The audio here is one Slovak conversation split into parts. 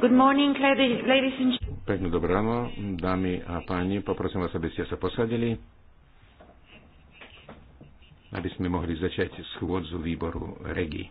Good morning, ladies, and Pekne dobré ráno, dámy a páni, poprosím vás, aby ste sa posadili, aby sme mohli začať schôdzu výboru REGI.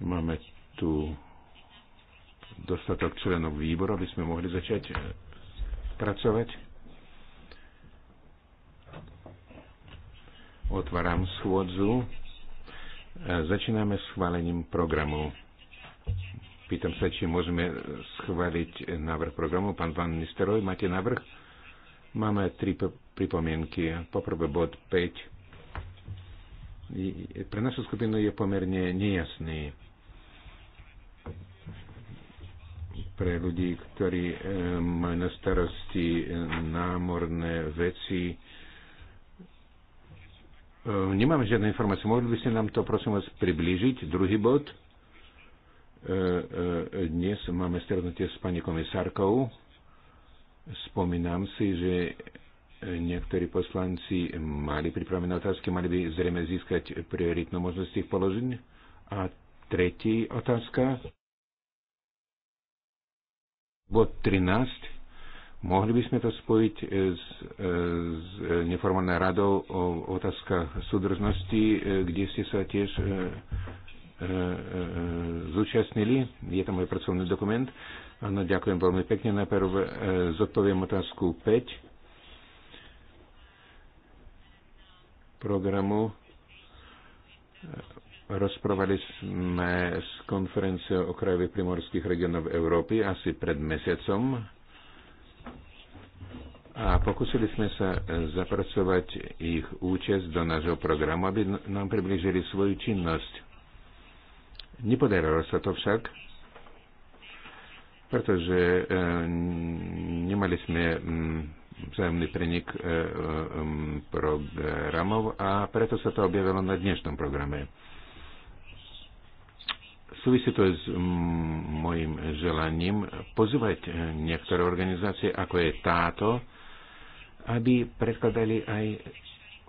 Máme tu dostatok členov výboru, aby sme mohli začať e, pracovať. Otváram schôdzu. E, začíname s chválením programu. Pýtam sa, či môžeme schváliť návrh programu. Pán Van Nisteroj, máte návrh? Máme tri pripomienky. Poprvé bod 5 pre našu skupinu je pomerne nejasný. Pre ľudí, ktorí eh, majú na starosti eh, námorné veci, eh, Nemám žiadne informácie. Mohli by ste nám to, prosím vás, priblížiť? Druhý bod. Dnes máme stretnutie s pani komisárkou. Spomínam si, že niektorí poslanci mali pripravené otázky, mali by zrejme získať prioritnú možnosť ich položiť. A tretí otázka, bod 13, mohli by sme to spojiť s, s neformálnou radou o otázkach súdržnosti, kde ste sa tiež e, e, e, zúčastnili. Je to môj pracovný dokument. Áno, ďakujem veľmi pekne. Najprv zodpoviem otázku 5 programu. Rozprávali sme s konferenciou o krajových primorských regionov Európy asi pred mesiacom a pokusili sme sa zapracovať ich účasť do nášho programu, aby nám priblížili svoju činnosť. Nepodarilo sa to však, pretože eh, nemali sme mm, vzájomný prenik e, e, programov a preto sa to objavilo na dnešnom programe. Súvisí to s mojim želaním pozývať e, niektoré organizácie, ako je táto, aby predkladali aj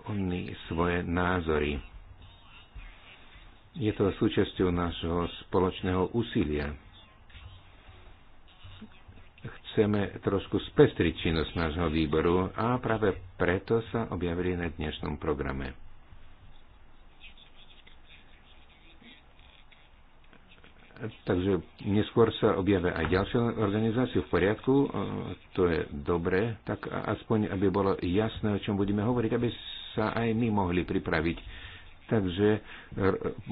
oni svoje názory. Je to súčasťou nášho spoločného úsilia chceme trošku spestriť činnosť nášho výboru a práve preto sa objavili na dnešnom programe. Takže neskôr sa objavia aj ďalšie organizácie v poriadku, e, to je dobre, tak aspoň, aby bolo jasné, o čom budeme hovoriť, aby sa aj my mohli pripraviť. Takže e,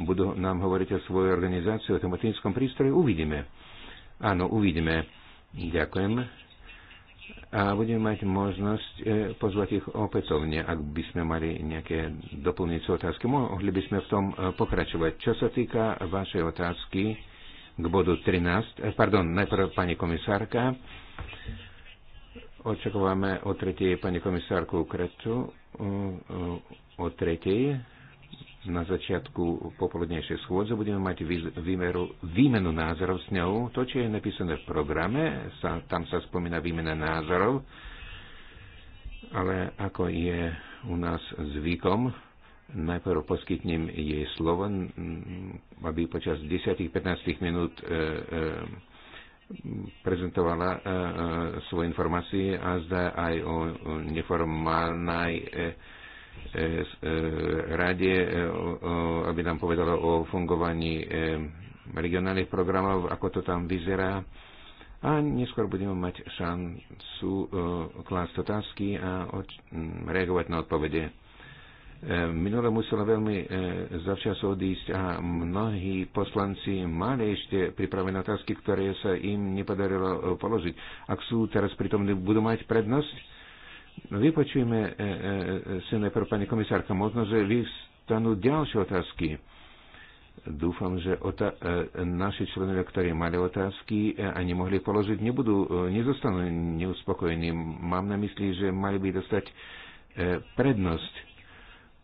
budú nám hovoriť o svojej organizácii, o tematickom prístroji, uvidíme. Áno, uvidíme Ďakujem. A budeme mať možnosť e, pozvať ich opätovne, ak by sme mali nejaké doplňujúce otázky. Mohli by sme v tom e, pokračovať. Čo sa týka vašej otázky k bodu 13, e, pardon, najprv pani komisárka. Očakávame o tretej pani komisárku Kretu o tretej na začiatku popoludnejšej schôdze budeme mať výmeru, výmenu názorov s ňou. To, čo je napísané v programe, sa, tam sa spomína výmena názorov, ale ako je u nás zvykom, najprv poskytnem jej slovo, aby počas 10-15 minút e, e, prezentovala e, e, svoje informácie a zda aj o neformálnej e, Eh, eh, rade, eh, aby nám povedala o fungovaní regionálnych programov, ako to tam vyzerá. A neskôr budeme mať šancu klásť otázky a mm, reagovať na odpovede. Minule musela veľmi zavčas odísť a mnohí poslanci mali ešte pripravené otázky, ktoré sa im nepodarilo položiť. Ak sú teraz pritomní, budú mať prednosť? No Vypočujeme e, e, e, si najprv pani komisárka, možno, že vystanú ďalšie otázky. Dúfam, že ota- naši členovia, ktorí mali otázky a nemohli položiť, nebudú, nezostanú neuspokojení. Mám na mysli, že mali by dostať prednosť.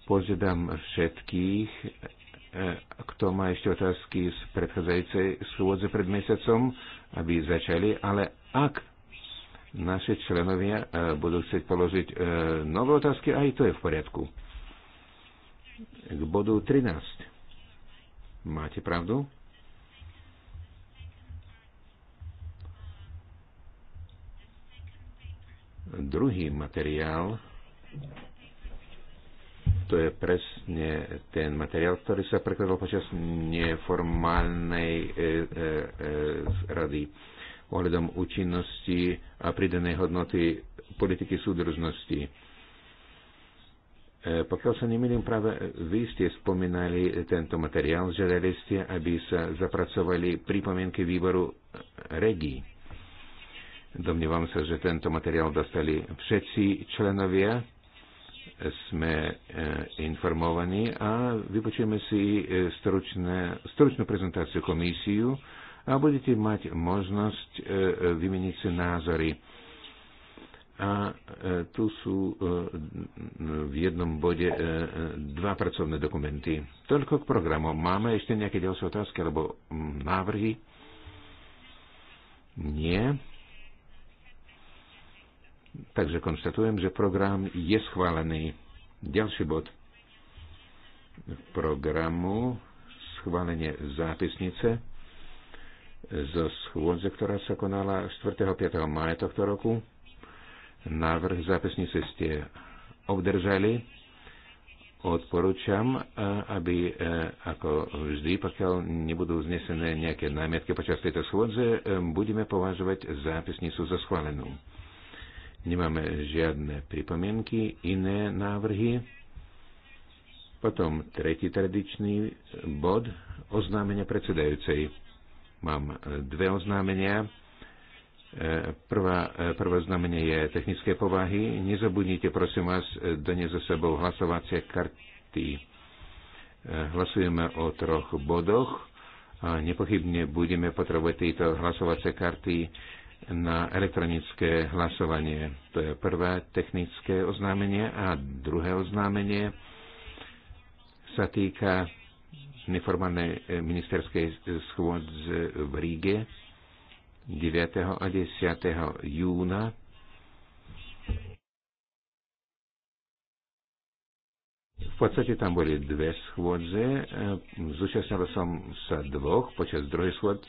Požiadam všetkých, kto má ešte otázky z predchádzajúcej schôdze pred mesiacom, aby začali, ale ak naše členovia e, budú chcieť položiť e, nové otázky, aj to je v poriadku. K bodu 13. Máte pravdu? Druhý materiál, to je presne ten materiál, ktorý sa prekladal počas neformálnej e, e, e, rady. E, ohľadom účinnosti a pridanej hodnoty politiky súdržnosti. E, pokiaľ sa nemýlim, práve vy ste spomínali tento materiál, žiadali ste, aby sa zapracovali pripomienky výboru REGI. Domnívam sa, že tento materiál dostali všetci členovia. Sme e, informovaní a vypočujeme si e, stručné, stručnú prezentáciu komisiu a budete mať možnosť e, e, vymeniť si názory. A e, tu sú v jednom bode dva pracovné dokumenty. Toľko k programu. Máme ešte nejaké ďalšie otázky alebo návrhy? Nie. Takže konštatujem, že program je schválený. Ďalší bod programu schválenie zápisnice zo schôdze, ktorá sa konala 4. a 5. maja tohto roku. Návrh zápisnice ste obdržali. Odporúčam, e, aby e, ako vždy, pokiaľ nebudú znesené nejaké námietky počas tejto schôdze, e, budeme považovať zápisnicu za schválenú. Nemáme žiadne pripomienky, iné návrhy. Potom tretí tradičný bod oznámenia predsedajúcej. Mám e, dve oznámenia. E, prvá, e, prvé oznámenie je technické povahy. Nezabudnite, prosím vás, doniesť za sebou hlasovacie karty. Hlasujeme o troch bodoch a nepochybne budeme potrebovať tieto hlasovacie karty na elektronické hlasovanie. To je prvé technické oznámenie a druhé oznámenie sa týka neformálnej e, ministerskej schôdze v Ríge 9. a 10. júna. V podstate tam boli dve schôdze. E, Zúčastnil som sa dvoch. Počas druhej schôdze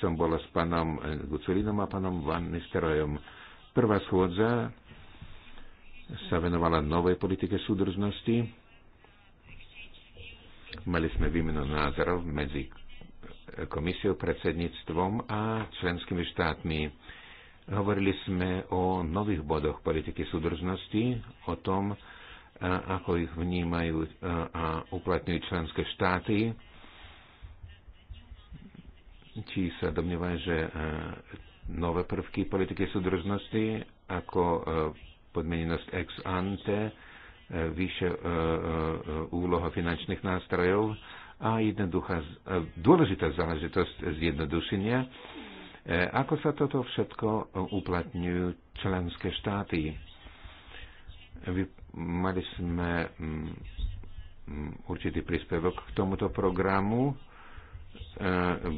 som bola s pánom e, Guculinom a pánom Van Nisterojom. Prvá schôdza sa venovala novej politike súdržnosti Mali sme výmenu názorov medzi komisiou, predsedníctvom a členskými štátmi. Hovorili sme o nových bodoch politiky súdržnosti, o tom, ako ich vnímajú a uplatňujú členské štáty, či sa domnievajú, že nové prvky politiky súdržnosti, ako podmienenosť ex ante, vyššia e, e, e, úloha finančných nástrojov a jednoduchá, dôležitá záležitosť zjednodušenia. Ako sa toto všetko uplatňujú členské štáty? Mali sme mm, mm, určitý príspevok k tomuto programu.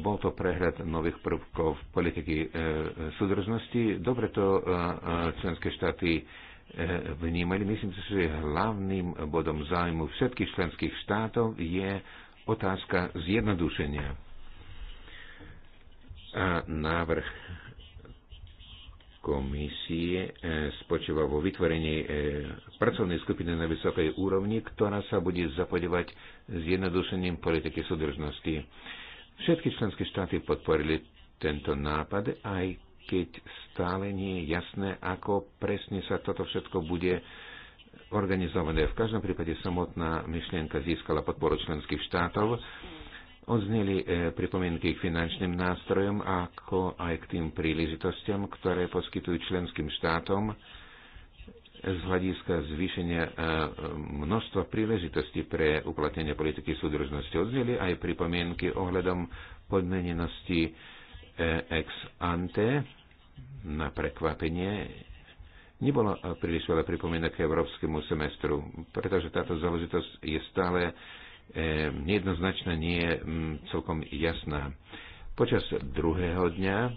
Bol to prehľad nových prvkov politiky súdržnosti. Dobre to členské štáty E, vnímali. Myslím si, že hlavným bodom zájmu všetkých členských štátov je otázka zjednodušenia. A návrh komisie e, spočíva vo vytvorení e, pracovnej skupiny na vysokej úrovni, ktorá sa bude zapodevať zjednodušením politiky súdržnosti. Všetky členské štáty podporili tento nápad, aj keď stále nie je jasné, ako presne sa toto všetko bude organizované. V každom prípade samotná myšlienka získala podporu členských štátov. Odzneli e, pripomienky k finančným nástrojom, ako aj k tým príležitostiam, ktoré poskytujú členským štátom z hľadiska zvýšenia e, množstva príležitostí pre uplatnenie politiky súdržnosti. Odzneli aj pripomienky ohľadom podmenenosti e, ex ante na prekvapenie nebolo príliš veľa pripomienok k európskemu semestru, pretože táto záležitosť je stále eh, jednoznačná, nie je mm, celkom jasná. Počas druhého dňa eh,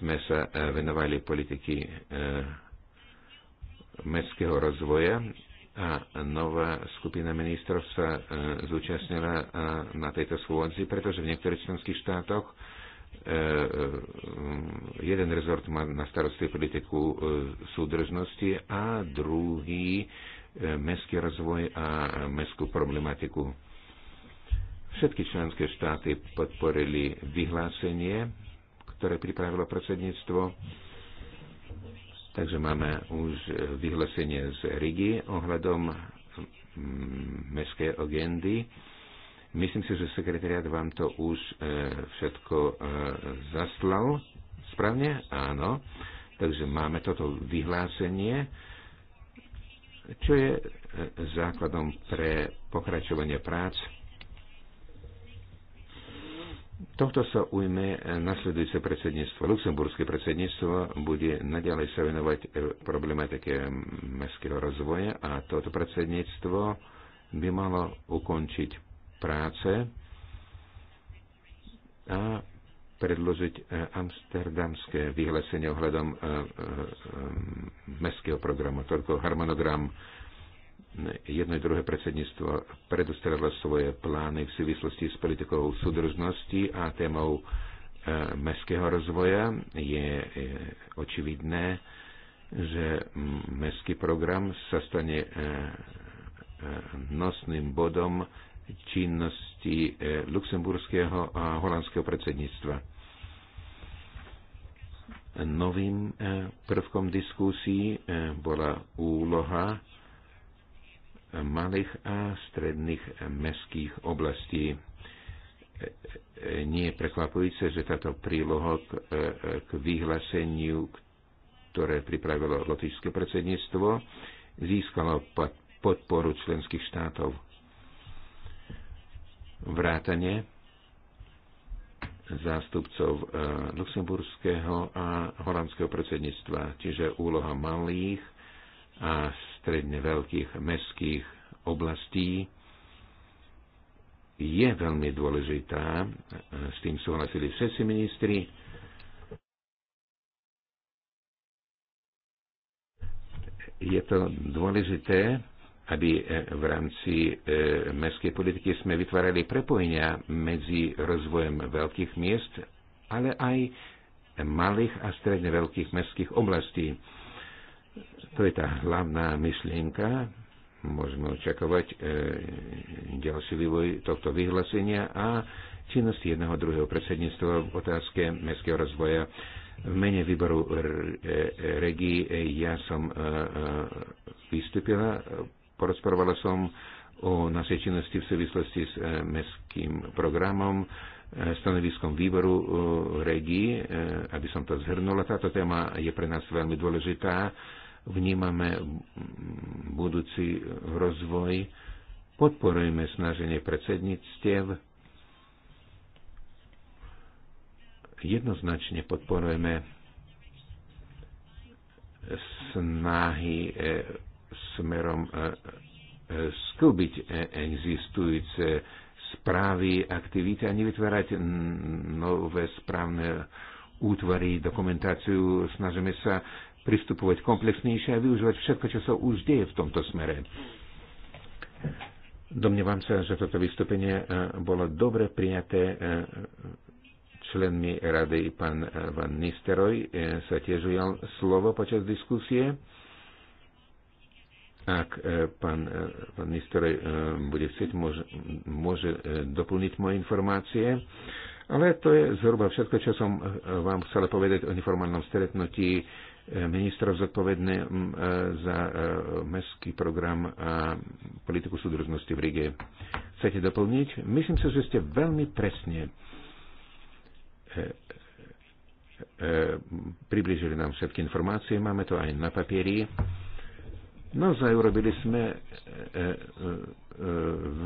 sme sa eh, venovali politiky mestského rozvoja a nová skupina ministrov sa zúčastnila na tejto schôdzi, pretože v niektorých členských štátoch E, e, jeden rezort má na starosti politiku e, súdržnosti a druhý mestský rozvoj a mestskú problematiku. Všetky členské štáty podporili vyhlásenie, ktoré pripravilo predsedníctvo. Takže máme už vyhlásenie z Rigi ohľadom mestskej agendy Myslím si, že sekretariat vám to už e, všetko e, zaslal. Správne? Áno. Takže máme toto vyhlásenie, čo je e, základom pre pokračovanie prác. Tohto sa ujme nasledujúce predsedníctvo. Luxemburské predsedníctvo bude naďalej sa venovať problematike mestského rozvoja a toto predsedníctvo by malo ukončiť práce a predložiť e, amsterdamské vyhlesenie ohľadom e, e, mestského programu. Toľko harmonogram jedno i druhé predsedníctvo predostrelo svoje plány v súvislosti s politikou súdržnosti a témou mestského rozvoja. Je očividné, že mestský program sa stane nosným bodom činnosti e, luxemburského a holandského predsedníctva novým e, prvkom diskusí e, bola úloha malých a stredných mestských oblastí. Nie je prekvapujúce, že táto príloha k, k vyhláseniu, ktoré pripravilo lotičské predsedníctvo, získalo podporu členských štátov vrátane zástupcov e, luxemburského a holandského predsedníctva, čiže úloha malých a stredne veľkých mestských oblastí je veľmi dôležitá. E, s tým súhlasili všetci ministri. Je to dôležité aby e, v rámci e, mestskej politiky sme vytvárali prepojenia medzi rozvojem veľkých miest, ale aj malých a stredne veľkých mestských oblastí. To je tá hlavná myšlienka. Môžeme očakovať e, ďalší vývoj tohto vyhlásenia a činnosti jedného druhého predsedníctva v otázke mestského rozvoja. V mene výboru e, regii ja som vystúpila porozprávala som o našej činnosti v súvislosti s e, mestským programom, e, stanoviskom výboru e, regí, aby som to zhrnula. Táto téma je pre nás veľmi dôležitá. Vnímame budúci rozvoj, podporujeme snaženie predsedníctiev, jednoznačne podporujeme snahy smerom e, e, sklbiť e, existujúce správy, aktivity a nevytvárať nové správne útvary, dokumentáciu. Snažíme sa pristupovať komplexnejšie a využívať všetko, čo sa už deje v tomto smere. Domnievam sa, že toto vystúpenie bolo dobre prijaté členmi rady. Pán Van Nisteroj sa tiež ujal slovo počas diskusie. Ak e, pán, e, pán minister e, bude chcieť, môže, môže doplniť moje informácie. Ale to je zhruba všetko, čo som vám chcel povedať o neformálnom stretnutí ministrov zodpovedné za mestský program a politiku súdržnosti v Rige. Chcete doplniť? Myslím si, že ste veľmi presne približili nám všetky informácie. Máme to aj na papieri. Naozaj urobili sme e, e, e,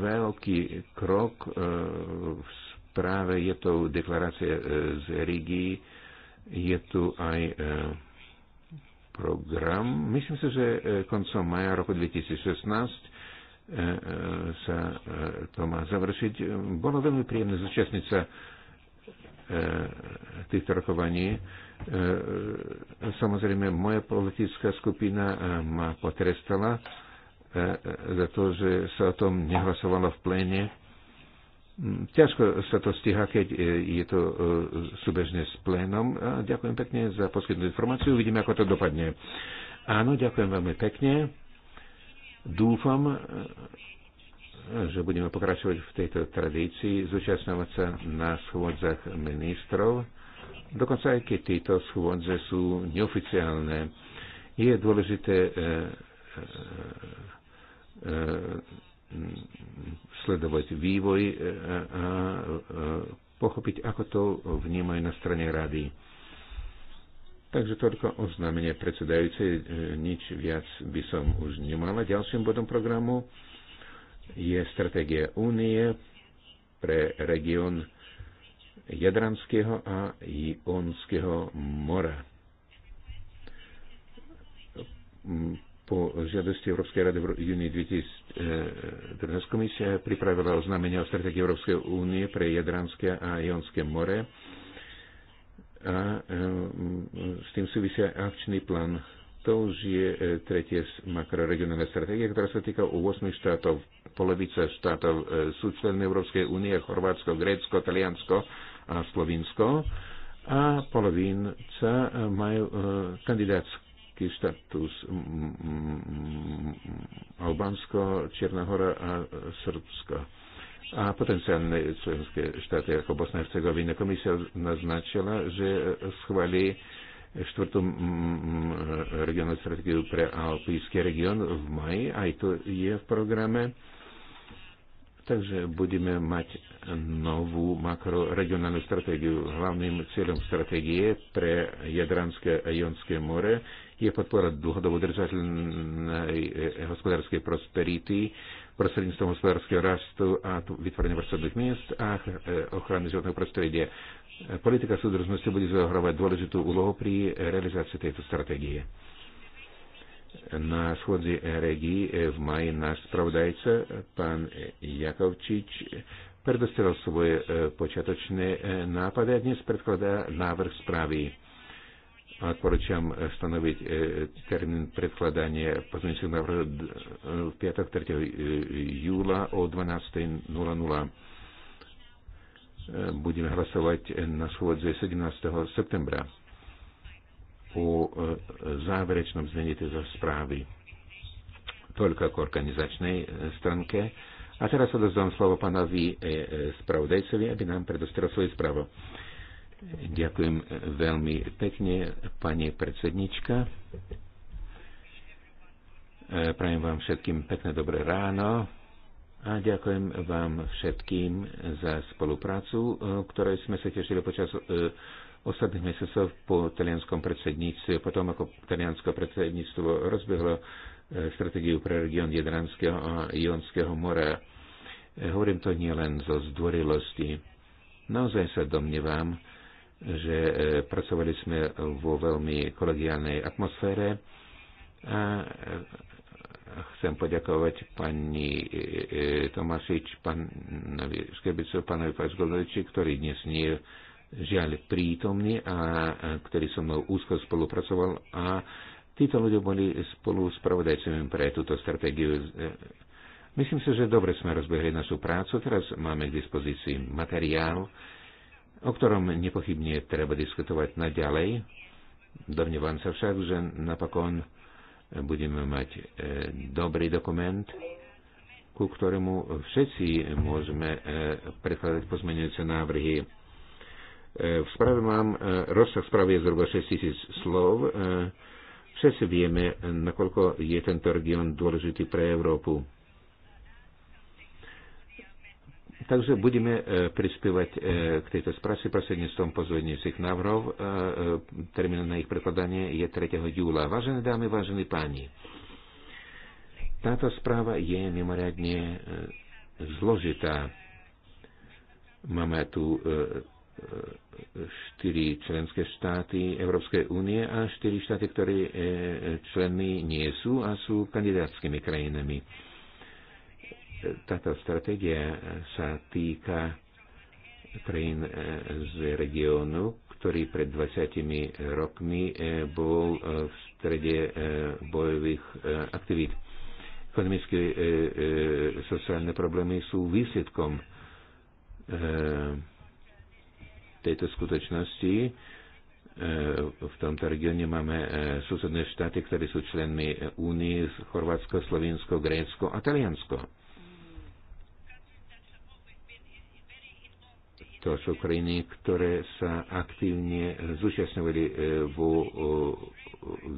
veľký krok v správe, je to deklarácia z Rigi, je tu aj program. Myslím si, že koncom maja roku 2016 sa to má završiť. Bolo veľmi príjemné zúčastniť sa týchto rokovaní E, e, samozrejme, moja politická skupina e, ma potrestala za to, že sa o tom nehlasovalo v pléne. Mm, ťažko sa to stíha, keď je to súbežne s plénom. A ďakujem pekne za poskytnutú informáciu. Uvidíme, ako to dopadne. Áno, ďakujem veľmi pekne. Dúfam, že budeme pokračovať v tejto tradícii, zúčastňovať sa na schôdzach ministrov dokonca aj keď tieto schôdze sú neoficiálne. Je dôležité e, e, e, sledovať vývoj a pochopiť, ako to vnímajú na strane rady. Takže toľko oznámenie predsedajúcej, nič viac by som už nemala. Ďalším bodom programu je stratégia únie pre región Jadranského a Jonského mora. Mm, po žiadosti Európskej rady v júni 2013 komisia pripravila oznámenie o stratégii Európskej únie pre Jadranské a Jonské more a mm, s tým súvisia akčný plán. To už je e, tretie makroregionálna strategie, ktorá sa týka 8 štátov. Polovica štátov e, sú členy Európskej únie, Chorvátsko, Grécko, Taliansko, a Slovinsko a polovinca majú e, kandidátsky status Albánsko, Čierna hora a Srbsko a potenciálne členské štáty ako Bosna a Hercegovina. Komisia naznačila, že schválí štvrtú regionálnu strategiu pre Alpijský region v maji, aj to je v programe Takže budeme mať novú makroregionálnu stratégiu. Hlavným cieľom stratégie pre Jadranské a Jonské more je podpora dlhodobo držateľnej eh, eh, hospodárskej prosperity prostredníctvom hospodárskeho rastu a vytvorenia pracovných miest a eh, ochrany životného prostredia. Politika súdržnosti bude zohrávať dôležitú úlohu pri realizácii tejto stratégie. Na schôdzi regii e v maji náš spravodajca, pán Jakovčič, predostrel svoje e, počiatočné e, nápady a dnes predkladá návrh správy. Odporúčam stanoviť termín predkladania pozmeňujúcich návrhov v piatok 3. júla o 12.00. Budeme hlasovať na schôdze 17. septembra o e, záverečnom znení tejto správy. Toľko ako organizačnej e, stránke. A teraz odozdám slovo pánovi e, spravodajcovi, aby nám predostrel svoje správo. Ďakujem veľmi pekne, pani predsednička. Prajem vám všetkým pekné dobré ráno a ďakujem vám všetkým za spoluprácu, ktorej sme sa tešili počas ostatných mesiacov po talianskom predsedníctve, potom ako talianské predsedníctvo rozbehlo e, stratégiu pre región Jadranského a Jonského mora. E, hovorím to nielen zo zdvorilosti. Naozaj sa domnievam, že e, pracovali sme vo veľmi kolegiálnej atmosfére a chcem poďakovať pani Tomasič, pánovi Škebicu, pánovi Pajsgoldoviči, ktorý dnes nie je žiaľ prítomný a ktorý so mnou úzko spolupracoval a títo ľudia boli spolu spravodajcami pre túto stratégiu. Myslím si, že dobre sme rozbehli našu prácu, teraz máme k dispozícii materiál, o ktorom nepochybne treba diskutovať naďalej. Domnievam sa však, že napokon budeme mať e, dobrý dokument, ku ktorému všetci môžeme e, prekladať pozmenujúce návrhy. E, v správe mám, e, rozsah správy je zhruba 6 tisíc slov. E, všetci vieme, nakoľko je tento región dôležitý pre Európu. Takže budeme prispievať k tejto správe prostredníctvom pozvednejších návrhov. Termín na ich prekladanie je 3. júla. Vážené dámy, vážení páni, táto správa je mimoriadne zložitá. Máme tu štyri členské štáty Európskej únie a štyri štáty, ktoré e, členmi nie sú a sú kandidátskymi krajinami. Táto stratégia sa týka krajín e, z regiónu, ktorý pred 20 rokmi e, bol v strede bojových aktivít. Ekonomické sociálne problémy sú výsledkom tejto skutočnosti. E, v tomto regióne máme e, susedné štáty, ktoré sú členmi Únie, Chorvátsko, Slovinsko, Grécko a Taliansko. To sú krajiny, ktoré sa aktívne zúčastňovali e, vo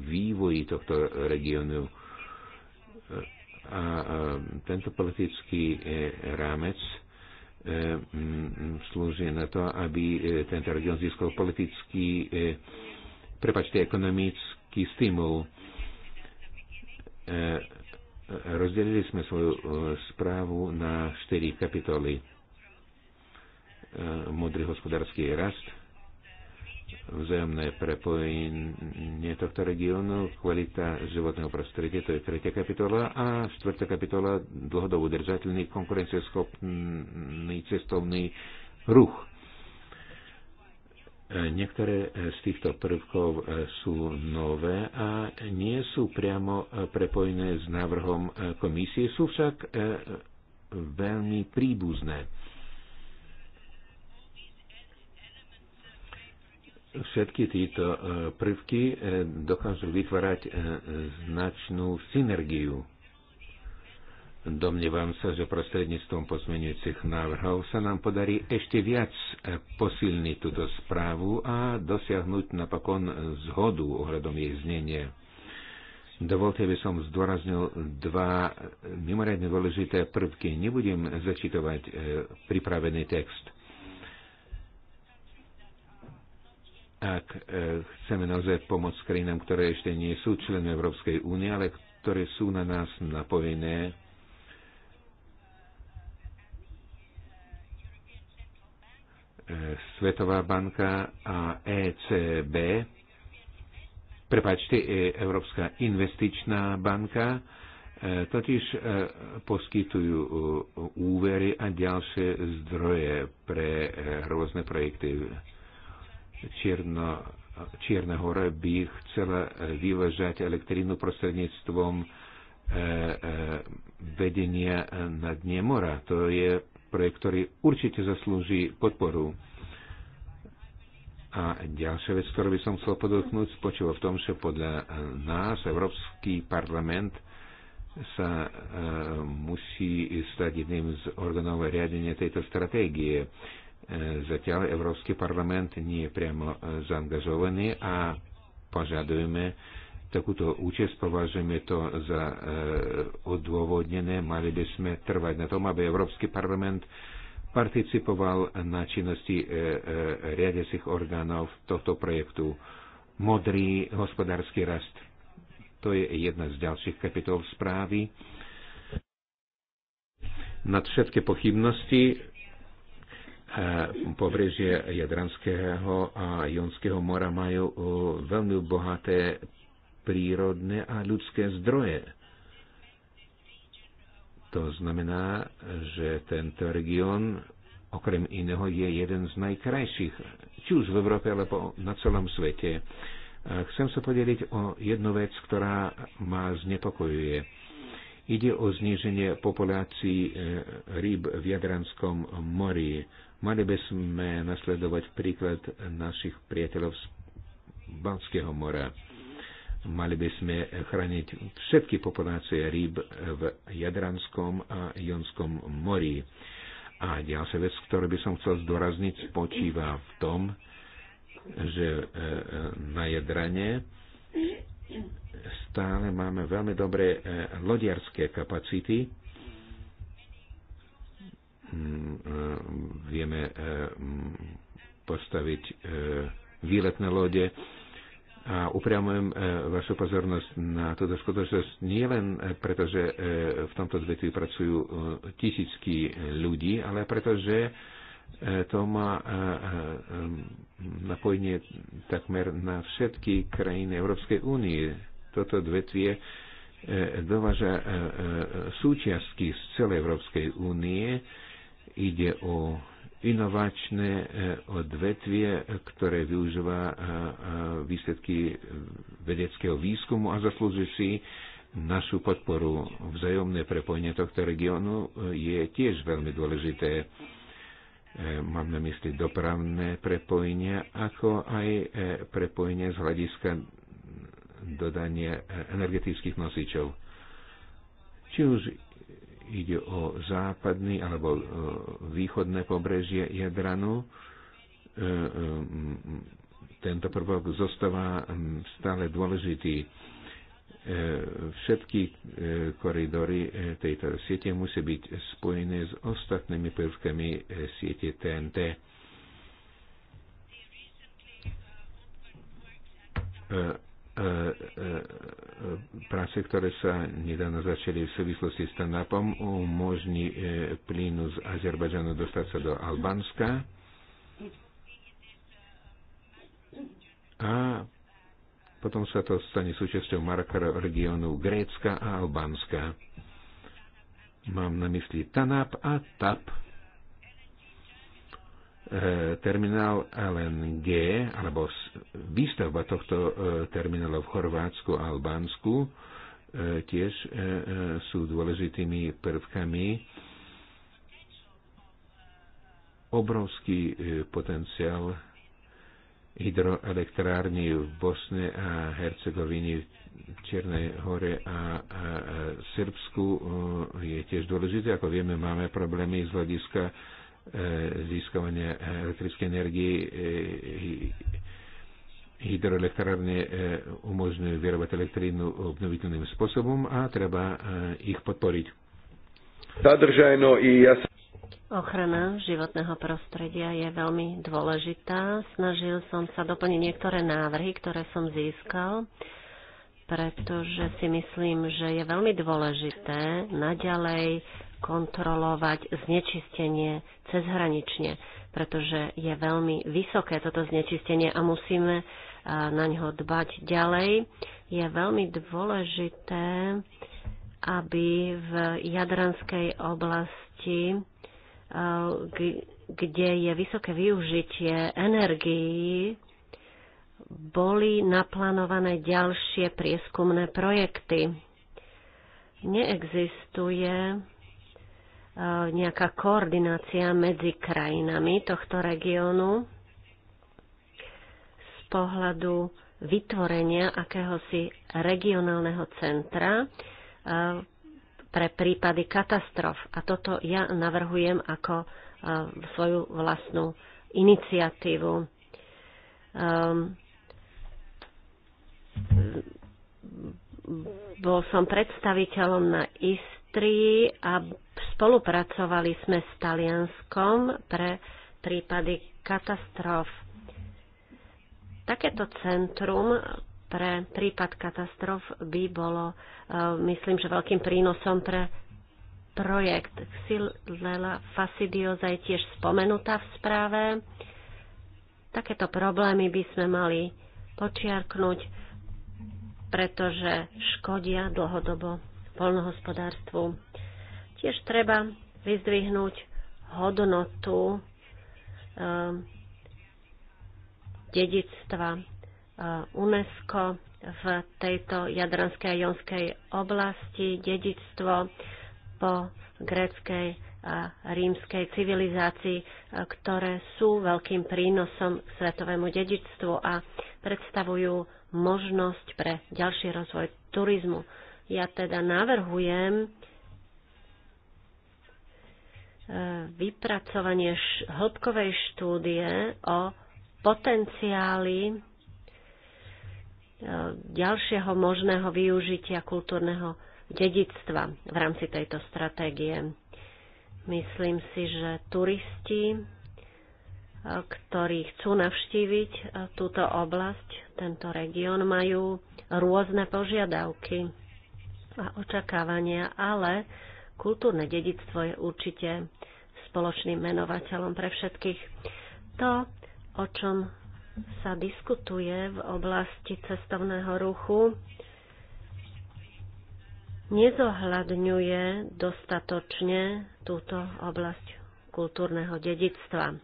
vývoji tohto regiónu. A tento politický rámec E, slúži na to, aby e, tento region získal politický, e, prepačte, ekonomický stimul. Rozdelili sme svoju správu na štyri kapitoly. Modrý hospodársky rast, vzájomné prepojenie tohto regiónu, kvalita životného prostredia, to je tretia kapitola, a štvrtá kapitola dlhodobo udržateľný konkurencieschopný cestovný ruch. E, niektoré z týchto prvkov e, sú nové a nie sú priamo e, prepojené s návrhom komisie, sú však veľmi príbuzné. všetky títo e, prvky e, dokážu vytvárať e, značnú synergiu. Domnievam sa, že prostredníctvom pozmenujúcich návrhov sa nám podarí ešte viac posilniť túto správu a dosiahnuť napokon zhodu ohľadom jej znenia. Dovolte, aby som zdôraznil dva mimoriadne dôležité prvky. Nebudem začítovať pripravený text ak e, chceme naozaj pomôcť krajinám, ktoré ešte nie sú členy Európskej únie, ale ktoré sú na nás napojené, e, Svetová banka a ECB, prepáčte, e, Európska investičná banka, totiž poskytujú úvery a ďalšie zdroje pre rôzne projekty Čierna čierneho reby chcela vyležať elektrínu prostredníctvom e, e, vedenia na dne mora. To je projekt, ktorý určite zaslúži podporu. A ďalšia vec, ktorú by som chcel podotknúť, spočíva v tom, že podľa nás Európsky parlament sa e, musí stať jedným z orgánov riadenia tejto stratégie. Zatiaľ Európsky parlament nie je priamo e, zaangažovaný a požadujeme takúto účasť, považujeme to za e, odôvodnené. Mali by sme trvať na tom, aby Európsky parlament participoval na činnosti e, riadiacich orgánov tohto projektu. Modrý hospodársky rast. To je jedna z ďalších kapitol správy. Nad všetky pochybnosti Eh, pobrežie Jadranského a Jonského mora majú eh, veľmi bohaté prírodné a ľudské zdroje. To znamená, že tento región okrem iného je jeden z najkrajších, či už v Európe, alebo na celom svete. Eh, chcem sa podeliť o jednu vec, ktorá ma znepokojuje. Ide o zníženie populácií e, rýb v Jadranskom mori. Mali by sme nasledovať príklad našich priateľov z Balského mora. Mali by sme chrániť všetky populácie rýb v Jadranskom a Jonskom mori. A ďalšia vec, ktorú by som chcel zdôrazniť, spočíva v tom, že e, e, na Jadrane stále máme veľmi dobré e, lodiarské kapacity. Mm, e, vieme e, mm, postaviť výletné lode. A upriamujem vašu pozornosť na túto skutočnosť nielen preto, že v tomto odvetví pracujú tisícky ľudí, ale preto, že E, to má e, e, napojenie takmer na všetky krajiny Európskej únie. Toto dvetvie dováža súčiastky z celej Európskej únie. Ide o inovačné odvetvie, ktoré využíva výsledky vedeckého výskumu a zaslúži si našu podporu. Vzájomné prepojenie tohto regiónu je tiež veľmi dôležité E, mám na mysli dopravné prepojenia, ako aj e, prepojenie z hľadiska dodania e, energetických nosičov. Či už ide o západný alebo východné pobrežie Jadranu, tento prvok zostáva stále dôležitý E, všetky e, koridory e, tejto siete musia byť spojené s ostatnými prvkami siete TNT. Práce, ktoré sa nedávno začali v súvislosti s TANAPom, umožní plynu z Azerbajdžanu dostať sa do Albánska. Potom sa to stane súčasťou Markara regiónu Grécka a Albánska. Mám na mysli TANAP a TAP. E, terminál LNG, alebo výstavba tohto e, terminálu v Chorvátsku a Albánsku, e, tiež sú dôležitými prvkami obrovský potenciál hydroelektrárni v Bosne a Hercegovini v Čiernej hore a, a, a Srbsku je tiež dôležité. Ako vieme, máme problémy z hľadiska e, získavania e, elektrickej energie. E, hydroelektrárne e, umožňujú vyrobať elektrínu obnoviteľným spôsobom a treba e, ich podporiť. Zadržajno i ja Ochrana životného prostredia je veľmi dôležitá. Snažil som sa doplniť niektoré návrhy, ktoré som získal, pretože si myslím, že je veľmi dôležité naďalej kontrolovať znečistenie cezhranične, pretože je veľmi vysoké toto znečistenie a musíme eh, na ňo dbať ďalej. Je veľmi dôležité, aby v jadranskej oblasti kde je vysoké využitie energií, boli naplánované ďalšie prieskumné projekty. Neexistuje e, nejaká koordinácia medzi krajinami tohto regiónu z pohľadu vytvorenia akéhosi regionálneho centra e, pre prípady katastrof. A toto ja navrhujem ako e, svoju vlastnú iniciatívu. E, bol som predstaviteľom na Istrii a spolupracovali sme s Talianskom pre prípady katastrof. Takéto centrum pre prípad katastrof by bolo, e, myslím, že veľkým prínosom pre projekt. Xylella fastidiosa je tiež spomenutá v správe. Takéto problémy by sme mali počiarknúť, pretože škodia dlhodobo polnohospodárstvu. Tiež treba vyzdvihnúť hodnotu um, e, dedictva Eh, UNESCO v tejto jadranskej a jonskej oblasti, dedičstvo po gréckej a rímskej civilizácii, eh, ktoré sú veľkým prínosom k svetovému dedičstvu a predstavujú možnosť pre ďalší rozvoj turizmu. Ja teda navrhujem eh, vypracovanie hĺbkovej štúdie o potenciáli ďalšieho možného využitia kultúrneho dedictva v rámci tejto stratégie. Myslím si, že turisti, ktorí chcú navštíviť e, túto oblasť, tento región, majú rôzne požiadavky a očakávania, ale kultúrne dedictvo je určite spoločným menovateľom pre všetkých. To, o čom sa diskutuje v oblasti cestovného ruchu, nezohľadňuje dostatočne túto oblasť kultúrneho dedictva.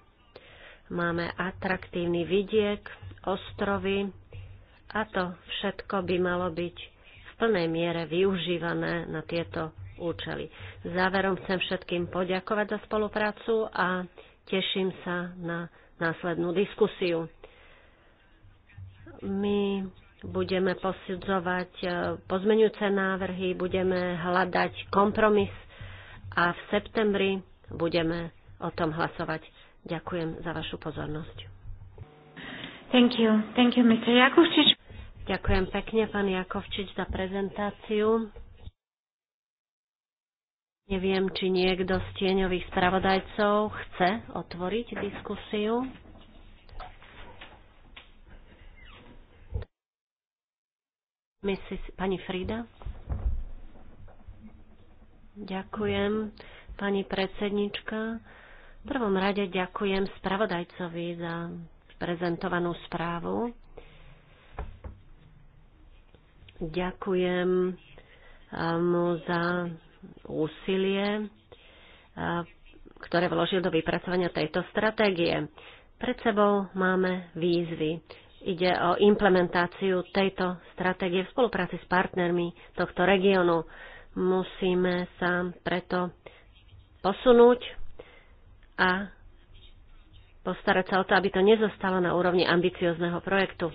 Máme atraktívny vidiek, ostrovy a to všetko by malo byť v plnej miere využívané na tieto účely. Záverom chcem všetkým poďakovať za spoluprácu a teším sa na následnú diskusiu. My budeme posudzovať e, pozmeňujúce návrhy, budeme hľadať kompromis a v septembri budeme o tom hlasovať. Ďakujem za vašu pozornosť. Thank you. Thank you, Mr. Jakovčič. Ďakujem pekne, pán Jakovčič, za prezentáciu. Neviem, či niekto z tieňových spravodajcov chce otvoriť diskusiu. Mrs. Pani Frida. Ďakujem, pani predsednička. V prvom rade ďakujem spravodajcovi za prezentovanú správu. Ďakujem mu za úsilie, ktoré vložil do vypracovania tejto stratégie. Pred sebou máme výzvy ide o implementáciu tejto stratégie v spolupráci s partnermi tohto regiónu. Musíme sa preto posunúť a postarať sa o to, aby to nezostalo na úrovni ambiciozného projektu.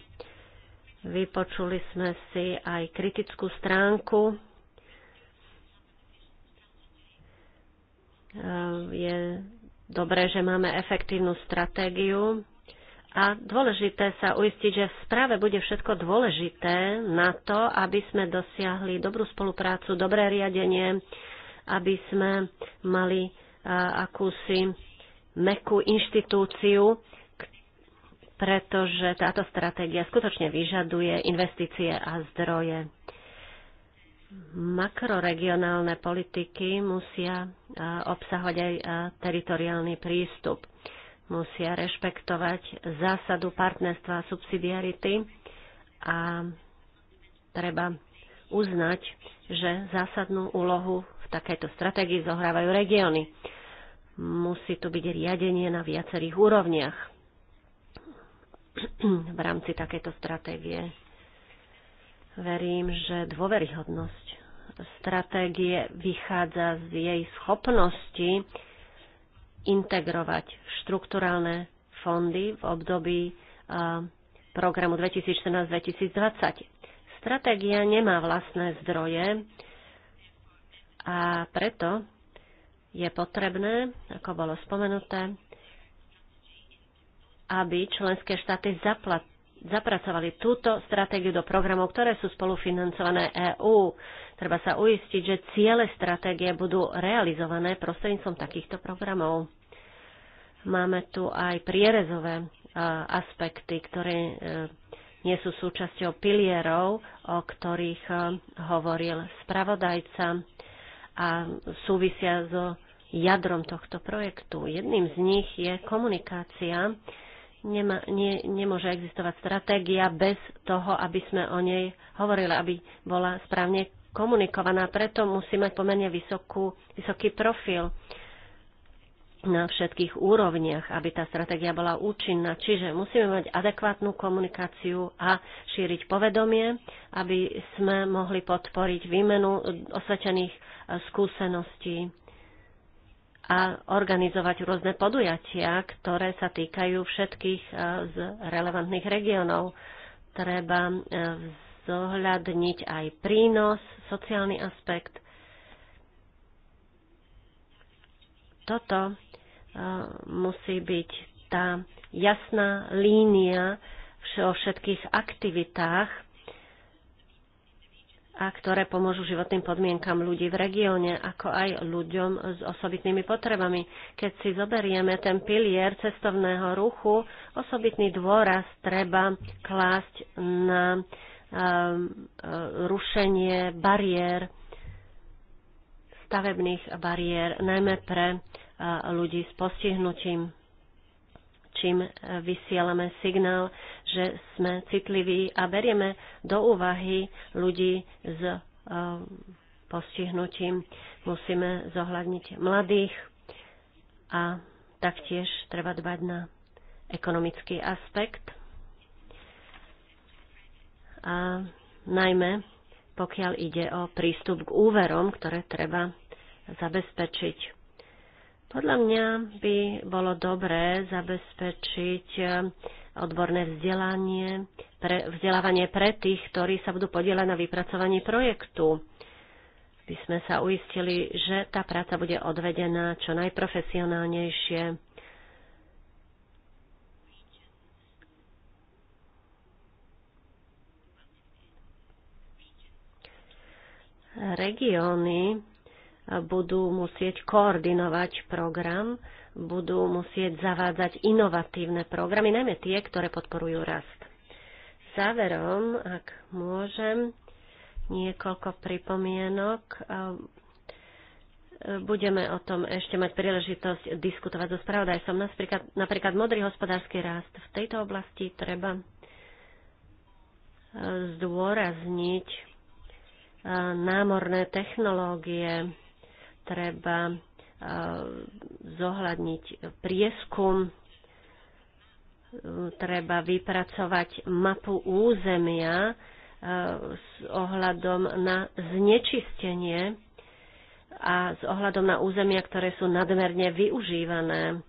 Vypočuli sme si aj kritickú stránku. Ehm, je dobré, že máme efektívnu stratégiu a dôležité sa uistiť, že v správe bude všetko dôležité na to, aby sme dosiahli dobrú spoluprácu, dobré riadenie, aby sme mali akúsi mekú inštitúciu, pretože táto stratégia skutočne vyžaduje investície a zdroje. Makroregionálne politiky musia obsahovať aj teritoriálny prístup musia rešpektovať zásadu partnerstva a subsidiarity a treba uznať, že zásadnú úlohu v takejto stratégii zohrávajú regióny. Musí tu byť riadenie na viacerých úrovniach v rámci takejto stratégie. Verím, že dôveryhodnosť stratégie vychádza z jej schopnosti integrovať štrukturálne fondy v období programu 2014-2020. Stratégia nemá vlastné zdroje a preto je potrebné, ako bolo spomenuté, aby členské štáty zapracovali túto stratégiu do programov, ktoré sú spolufinancované EÚ. Treba sa uistiť, že ciele stratégie budú realizované prostredníctvom takýchto programov. Máme tu aj prierezové e, aspekty, ktoré e, nie sú súčasťou pilierov, o ktorých e, hovoril spravodajca a súvisia so jadrom tohto projektu. Jedným z nich je komunikácia, nemá, nie, nemôže existovať stratégia bez toho, aby sme o nej hovorili, aby bola správne komunikovaná, preto musí mať pomerne vysokú, vysoký profil na všetkých úrovniach, aby tá stratégia bola účinná. Čiže musíme mať adekvátnu komunikáciu a šíriť povedomie, aby sme mohli podporiť výmenu osvedčených e, skúseností a organizovať rôzne podujatia, ktoré sa týkajú všetkých e, z relevantných regiónov. Treba e, zohľadniť aj prínos, sociálny aspekt. Toto e, musí byť tá jasná línia o všetkých aktivitách, a ktoré pomôžu životným podmienkam ľudí v regióne, ako aj ľuďom s osobitnými potrebami. Keď si zoberieme ten pilier cestovného ruchu, osobitný dôraz treba klásť na Ehm, e, rušenie bariér, stavebných bariér, najmä pre e, ľudí s postihnutím čím e, vysielame signál, že sme citliví a berieme do úvahy ľudí s postihnutím. Musíme zohľadniť mladých a taktiež treba dbať na ekonomický aspekt a najmä pokiaľ ide o prístup k úverom, ktoré treba zabezpečiť. Podľa mňa by bolo dobré zabezpečiť e, odborné vzdelanie, pre, vzdelávanie pre tých, ktorí sa budú podielať na vypracovaní projektu. By sme sa uistili, že tá práca bude odvedená čo najprofesionálnejšie regióny budú musieť koordinovať program, budú musieť zavádzať inovatívne programy, najmä tie, ktoré podporujú rast. Záverom, ak môžem, niekoľko pripomienok. Budeme o tom ešte mať príležitosť diskutovať so spravodajcom. Napríklad, napríklad modrý hospodársky rast. V tejto oblasti treba zdôrazniť námorné technológie, treba zohľadniť prieskum, treba vypracovať mapu územia s ohľadom na znečistenie a s ohľadom na územia, ktoré sú nadmerne využívané.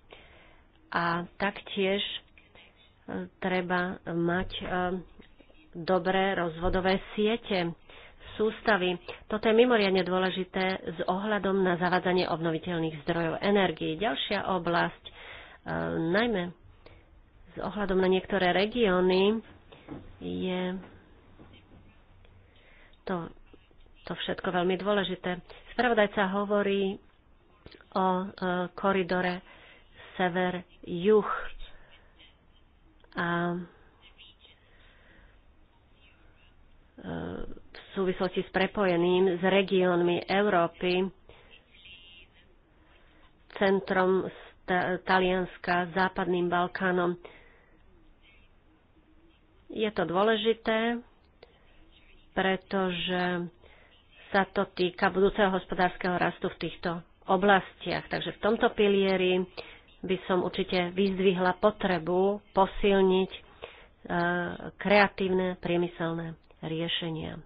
A taktiež treba mať dobré rozvodové siete sústavy. Toto je mimoriadne dôležité s ohľadom na zavádzanie obnoviteľných zdrojov energie. Ďalšia oblasť, e, najmä s ohľadom na niektoré regióny, je to, to všetko veľmi dôležité. Spravodajca hovorí o e, koridore sever-juh. A e, súvislosti s prepojeným s regiónmi Európy, centrom Talianska, Západným Balkánom. Je to dôležité, pretože sa to týka budúceho hospodárskeho rastu v týchto oblastiach. Takže v tomto pilieri by som určite vyzdvihla potrebu posilniť eh, kreatívne priemyselné riešenia.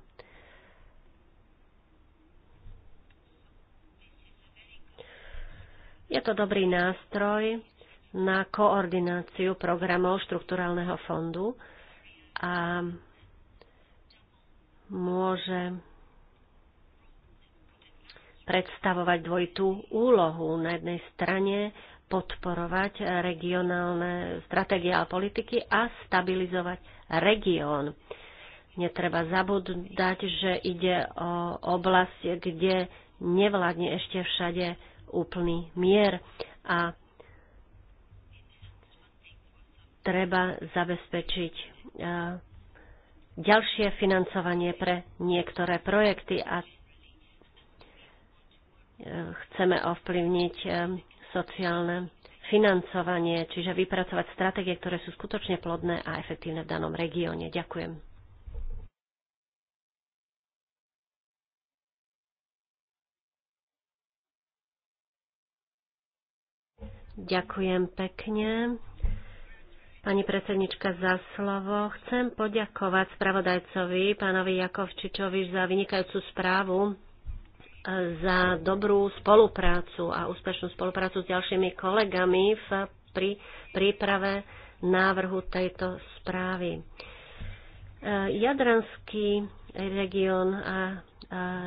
Je to dobrý nástroj na koordináciu programov štrukturálneho fondu a môže predstavovať dvojitú úlohu. Na jednej strane podporovať regionálne stratégie a politiky a stabilizovať región. Netreba zabúdať, že ide o oblasť, kde nevládne ešte všade úplný mier a treba zabezpečiť e, ďalšie financovanie pre niektoré projekty a e, chceme ovplyvniť e, sociálne financovanie, čiže vypracovať stratégie, ktoré sú skutočne plodné a efektívne v danom regióne. Ďakujem. Ďakujem pekne. Pani predsednička za slovo. Chcem poďakovať spravodajcovi, pánovi Jakovčičovi, za vynikajúcu správu, za dobrú spoluprácu a úspešnú spoluprácu s ďalšími kolegami v, pri príprave návrhu tejto správy. E, Jadranský region a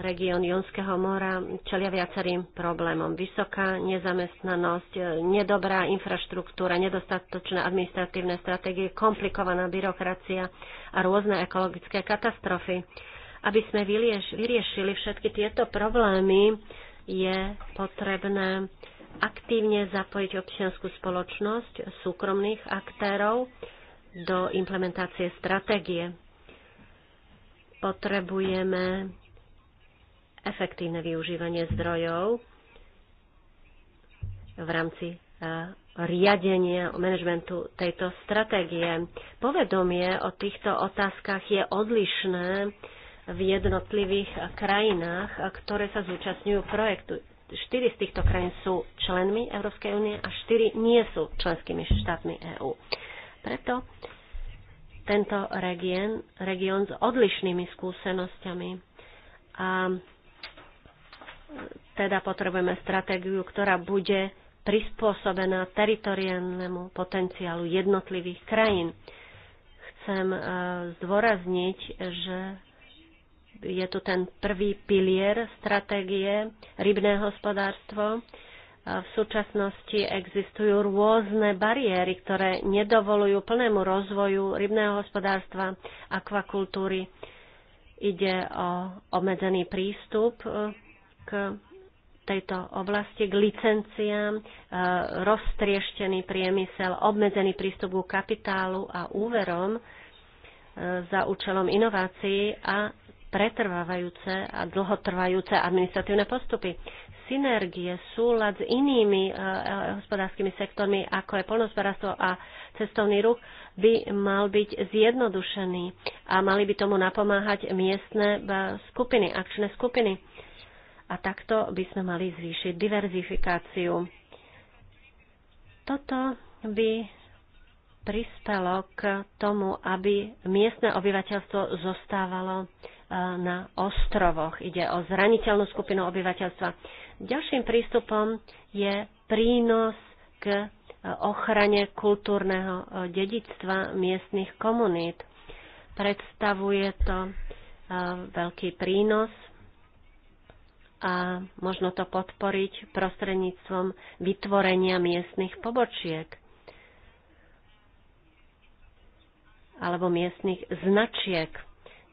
región Jonského mora čelia viacerým problémom. Vysoká nezamestnanosť, e, nedobrá infraštruktúra, nedostatočné administratívne stratégie, komplikovaná byrokracia a rôzne ekologické katastrofy. Aby sme vyriešili všetky tieto problémy, je potrebné aktívne zapojiť občianskú spoločnosť, súkromných aktérov do implementácie stratégie. Potrebujeme efektívne využívanie zdrojov v rámci e, riadenia, manažmentu tejto stratégie. Povedomie o týchto otázkach je odlišné v jednotlivých krajinách, e, ktoré sa zúčastňujú projektu. Štyri z týchto krajín sú členmi Európskej únie a štyri nie sú členskými štátmi EÚ. Preto tento región, región s odlišnými skúsenosťami a teda potrebujeme stratégiu, ktorá bude prispôsobená teritoriálnemu potenciálu jednotlivých krajín. Chcem e, zdôrazniť, že je tu ten prvý pilier stratégie rybné hospodárstvo. E, v súčasnosti existujú rôzne bariéry, ktoré nedovolujú plnému rozvoju rybného hospodárstva, akvakultúry. Ide o obmedzený prístup e, k tejto oblasti, k licenciám, e, roztrieštený priemysel, obmedzený prístup k kapitálu a úverom e, za účelom inovácií a pretrvávajúce a dlhotrvajúce administratívne postupy. Synergie, súlad s inými e, hospodárskymi sektormi, ako je polnospodárstvo a cestovný ruch, by mal byť zjednodušený a mali by tomu napomáhať miestne skupiny, akčné skupiny a takto by sme mali zvýšiť diverzifikáciu. Toto by prispelo k tomu, aby miestne obyvateľstvo zostávalo e, na ostrovoch. Ide o zraniteľnú skupinu obyvateľstva. Ďalším prístupom je prínos k e, ochrane kultúrneho e, dedictva miestnych komunít. Predstavuje to veľký prínos a možno to podporiť prostredníctvom vytvorenia miestnych pobočiek alebo miestnych značiek.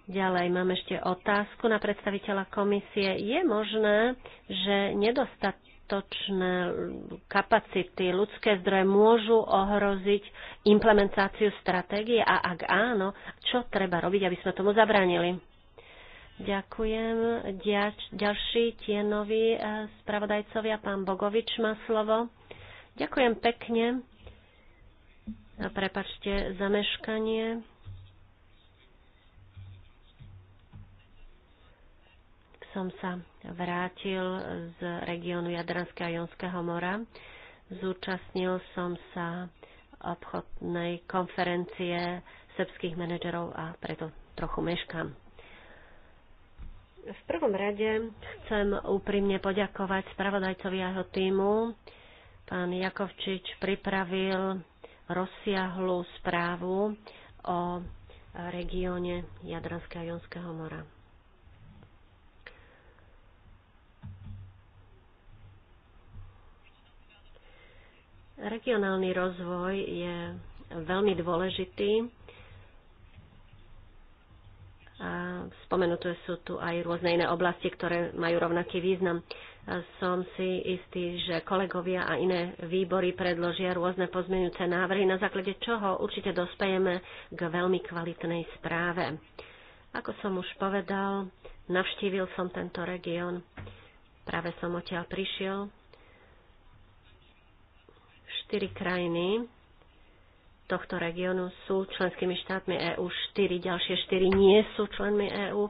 Ďalej mám ešte otázku na predstaviteľa komisie. Je možné, že nedostatočné kapacity, ľudské zdroje môžu ohroziť implementáciu stratégie a ak áno, čo treba robiť, aby sme tomu zabránili? Ďakujem. Ďač, ďalší tienovi eh, spravodajcovia, pán Bogovič má slovo. Ďakujem pekne. A prepačte meškanie. Som sa vrátil z regiónu Jadranského a Jonského mora. Zúčastnil som sa obchodnej konferencie srbských manažerov a preto trochu meškám. V prvom rade chcem úprimne poďakovať spravodajcovi a jeho týmu. Pán Jakovčič pripravil rozsiahlú správu o regióne Jadranského a Jonského mora. Regionálny rozvoj je veľmi dôležitý Spomenuté sú tu aj rôzne iné oblasti, ktoré majú rovnaký význam. Som si istý, že kolegovia a iné výbory predložia rôzne pozmeňujúce návrhy, na základe čoho určite dospejeme k veľmi kvalitnej správe. Ako som už povedal, navštívil som tento región. Práve som odtiaľ prišiel. Štyri krajiny tohto regiónu sú členskými štátmi EÚ štyri ďalšie štyri nie sú členmi EÚ.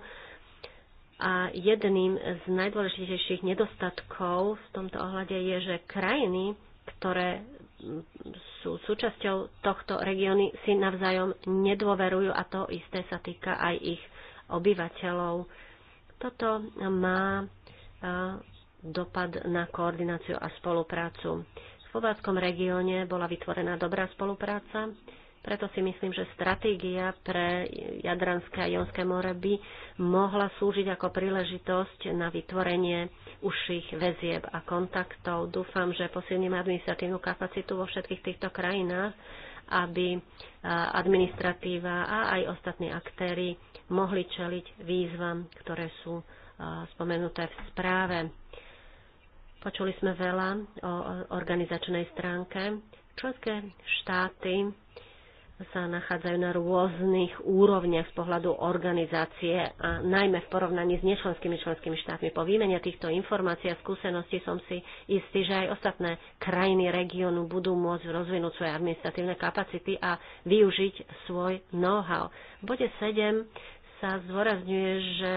A jedným z najdôležitejších nedostatkov v tomto ohľade je, že krajiny, ktoré sú súčasťou tohto regióny, si navzájom nedôverujú a to isté sa týka aj ich obyvateľov. Toto má e, dopad na koordináciu a spoluprácu. Slováckom regióne bola vytvorená dobrá spolupráca, preto si myslím, že stratégia pre Jadranské a Jonské more by mohla slúžiť ako príležitosť na vytvorenie užších väzieb a kontaktov. Dúfam, že posilníme administratívnu kapacitu vo všetkých týchto krajinách, aby administratíva a aj ostatní aktéry mohli čeliť výzvam, ktoré sú spomenuté v správe. Počuli sme veľa o organizačnej stránke. Členské štáty sa nachádzajú na rôznych úrovniach z pohľadu organizácie a najmä v porovnaní s nečlenskými členskými štátmi. Po výmene týchto informácií a skúseností som si istý, že aj ostatné krajiny regiónu budú môcť rozvinúť svoje administratívne kapacity a využiť svoj know-how. V bode 7 sa zdôrazňuje, že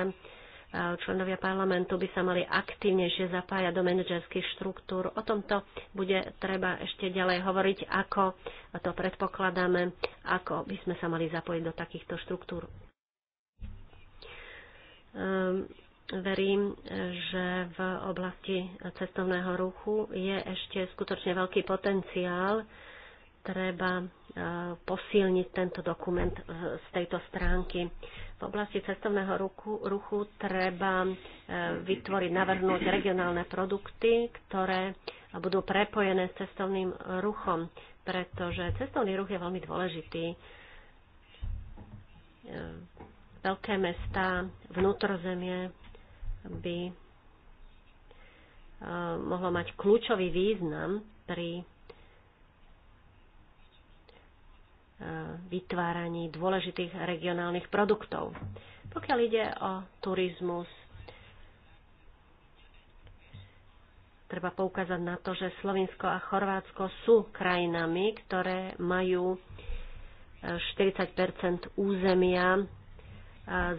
členovia parlamentu by sa mali aktívnejšie zapájať do manažerských štruktúr. O tomto bude treba ešte ďalej hovoriť, ako to predpokladáme, ako by sme sa mali zapojiť do takýchto štruktúr. Ehm, verím, že v oblasti cestovného ruchu je ešte skutočne veľký potenciál. Treba e, posilniť tento dokument e, z tejto stránky. V oblasti cestovného ruchu, ruchu treba e, vytvoriť, navrhnúť regionálne produkty, ktoré budú prepojené s cestovným ruchom, pretože cestovný ruch je veľmi dôležitý. E, veľké mesta, vnútrozemie by e, mohlo mať kľúčový význam pri vytváraní dôležitých regionálnych produktov. Pokiaľ ide o turizmus, treba poukázať na to, že Slovinsko a Chorvátsko sú krajinami, ktoré majú 40 e, územia e,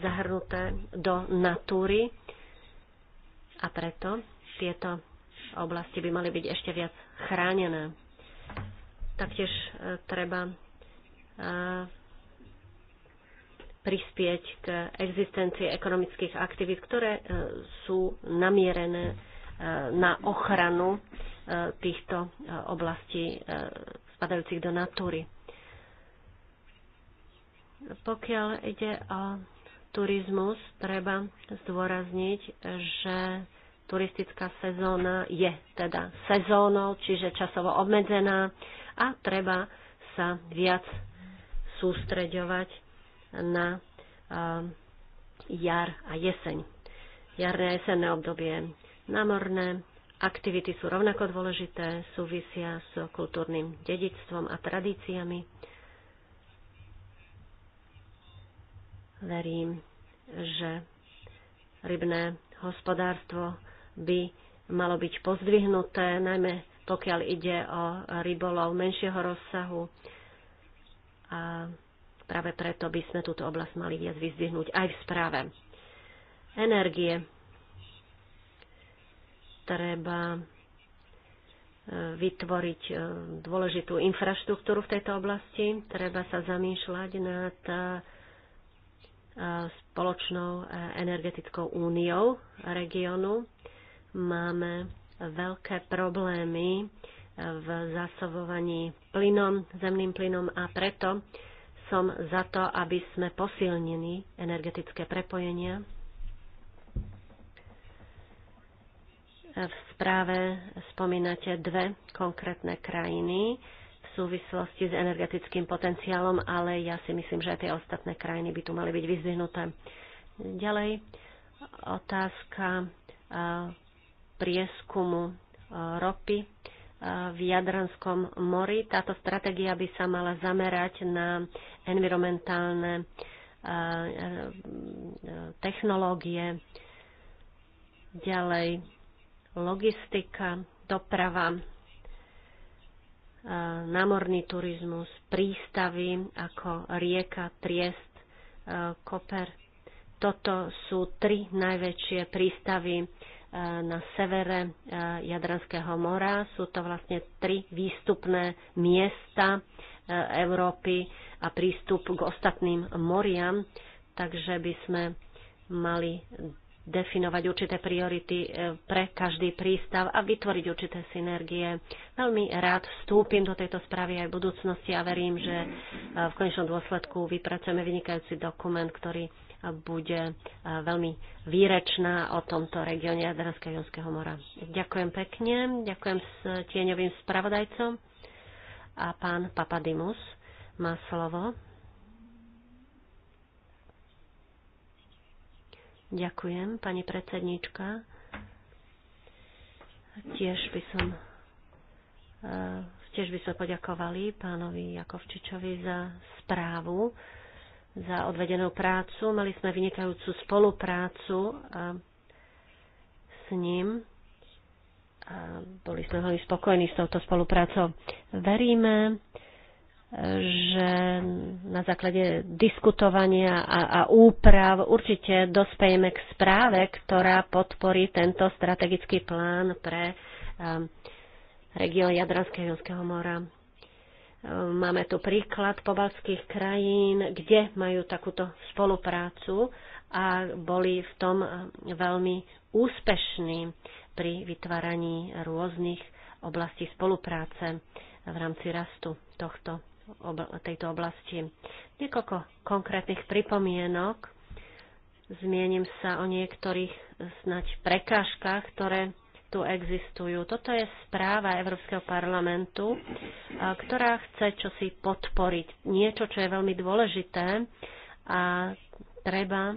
zahrnuté do natúry a preto tieto oblasti by mali byť ešte viac chránené. Taktiež e, treba prispieť k existencii ekonomických aktivít, ktoré e, sú namierené e, na ochranu e, týchto oblastí spadajúcich do natúry. Pokiaľ ide o turizmus, treba zdôrazniť, že turistická sezóna je teda sezónou, čiže časovo obmedzená a treba sa viac sústreďovať na jar a jeseň. Jarné a jesenné obdobie námorné aktivity sú rovnako dôležité, súvisia s kultúrnym dedictvom a tradíciami. Verím, že rybné hospodárstvo by malo byť pozdvihnuté, najmä pokiaľ ide o rybolov menšieho rozsahu, a práve preto by sme túto oblasť mali viac vyzdvihnúť aj v správe. Energie. Treba e, vytvoriť e, dôležitú infraštruktúru v tejto oblasti. Treba sa zamýšľať nad e, spoločnou energetickou úniou regiónu. Máme veľké problémy v zásobovaní plynom, zemným plynom a preto som za to, aby sme posilnili energetické prepojenia. V správe spomínate dve konkrétne krajiny v súvislosti s energetickým potenciálom, ale ja si myslím, že aj tie ostatné krajiny by tu mali byť vyzvihnuté. Ďalej otázka eh, prieskumu eh, ropy v Jadranskom mori. Táto stratégia by sa mala zamerať na environmentálne technológie, ďalej logistika, doprava, námorný turizmus, prístavy ako rieka, triest, koper. Toto sú tri najväčšie prístavy E, na severe e, Jadranského mora. Sú to vlastne tri výstupné miesta e, Európy a prístup k ostatným moriam, takže by sme mali definovať určité priority pre každý prístav a vytvoriť určité synergie. Veľmi rád vstúpim do tejto správy aj v budúcnosti a verím, že v konečnom dôsledku vypracujeme vynikajúci dokument, ktorý bude veľmi výrečná o tomto regióne Adranského Jonského mora. Ďakujem pekne, ďakujem s tieňovým spravodajcom a pán Papadimus má slovo. Ďakujem, pani predsednička. Tiež by som e, tiež by sme poďakovali pánovi Jakovčičovi za správu za odvedenú prácu. Mali sme vynikajúcu spoluprácu s ním. A boli sme veľmi spokojní s touto spoluprácou. Veríme, že na základe diskutovania a, a úprav určite dospejeme k správe, ktorá podporí tento strategický plán pre um, región Jadranského Jonského mora. Máme tu príklad pobalských krajín, kde majú takúto spoluprácu a boli v tom veľmi úspešní pri vytváraní rôznych oblastí spolupráce v rámci rastu tohto, tejto oblasti. Niekoľko konkrétnych pripomienok. Zmienim sa o niektorých snať prekážkach, ktoré tu existujú. Toto je správa Európskeho parlamentu, ktorá chce čosi podporiť. Niečo, čo je veľmi dôležité a treba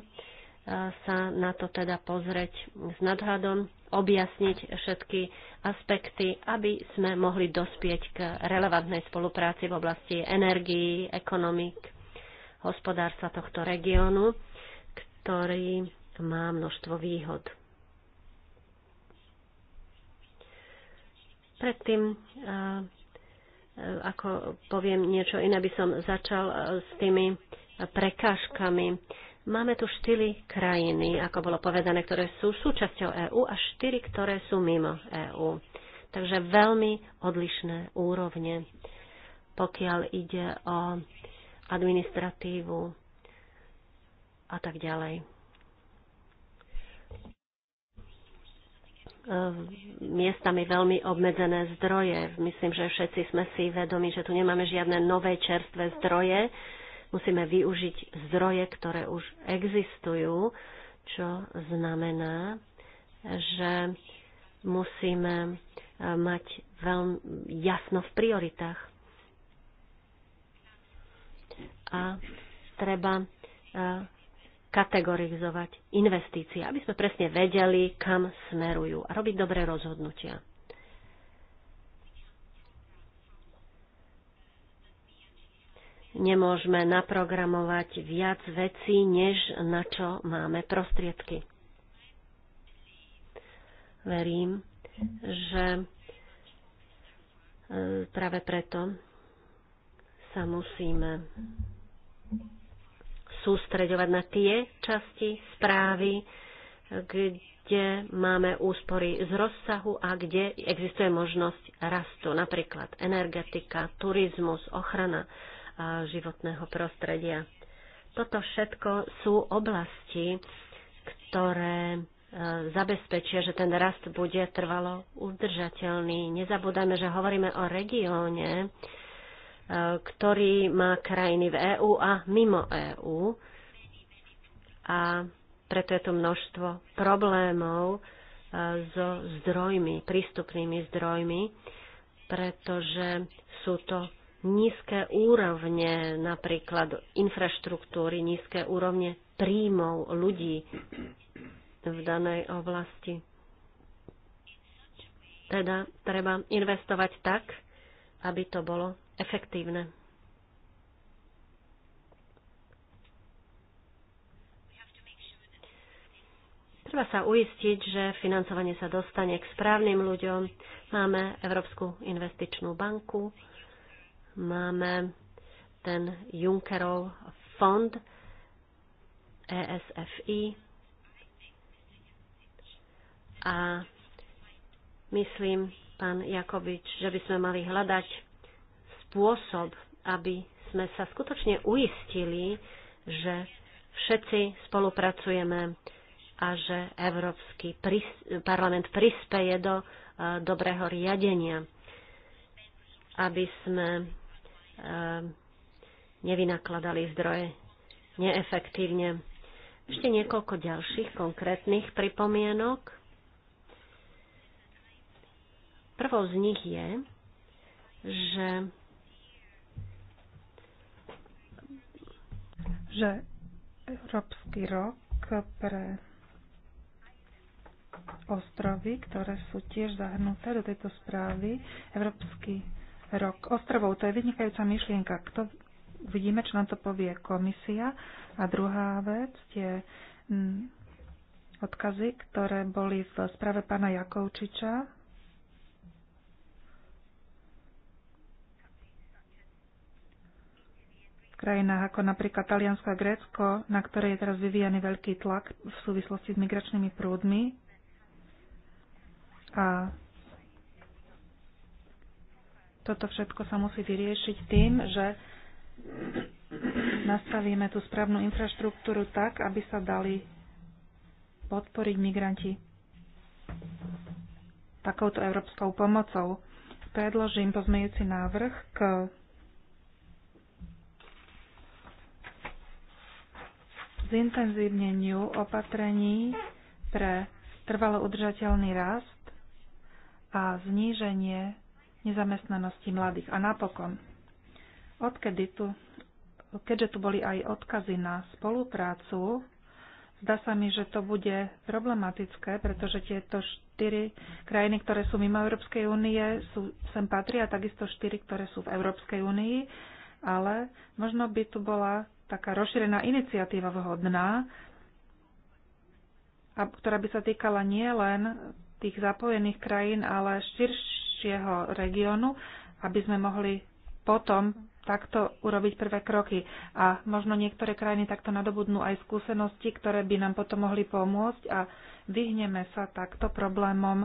sa na to teda pozrieť s nadhľadom, objasniť všetky aspekty, aby sme mohli dospieť k relevantnej spolupráci v oblasti energií, ekonomik, hospodárstva tohto regiónu, ktorý má množstvo výhod. Predtým, eh, eh, ako poviem niečo iné, by som začal eh, s tými prekážkami. Máme tu štyri krajiny, ako bolo povedané, ktoré sú súčasťou EÚ a štyri, ktoré sú mimo EÚ. Takže veľmi odlišné úrovne, pokiaľ ide o administratívu a tak ďalej. E, miestami veľmi obmedzené zdroje. Myslím, že všetci sme si vedomi, že tu nemáme žiadne nové čerstvé zdroje. Musíme využiť zdroje, ktoré už existujú, čo znamená, že musíme e, mať veľmi jasno v prioritách. A treba e, kategorizovať investície, aby sme presne vedeli, kam smerujú a robiť dobré rozhodnutia. Nemôžeme naprogramovať viac vecí, než na čo máme prostriedky. Verím, že e, práve preto sa musíme sústreďovať na tie časti správy, kde máme úspory z rozsahu a kde existuje možnosť rastu, napríklad energetika, turizmus, ochrana životného prostredia. Toto všetko sú oblasti, ktoré zabezpečia, že ten rast bude trvalo udržateľný. Nezabúdajme, že hovoríme o regióne, ktorý má krajiny v EÚ a mimo EÚ. A preto je tu množstvo problémov e, so zdrojmi, prístupnými zdrojmi, pretože sú to nízke úrovne napríklad infraštruktúry, nízke úrovne príjmov ľudí v danej oblasti. Teda treba investovať tak, aby to bolo efektívne. Treba sa uistiť, že financovanie sa dostane k správnym ľuďom. Máme Európsku investičnú banku, máme ten Junckerov fond ESFI a myslím, pán Jakovič, že by sme mali hľadať spôsob, aby sme sa skutočne uistili, že všetci spolupracujeme a že Európsky parlament prispeje do e, dobrého riadenia, aby sme e, nevynakladali zdroje neefektívne. Ešte niekoľko ďalších konkrétnych pripomienok. Prvou z nich je, že že Európsky rok pre ostrovy, ktoré sú tiež zahrnuté do tejto správy, Európsky rok ostrovov. To je vynikajúca myšlienka. Kto, vidíme, čo nám to povie komisia. A druhá vec, tie mm, odkazy, ktoré boli v správe pána Jakovčiča krajinách ako napríklad Taliansko a Grécko, na ktoré je teraz vyvíjaný veľký tlak v súvislosti s migračnými prúdmi. A toto všetko sa musí vyriešiť tým, že nastavíme tú správnu infraštruktúru tak, aby sa dali podporiť migranti takouto európskou pomocou. Predložím pozmejúci návrh k zintenzívneniu opatrení pre trvalo udržateľný rast a zníženie nezamestnanosti mladých. A napokon, odkedy tu, keďže tu boli aj odkazy na spoluprácu, zdá sa mi, že to bude problematické, pretože tieto štyri krajiny, ktoré sú mimo Európskej únie, sú, sem patria, takisto štyri, ktoré sú v Európskej únii, ale možno by tu bola taká rozšírená iniciatíva vhodná, a ktorá by sa týkala nielen tých zapojených krajín, ale širšieho regiónu, aby sme mohli potom takto urobiť prvé kroky. A možno niektoré krajiny takto nadobudnú aj skúsenosti, ktoré by nám potom mohli pomôcť a vyhneme sa takto problémom,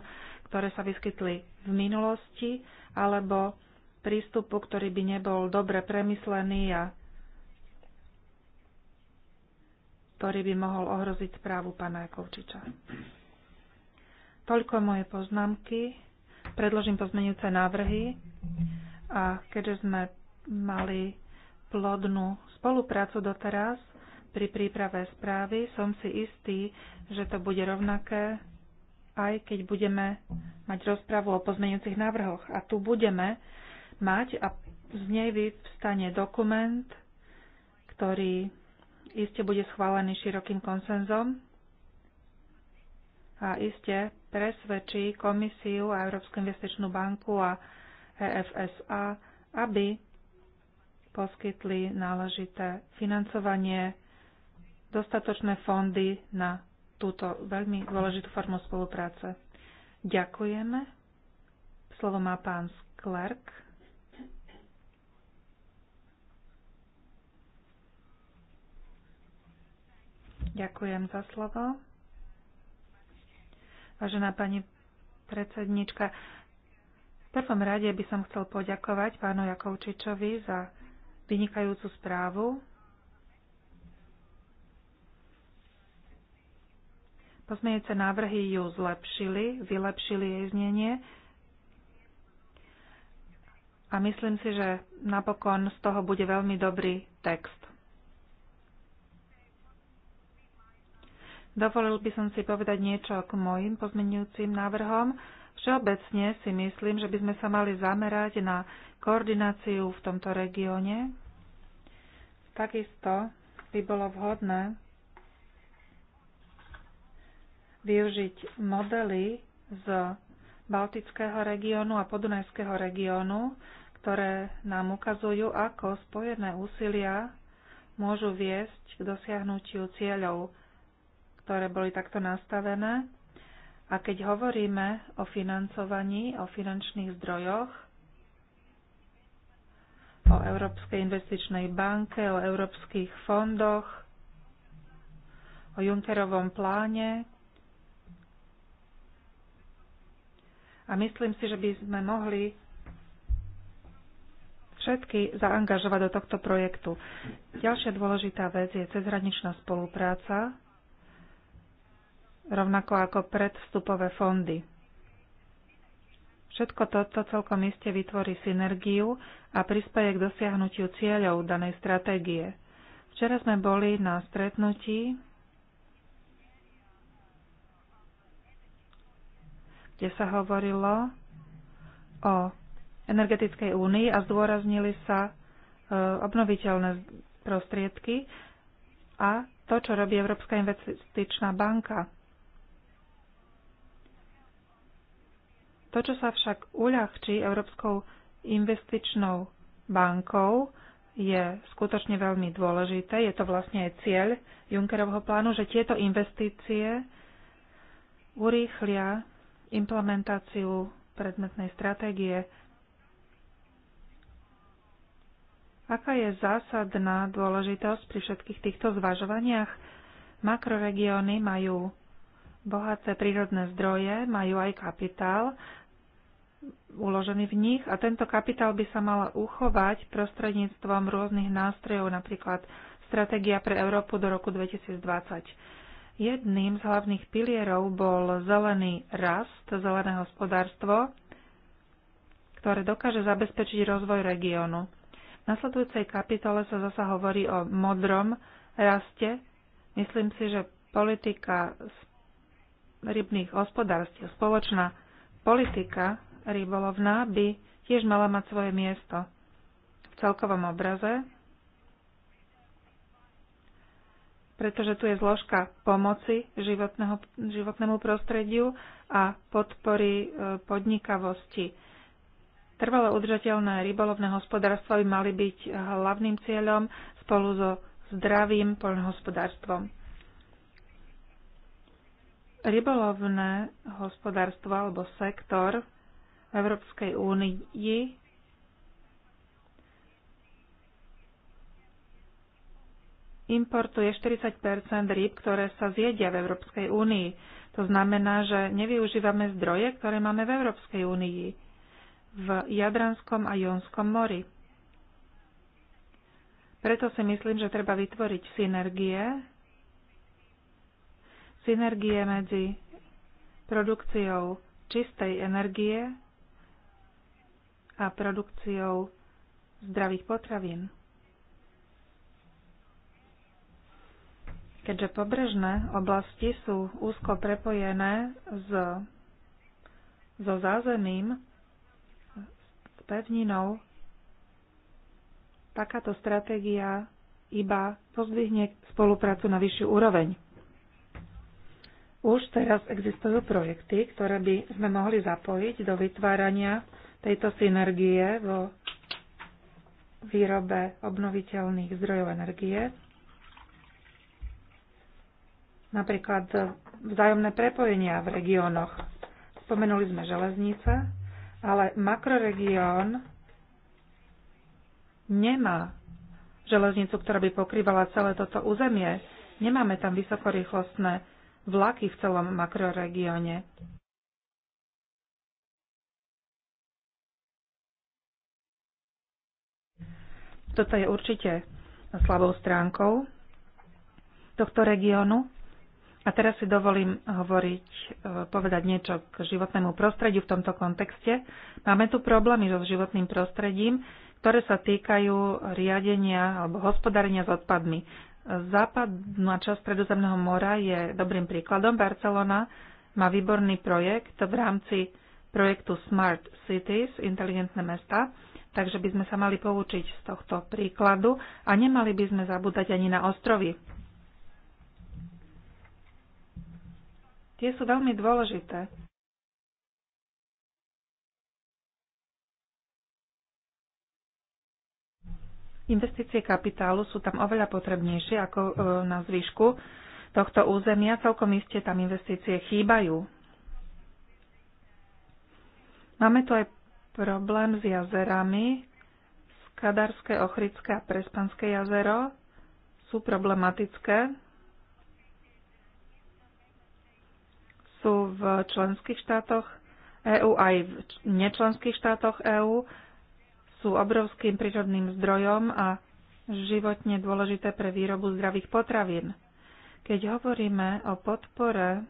ktoré sa vyskytli v minulosti, alebo prístupu, ktorý by nebol dobre premyslený a ktorý by mohol ohroziť správu pána Jakovčiča. Toľko moje poznámky. Predložím pozmenujúce návrhy a keďže sme mali plodnú spoluprácu doteraz pri príprave správy, som si istý, že to bude rovnaké, aj keď budeme mať rozpravu o pozmenujúcich návrhoch. A tu budeme mať a z nej vyvstane dokument, ktorý iste bude schválený širokým konsenzom a iste presvedčí komisiu a Európsku investičnú banku a EFSA, aby poskytli náležité financovanie, dostatočné fondy na túto veľmi dôležitú formu spolupráce. Ďakujeme. Slovo má pán Sklerk. Ďakujem za slovo. Vážená pani predsednička, v prvom rade by som chcel poďakovať pánu Jakovčičovi za vynikajúcu správu. Pozmejúce návrhy ju zlepšili, vylepšili jej znenie a myslím si, že napokon z toho bude veľmi dobrý text. Dovolil by som si povedať niečo k mojim pozmenujúcim návrhom. Všeobecne si myslím, že by sme sa mali zamerať na koordináciu v tomto regióne. Takisto by bolo vhodné využiť modely z Baltického regiónu a Podunajského regiónu, ktoré nám ukazujú, ako spojené úsilia môžu viesť k dosiahnutiu cieľov ktoré boli takto nastavené. A keď hovoríme o financovaní, o finančných zdrojoch, o Európskej investičnej banke, o európskych fondoch, o Junckerovom pláne. A myslím si, že by sme mohli všetky zaangažovať do tohto projektu. Ďalšia dôležitá vec je cezhraničná spolupráca rovnako ako predvstupové fondy. Všetko toto celkom iste vytvorí synergiu a prispieje k dosiahnutiu cieľov danej stratégie. Včera sme boli na stretnutí, kde sa hovorilo o energetickej únii a zdôraznili sa e, obnoviteľné prostriedky a to, čo robí Európska investičná banka. To, čo sa však uľahčí Európskou investičnou bankou, je skutočne veľmi dôležité. Je to vlastne aj cieľ Junckerovho plánu, že tieto investície urýchlia implementáciu predmetnej stratégie. Aká je zásadná dôležitosť pri všetkých týchto zvažovaniach? Makroregióny majú bohaté prírodné zdroje, majú aj kapitál uložený v nich a tento kapitál by sa mal uchovať prostredníctvom rôznych nástrojov, napríklad Stratégia pre Európu do roku 2020. Jedným z hlavných pilierov bol zelený rast, zelené hospodárstvo, ktoré dokáže zabezpečiť rozvoj regiónu. V nasledujúcej kapitole sa zasa hovorí o modrom raste. Myslím si, že politika rybných hospodárstiev, spoločná politika rybolovná by tiež mala mať svoje miesto v celkovom obraze, pretože tu je zložka pomoci životnému prostrediu a podpory e, podnikavosti. Trvalo udržateľné rybolovné hospodárstvo by mali byť hlavným cieľom spolu so zdravým poľnohospodárstvom. Rybolovné hospodárstvo alebo sektor v Európskej únii importuje 40 rýb, ktoré sa zjedia v Európskej únii. To znamená, že nevyužívame zdroje, ktoré máme v Európskej únii, v Jadranskom a Jonskom mori. Preto si myslím, že treba vytvoriť synergie, synergie medzi produkciou čistej energie a produkciou zdravých potravín. Keďže pobrežné oblasti sú úzko prepojené s, so zázemím, s pevninou, takáto stratégia iba pozdvihne spoluprácu na vyššiu úroveň. Už teraz existujú projekty, ktoré by sme mohli zapojiť do vytvárania tejto synergie vo výrobe obnoviteľných zdrojov energie. Napríklad vzájomné prepojenia v regiónoch. Spomenuli sme železnice, ale makroregión nemá železnicu, ktorá by pokrývala celé toto územie. Nemáme tam vysokorýchlostné vlaky v celom makroregióne. Toto je určite slabou stránkou tohto regiónu. A teraz si dovolím hovoriť, e, povedať niečo k životnému prostrediu v tomto kontexte. Máme tu problémy so životným prostredím, ktoré sa týkajú riadenia alebo hospodárenia s odpadmi. Západná časť Stredozemného mora je dobrým príkladom. Barcelona má výborný projekt v rámci projektu Smart Cities, inteligentné mesta, Takže by sme sa mali poučiť z tohto príkladu a nemali by sme zabúdať ani na ostrovy. Tie sú veľmi dôležité. Investície kapitálu sú tam oveľa potrebnejšie ako e, na zvyšku tohto územia. Celkom iste tam investície chýbajú. Máme tu aj problém s jazerami. Skadarské, Ochrické a Prespanské jazero sú problematické. Sú v členských štátoch EÚ aj v nečlenských štátoch EÚ. Sú obrovským prírodným zdrojom a životne dôležité pre výrobu zdravých potravín. Keď hovoríme o podpore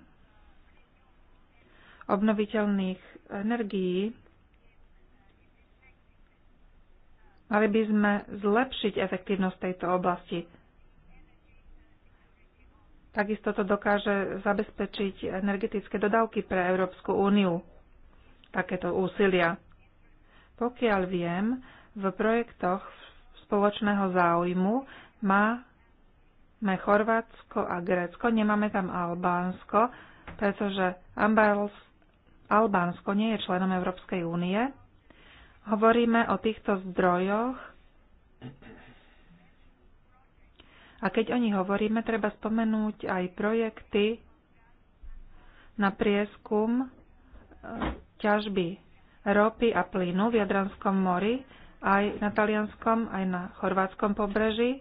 obnoviteľných energií, Mali by sme zlepšiť efektívnosť tejto oblasti. Takisto to dokáže zabezpečiť energetické dodávky pre Európsku úniu. Takéto úsilia. Pokiaľ viem, v projektoch spoločného záujmu máme Chorvátsko a Grécko, nemáme tam Albánsko, pretože Albánsko nie je členom Európskej únie hovoríme o týchto zdrojoch a keď o nich hovoríme, treba spomenúť aj projekty na prieskum e, ťažby ropy a plynu v Jadranskom mori, aj na talianskom, aj na chorvátskom pobreží,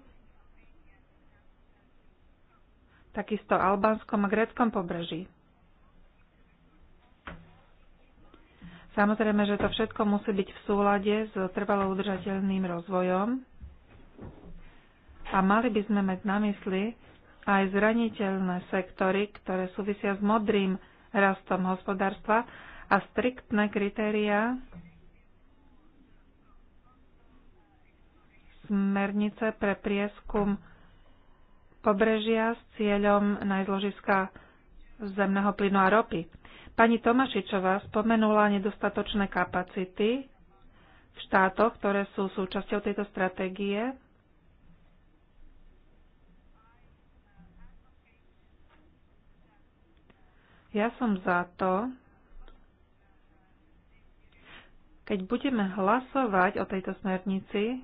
takisto albánskom a gréckom pobreží. Samozrejme, že to všetko musí byť v súlade s trvalo udržateľným rozvojom a mali by sme mať na mysli aj zraniteľné sektory, ktoré súvisia s modrým rastom hospodárstva a striktné kritériá smernice pre prieskum pobrežia s cieľom najzložiska zemného plynu a ropy. Pani Tomašičová spomenula nedostatočné kapacity v štátoch, ktoré sú súčasťou tejto stratégie. Ja som za to, keď budeme hlasovať o tejto smernici,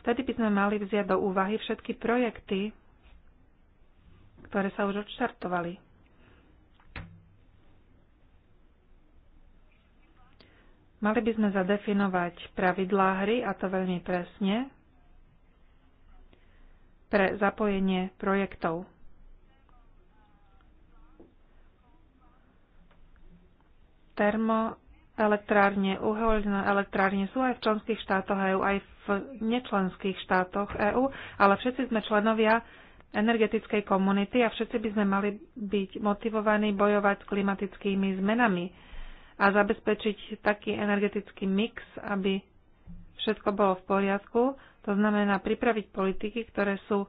vtedy by sme mali vziať do úvahy všetky projekty, ktoré sa už odštartovali. Mali by sme zadefinovať pravidlá hry, a to veľmi presne, pre zapojenie projektov. Termoelektrárne, uholné elektrárne sú aj v členských štátoch EÚ, aj v nečlenských štátoch EÚ, ale všetci sme členovia energetickej komunity a všetci by sme mali byť motivovaní bojovať s klimatickými zmenami a zabezpečiť taký energetický mix, aby všetko bolo v poriadku. To znamená pripraviť politiky, ktoré sú, e,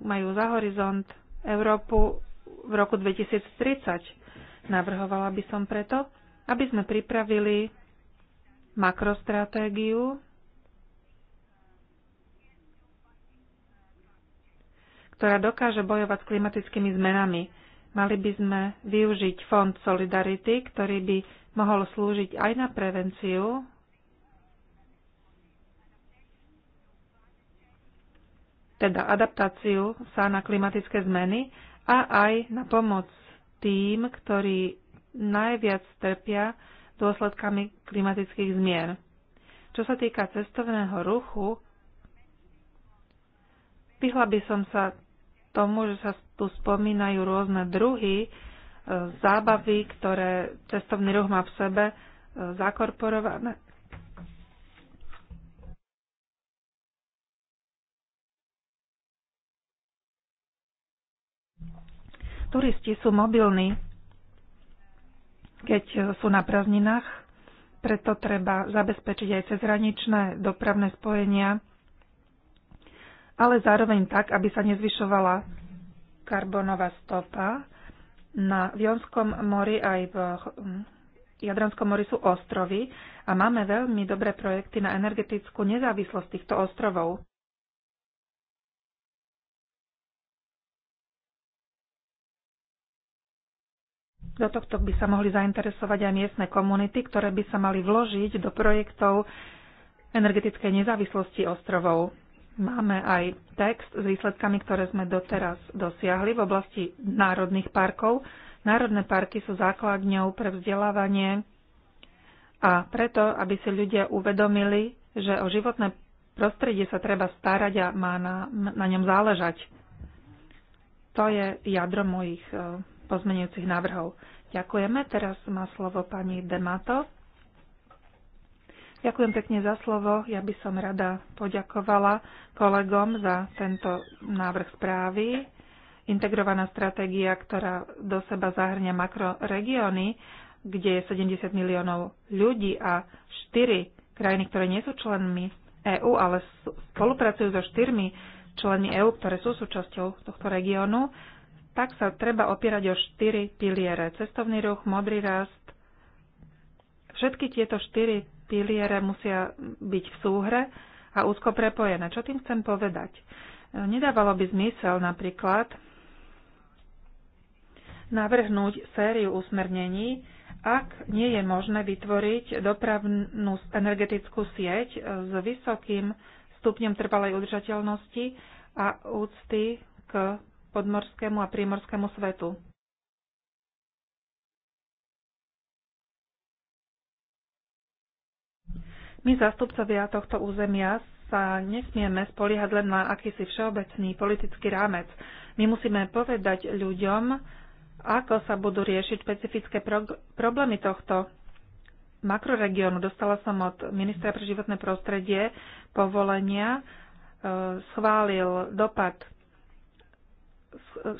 majú za horizont Európu v roku 2030. Navrhovala by som preto, aby sme pripravili makrostratégiu ktorá dokáže bojovať s klimatickými zmenami. Mali by sme využiť fond Solidarity, ktorý by mohol slúžiť aj na prevenciu teda adaptáciu sa na klimatické zmeny a aj na pomoc tým, ktorí najviac trpia dôsledkami klimatických zmien. Čo sa týka cestovného ruchu, vyhla by som sa tomu, že sa tu spomínajú rôzne druhy e, zábavy, ktoré cestovný ruch má v sebe e, zakorporované. Turisti sú mobilní, keď sú na prázdninách, preto treba zabezpečiť aj cezhraničné dopravné spojenia ale zároveň tak, aby sa nezvyšovala karbonová stopa. Na Vionskom mori aj v Jadranskom mori sú ostrovy a máme veľmi dobré projekty na energetickú nezávislosť týchto ostrovov. Do tohto by sa mohli zainteresovať aj miestne komunity, ktoré by sa mali vložiť do projektov energetickej nezávislosti ostrovov. Máme aj text s výsledkami, ktoré sme doteraz dosiahli v oblasti národných parkov. Národné parky sú základňou pre vzdelávanie a preto, aby si ľudia uvedomili, že o životné prostredie sa treba starať a má na, na ňom záležať. To je jadro mojich eh, pozmenujúcich návrhov. Ďakujeme. Teraz má slovo pani Demato. Ďakujem pekne za slovo. Ja by som rada poďakovala kolegom za tento návrh správy. Integrovaná stratégia, ktorá do seba zahrňa makroregióny, kde je 70 miliónov ľudí a 4 krajiny, ktoré nie sú členmi EÚ, ale spolupracujú so 4 členmi EÚ, ktoré sú súčasťou tohto regiónu, tak sa treba opierať o 4 piliere. Cestovný ruch, modrý rast. Všetky tieto 4 piliere musia byť v súhre a úzko prepojené. Čo tým chcem povedať? Nedávalo by zmysel napríklad navrhnúť sériu usmernení, ak nie je možné vytvoriť dopravnú energetickú sieť s vysokým stupňom trvalej udržateľnosti a úcty k podmorskému a prímorskému svetu. My, zástupcovia tohto územia, sa nesmieme spoliehať len na akýsi všeobecný politický rámec. My musíme povedať ľuďom, ako sa budú riešiť špecifické problémy tohto makroregiónu. Dostala som od ministra pre životné prostredie povolenia, e, schválil dopad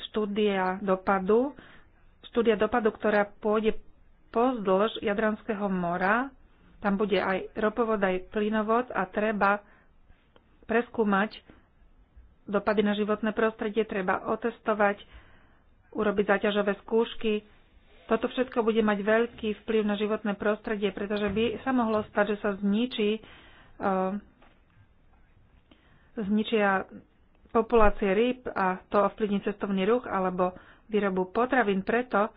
štúdia dopadu, štúdia dopadu, ktorá pôjde pozdĺž Jadranského mora tam bude aj ropovod, aj plynovod a treba preskúmať dopady na životné prostredie, treba otestovať, urobiť záťažové skúšky. Toto všetko bude mať veľký vplyv na životné prostredie, pretože by sa mohlo stať, že sa zničí, uh, zničia populácie rýb a to ovplyvní cestovný ruch alebo výrobu potravín. Preto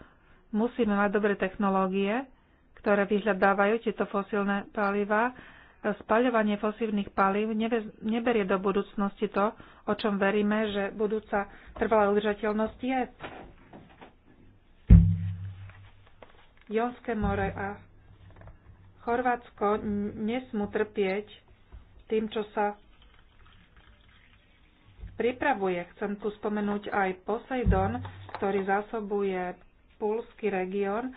musíme mať dobré technológie, ktoré vyhľadávajú tieto fosílne paliva, spaľovanie fosívnych palív neberie do budúcnosti to, o čom veríme, že budúca trvalá udržateľnosť je. Jonské more a Chorvátsko nesmú trpieť tým, čo sa pripravuje. Chcem tu spomenúť aj Poseidon, ktorý zásobuje Pulský región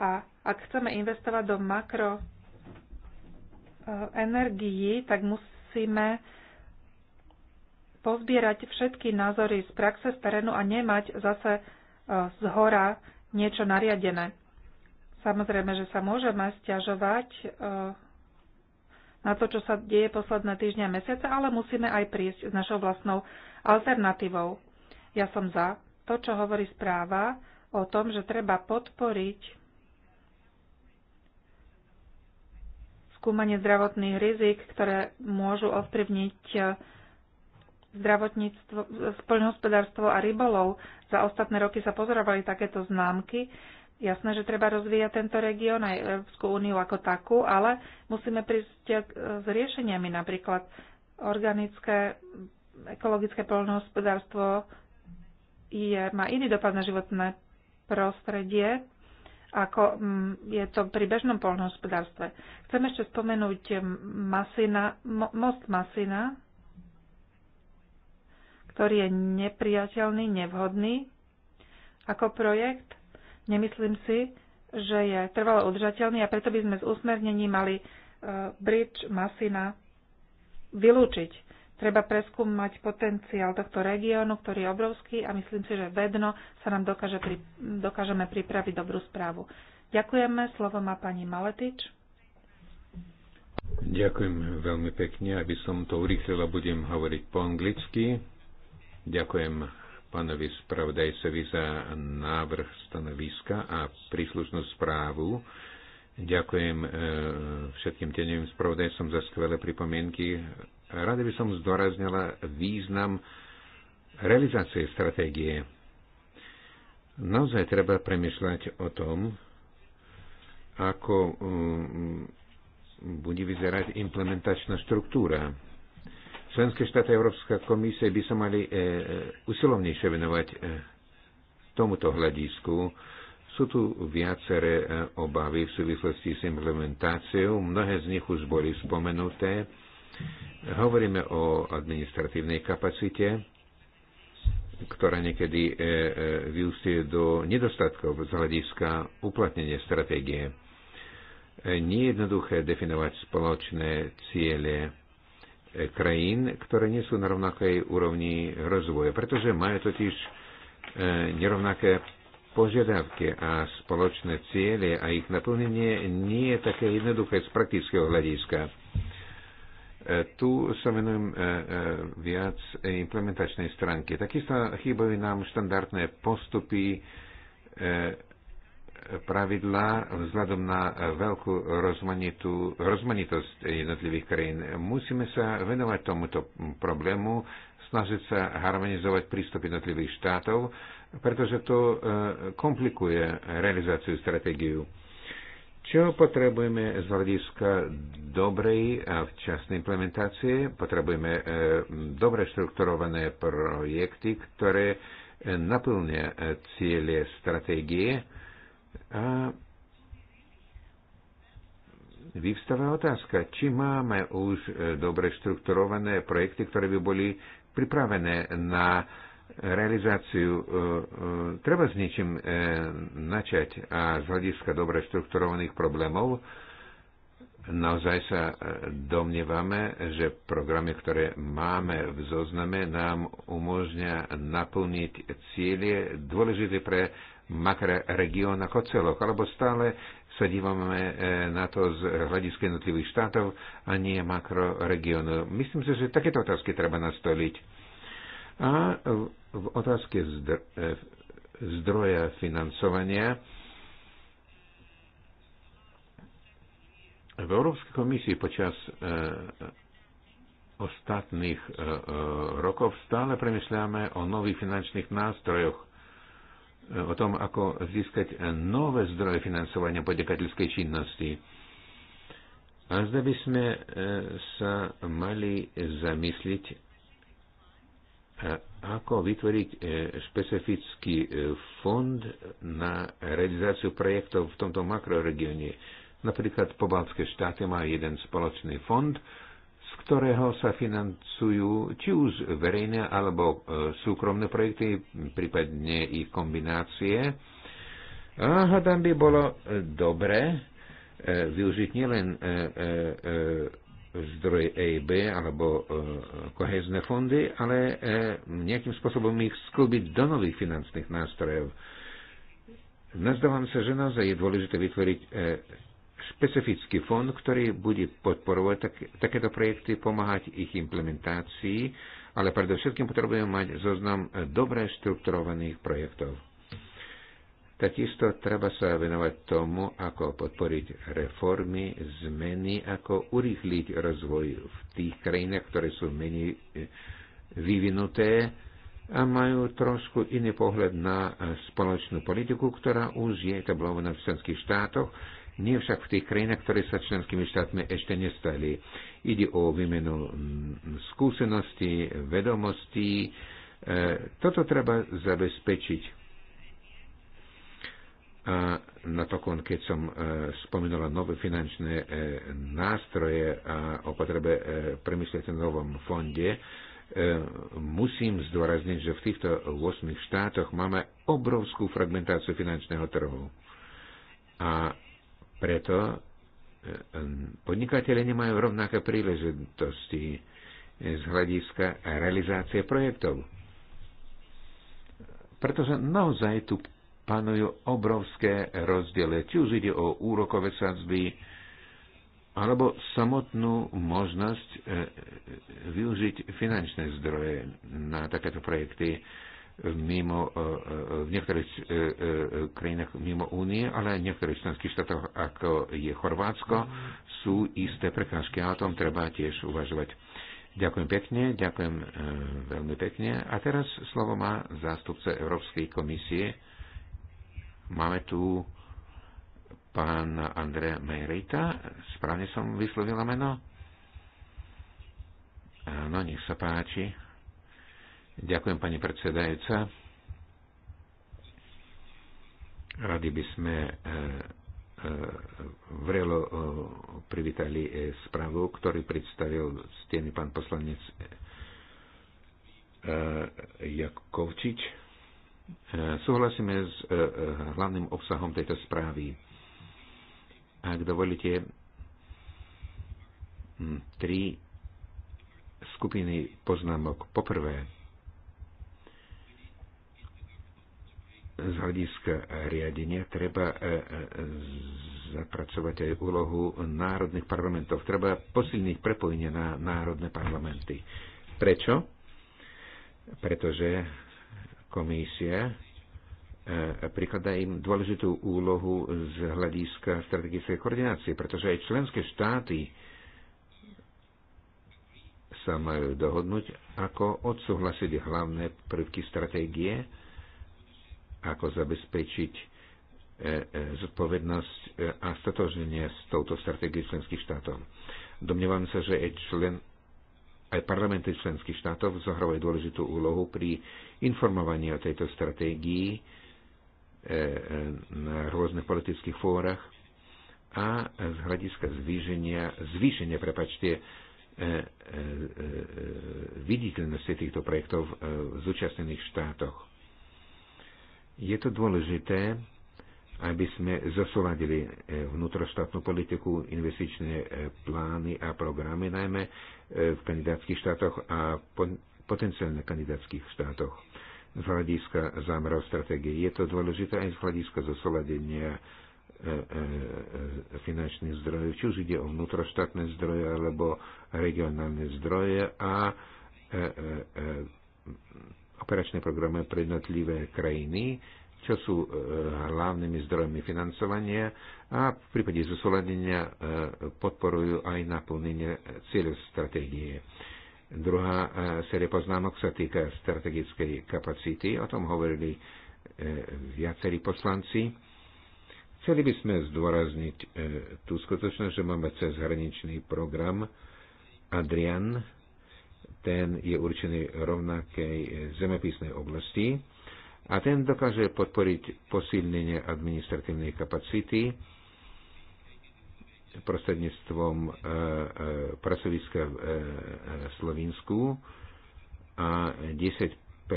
a ak chceme investovať do makro eh, energií, tak musíme pozbierať všetky názory z praxe, z terénu a nemať zase eh, z hora niečo nariadené. Samozrejme, že sa môžeme stiažovať eh, na to, čo sa deje posledné týždňa a mesiace, ale musíme aj prísť s našou vlastnou alternatívou. Ja som za to, čo hovorí správa o tom, že treba podporiť skúmanie zdravotných rizik, ktoré môžu ovplyvniť e, zdravotníctvo, e, poľnohospodárstvo a rybolov. Za ostatné roky sa pozorovali takéto známky. Jasné, že treba rozvíjať tento región aj Európsku úniu ako takú, ale musíme prísť e, s riešeniami napríklad organické, ekologické poľnohospodárstvo je, má iný dopad na životné prostredie ako mm, je to pri bežnom polnohospodárstve. Chcem ešte spomenúť mm, masina, most Masina, ktorý je nepriateľný, nevhodný ako projekt. Nemyslím si, že je trvalo udržateľný a preto by sme z úsmernení mali e, bridge Masina vylúčiť. Treba preskúmať potenciál tohto regiónu, ktorý je obrovský a myslím si, že vedno sa nám dokáže pri, dokážeme pripraviť dobrú správu. Ďakujeme, slovo má pani Maletič. Ďakujem veľmi pekne, aby som to urýchlila, budem hovoriť po anglicky. Ďakujem pánovi spravodajcovi za návrh stanoviska a príslušnú správu. Ďakujem eh, všetkým tenevým spravodajcom za skvelé pripomienky Rada by som zdoraznila význam realizácie stratégie. Naozaj treba premyšľať o tom, ako mm, bude vyzerať implementačná štruktúra. Členské štáty Európska komisie by sa mali e, e, usilovnejšie venovať e, tomuto hľadisku. Sú tu viaceré obavy v súvislosti s implementáciou, mnohé z nich už boli spomenuté Hovoríme o administratívnej kapacite, ktorá niekedy e, e, vyústie do nedostatkov z hľadiska uplatnenia stratégie. E, nie je jednoduché definovať spoločné ciele krajín, ktoré nie sú na rovnakej úrovni rozvoja, pretože majú totiž nerovnaké požiadavky a spoločné ciele a ich naplnenie nie je také jednoduché z praktického hľadiska E, tu sa venujem e, e, viac implementačnej stránke. Takisto chýbajú nám štandardné postupy, pravidlá vzhľadom na veľkú rozmanitosť jednotlivých krajín. Musíme sa venovať tomuto problému, snažiť sa harmonizovať prístup jednotlivých štátov, pretože to komplikuje realizáciu stratégiu čo potrebujeme z hľadiska dobrej a včasnej implementácie? Potrebujeme e, dobre štrukturované projekty, ktoré e, naplnia e, ciele stratégie a vyvstáva otázka, či máme už e, dobre štrukturované projekty, ktoré by boli pripravené na e, realizáciu e, e, treba s niečím e, načať a z hľadiska dobre štrukturovaných problémov naozaj sa domnievame, že programy, ktoré máme v zozname, nám umožňa naplniť cieľe dôležité pre makroregión ako celok, alebo stále sa dívame na to z hľadiska jednotlivých štátov a nie makroregiónu. Myslím si, že takéto otázky treba nastoliť a v otázke e, zdroja financovania v Európskej komisii počas e, ostatných e, rokov stále premyšľame o nových finančných nástrojoch, o tom, ako získať nové zdroje financovania podnikateľskej činnosti. A zde by sme sa mali zamysliť ako vytvoriť e, špecifický e, fond na realizáciu projektov v tomto makroregióne. Napríklad pobaltské štáty má jeden spoločný fond, z ktorého sa financujú či už verejné alebo e, súkromné projekty, prípadne ich kombinácie. A hádam by bolo dobre využiť nielen zdroje EIB alebo e, kohezné fondy, ale e, nejakým spôsobom ich sklbiť do nových finančných nástrojov. Nazdávam sa, že naozaj je dôležité vytvoriť e, špecifický fond, ktorý bude podporovať tak, takéto projekty, pomáhať ich implementácii, ale predovšetkým potrebujeme mať zoznam dobre štrukturovaných projektov. Takisto treba sa venovať tomu, ako podporiť reformy, zmeny, ako urýchliť rozvoj v tých krajinách, ktoré sú menej e, vyvinuté a majú trošku iný pohľad na e, spoločnú politiku, ktorá už je etablovaná v členských štátoch, nie však v tých krajinách, ktoré sa členskými štátmi ešte nestali. Ide o výmenu skúseností, vedomostí. E, toto treba zabezpečiť a napokon, keď som e, spomínala nové finančné e, nástroje a o potrebe e, premyslieť o novom fonde, musím zdôrazniť, že v týchto 8 štátoch máme obrovskú fragmentáciu finančného trhu. A preto podnikatelia nemajú rovnaké príležitosti z hľadiska realizácie projektov. Pretože naozaj tu panujú obrovské rozdiely. Či už ide o úrokové sadzby, alebo samotnú možnosť e, e, využiť finančné zdroje na takéto projekty mimo, e, v niektorých krajinách mimo únie, ale aj v niektorých členských štátoch, ako je Chorvátsko, sú isté prekážky a o tom treba tiež uvažovať. Ďakujem pekne, ďakujem veľmi pekne. A teraz slovo má zástupca Európskej komisie, Máme tu pána Andrea Mejrejta. Správne som vyslovila meno? Áno, nech sa páči. Ďakujem, pani predsedajúca. Rady by sme e, e, vrelo e, privítali správu, ktorý predstavil stený pán poslanec Jakovčič E, súhlasíme s e, e, hlavným obsahom tejto správy. Ak dovolíte, hm, tri skupiny poznámok. Poprvé, z hľadiska riadenia treba zapracovať aj úlohu národných parlamentov. Treba posilniť prepojenie na národné parlamenty. Prečo? Pretože Komisie e, prikladá im dôležitú úlohu z hľadiska strategickej koordinácie, pretože aj členské štáty sa majú dohodnúť, ako odsúhlasiť hlavné prvky stratégie, ako zabezpečiť e, e, zodpovednosť a statoženie s touto stratégiou členských štátov. Domnievam sa, že aj člen, aj parlamenty členských štátov zohrávajú dôležitú úlohu pri informovaní o tejto stratégii e, e, na rôznych politických fórach a z hľadiska zvýšenia, zvýšenia prepačte, e, viditeľnosti týchto projektov v zúčastnených štátoch. Je to dôležité aby sme zosúladili e, vnútroštátnu politiku, investičné e, plány a programy, najmä e, v kandidátskych štátoch a potenciálne kandidátskych štátoch. Z hľadiska zámerov stratégie je to dôležité aj z hľadiska zosúladenia finančných zdrojov, či už ide o vnútroštátne zdroje alebo regionálne zdroje a operačné programy pre jednotlivé krajiny, čo sú e, hlavnými zdrojmi financovania a v prípade zosúladenia e, podporujú aj naplnenie cieľov stratégie. Druhá e, série poznámok sa týka strategickej kapacity, o tom hovorili viacerí poslanci. Chceli by sme zdôrazniť tú skutočnosť, že máme cezhraničný program Adrian, ten je určený rovnakej zemepisnej oblasti a ten dokáže podporiť posilnenie administratívnej kapacity prostredníctvom e, e, pracoviska v e, e Slovensku a 10 e, e,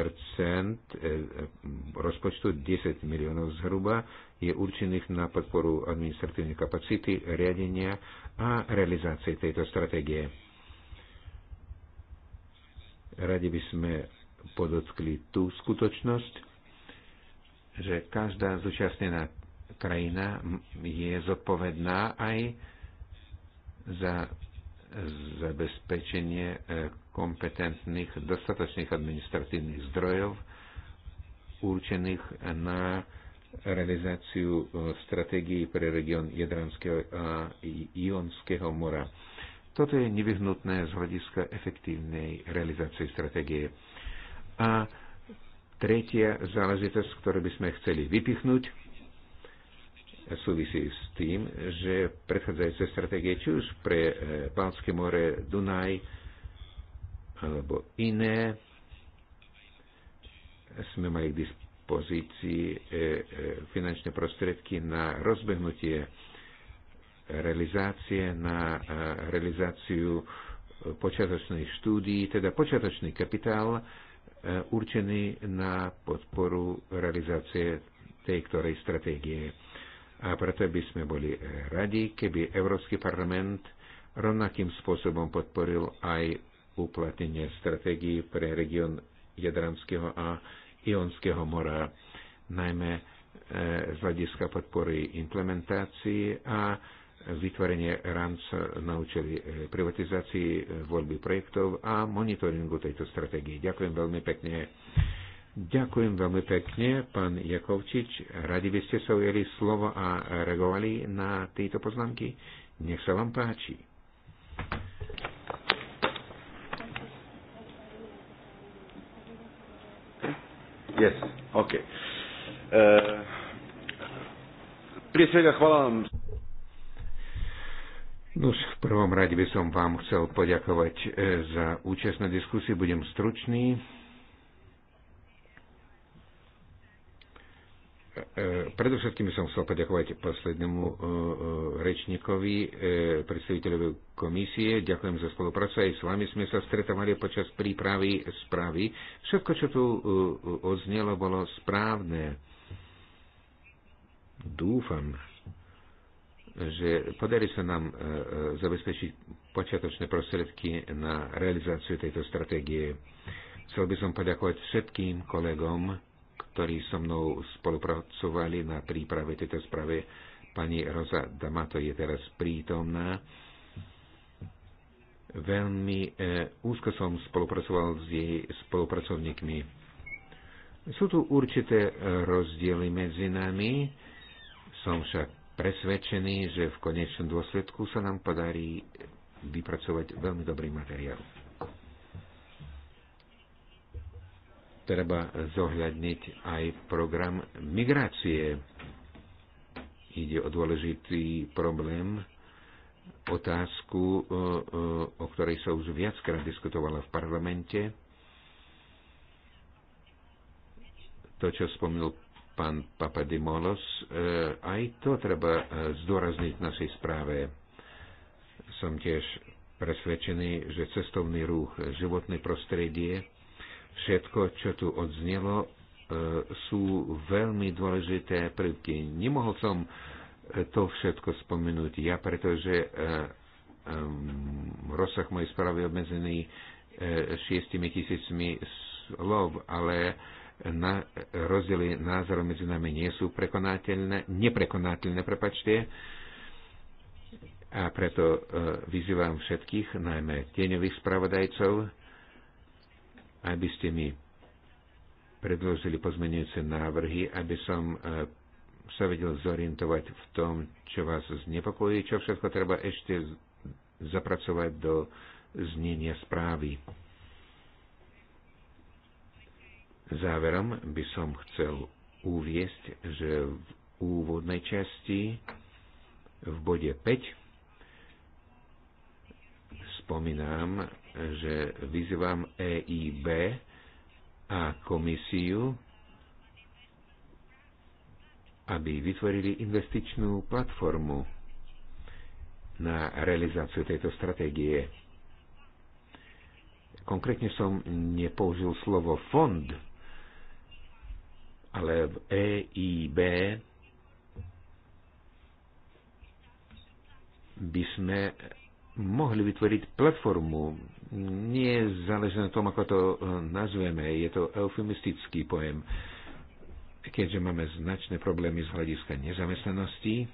rozpočtu 10 miliónov zhruba je určených na podporu administratívnej kapacity, riadenia a realizácie tejto stratégie. Radi by sme podotkli tú skutočnosť, že každá zúčastnená krajina je zodpovedná aj za zabezpečenie e, kompetentných dostatočných administratívnych zdrojov určených na realizáciu e, stratégií pre region Jadranského a Ionského mora. Toto je nevyhnutné z hľadiska efektívnej realizácie stratégie. A Tretia záležitosť, ktorú by sme chceli vypichnúť, súvisí s tým, že predchádzajúce stratégie či už pre e, Balské more, Dunaj alebo iné sme mali k dispozícii e, e, finančné prostriedky na rozbehnutie realizácie, na realizáciu počiatočných štúdií, teda počiatočný kapitál, E, určený na podporu realizácie tej ktorej stratégie. A preto by sme boli radi, keby Európsky parlament rovnakým spôsobom podporil aj uplatnenie stratégií pre región Jadranského a Ionského mora, najmä e, z hľadiska podpory implementácií a vytvorenie RANC na účely e, privatizácii, e, voľby projektov a monitoringu tejto stratégie. Ďakujem veľmi pekne. Ďakujem veľmi pekne, pán Jakovčič. Radi by ste sa ujeli slovo a reagovali na tieto poznámky. Nech sa vám páči. Yes, OK. Uh, prije svega hvala vam Nuž, no, v prvom rade by som vám chcel poďakovať e, za účasť na diskusii. Budem stručný. E, predovšetkým som chcel poďakovať poslednému e, rečníkovi, predstaviteľovi komisie. Ďakujem za spoluprácu. Aj s vami sme sa stretávali počas prípravy správy. Všetko, čo tu odznelo, bolo správne. Dúfam, že podarí sa nám e, e, zabezpečiť počiatočné prostriedky na realizáciu tejto stratégie. Chcel by som poďakovať všetkým kolegom, ktorí so mnou spolupracovali na príprave tejto správy. Pani Rosa Damato je teraz prítomná. Veľmi e, úzko som spolupracoval s jej spolupracovníkmi. Sú tu určité rozdiely medzi nami, som však presvedčený, že v konečnom dôsledku sa nám podarí vypracovať veľmi dobrý materiál. Treba zohľadniť aj program migrácie. Ide o dôležitý problém, otázku, o ktorej sa už viackrát diskutovala v parlamente. To, čo spomínal pán Papadimolos. Eh, aj to treba eh, zdôrazniť v našej správe. Som tiež presvedčený, že cestovný ruch, životné prostredie, všetko, čo tu odznelo, eh, sú veľmi dôležité prvky. Nemohol som to všetko spomenúť ja, pretože rozsah mojej správy obmedzený šiestimi tisícmi slov, ale na rozdiely názorov medzi nami nie sú prekonateľné, neprekonateľné, prepačte. A preto e, vyzývam všetkých, najmä tieňových spravodajcov, aby ste mi predložili pozmenujúce návrhy, aby som e, sa vedel zorientovať v tom, čo vás znepokojí, čo všetko treba ešte zapracovať do znenia správy. Záverom by som chcel uviesť, že v úvodnej časti v bode 5 spomínam, že vyzývam EIB a komisiu, aby vytvorili investičnú platformu na realizáciu tejto stratégie. Konkrétne som nepoužil slovo fond, ale v EIB by sme mohli vytvoriť platformu. Nie záleží na tom, ako to e, nazveme, je to eufemistický pojem. Keďže máme značné problémy z hľadiska nezamestnanosti v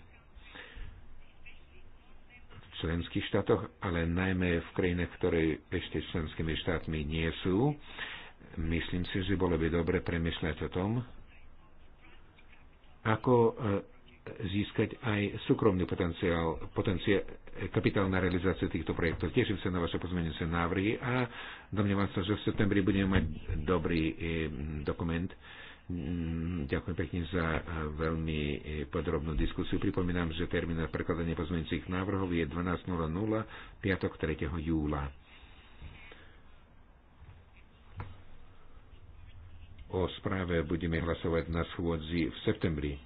členských štátoch, ale najmä v krajinách, ktoré ešte členskými štátmi nie sú, myslím si, že bolo by dobre premyšľať o tom, ako e, získať aj súkromný potenciál, potenciál e, kapitál na realizáciu týchto projektov. Teším sa na vaše pozmenujúce návrhy a domnievam sa, že v septembri budeme mať dobrý e, dokument. Mm, ďakujem pekne za veľmi podrobnú diskusiu. Pripomínam, že termín na prekladanie pozmenujúcich návrhov je 12.00 piatok 3. júla. O správe budeme hlasovať na schôdzi v septembri.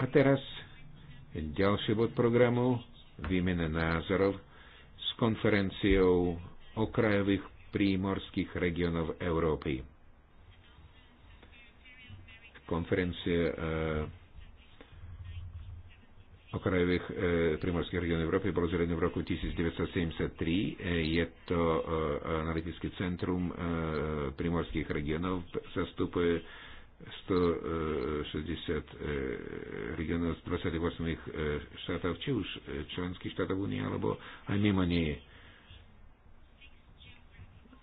A teraz ďalší bod programu, výmena názorov s konferenciou okrajových prímorských regionov Európy. Konferencia uh, eh, okrajových e, primorských regiónov Európy bolo zriadené v roku 1973. E, je to e, analytické centrum e, primorských regiónov. Zastupuje 160 e, e regionov z 28 e, štátov, či už e, členských štátov Únie, alebo aj mimo nie.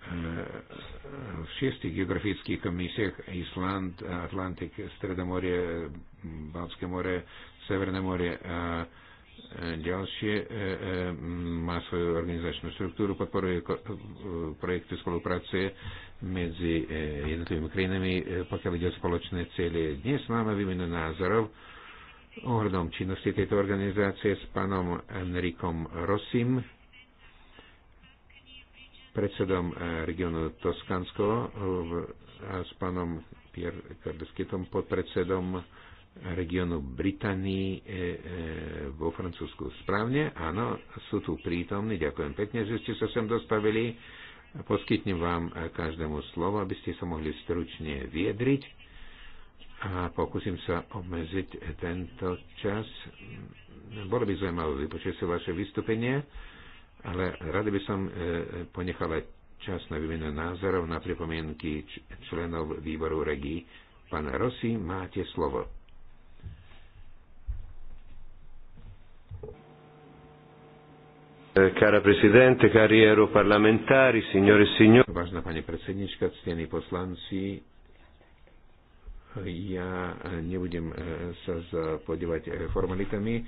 V šiestich geografických komisiách Island, Atlantik, Stredomorie, Balské more, Severné more a ďalšie e, e, má svoju organizačnú štruktúru, podporuje e, projekty spolupráce medzi jednotlivými krajinami, pokiaľ ide o spoločné cieľe. Dnes máme výmenu názorov ohľadom činnosti tejto organizácie s pánom Enrikom Rosim, predsedom regionu Toskansko a s pánom Pierre Kardeskytom, podpredsedom regionu Británii e, e, vo Francúzsku. Správne? Áno, sú tu prítomní. Ďakujem pekne, že ste sa sem dostavili. Poskytnem vám každému slovo, aby ste sa mohli stručne viedriť a pokúsim sa obmedziť tento čas. Bolo by zaujímavé vypočuť si vaše vystúpenie, ale rada by som e, ponechala čas na výmenu názorov na pripomienky členov výboru regí. Pán Rossi, máte slovo. Eh, cara Presidente, cari europarlamentari, signore e signori. Vážna pani predsednička, ctení poslanci, ja eh, nebudem eh, sa podívať formalitami.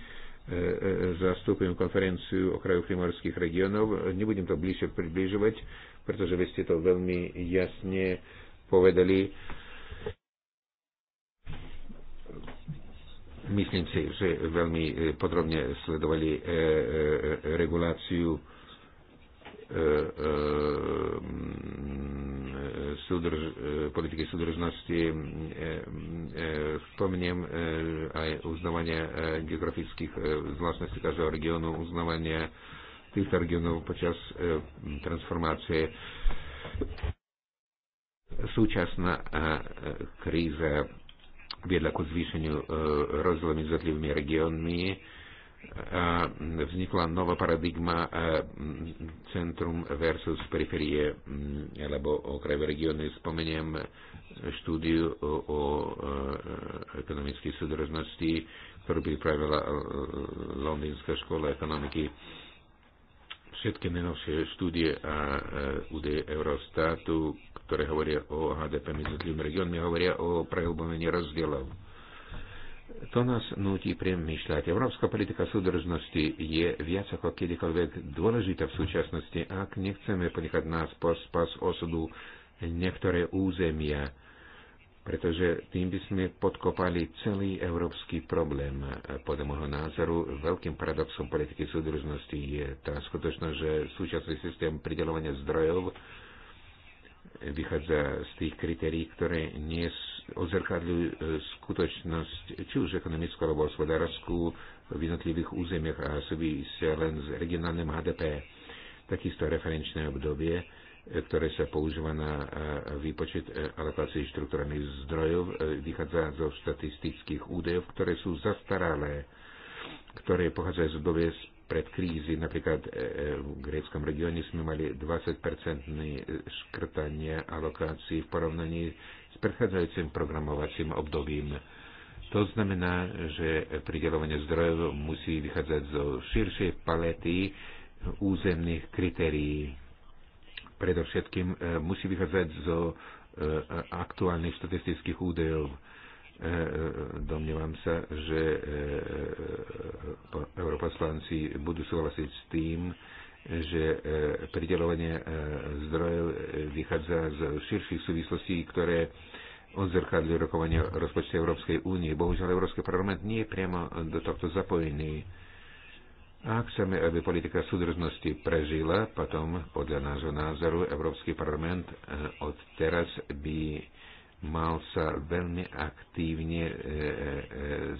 Zastupujem konferenciu o kraju primorských regionov. Nebudem to bližšie približovať, pretože vy ste to veľmi jasne povedali Myslím si, že veľmi e, podrobne sledovali e, e, reguláciu súdrž, politiky súdržnosti. Spomeniem aj uznávanie geografických zvláštností každého regiónu, uznávanie týchto regiónov počas transformácie. Súčasná kríza viedla ku zvýšeniu e, rozdielu medzi jednotlivými regiónmi e, a vznikla nová paradigma e, centrum versus periferie alebo mm, okrajové regióny. Spomeniem štúdiu o ekonomickej súdržnosti, ktorú pripravila Londýnska škola ekonomiky Všetky najnovšie štúdie a údaje Eurostatu, ktoré hovoria o HDP medzi tým regiónmi, hovoria o prehlbovaní rozdielov. To nás nutí premýšľať. Európska politika súdržnosti je viac ako kedykoľvek dôležitá v súčasnosti, ak nechceme ponechať nás po spas osudu niektoré územia pretože tým by sme podkopali celý európsky problém. Podľa môjho názoru veľkým paradoxom politiky súdružnosti je tá skutočnosť, že súčasný systém pridelovania zdrojov vychádza z tých kritérií, ktoré nie ozrkadľujú e, skutočnosť, či už ekonomickú alebo hospodárskú v jednotlivých územiach a súvisia len s regionálnym HDP. Takisto referenčné obdobie ktoré sa používa na e, výpočet e, alokácie štruktúrnych zdrojov, e, vychádza zo štatistických údajov, ktoré sú zastaralé, ktoré pochádzajú z obdobie pred krízy. Napríklad v gréckom regióne sme mali 20-percentné škrtanie alokácií v porovnaní s predchádzajúcim programovacím obdobím. To znamená, že pridelovanie zdrojov musí vychádzať zo širšej palety územných kritérií predovšetkým e, musí vychádzať zo e, aktuálnych štatistických údajov. E, domnievam sa, že europoslanci budú súhlasiť s tým, že pridelovanie zdrojov vychádza z širších súvislostí, ktoré odzrkadli rokovanie rozpočtu Európskej únie. Bohužiaľ, Európsky parlament nie je priamo do tohto zapojený ak chceme, aby politika súdržnosti prežila, potom podľa nášho názoru Európsky parlament eh, od teraz by mal sa veľmi aktívne eh,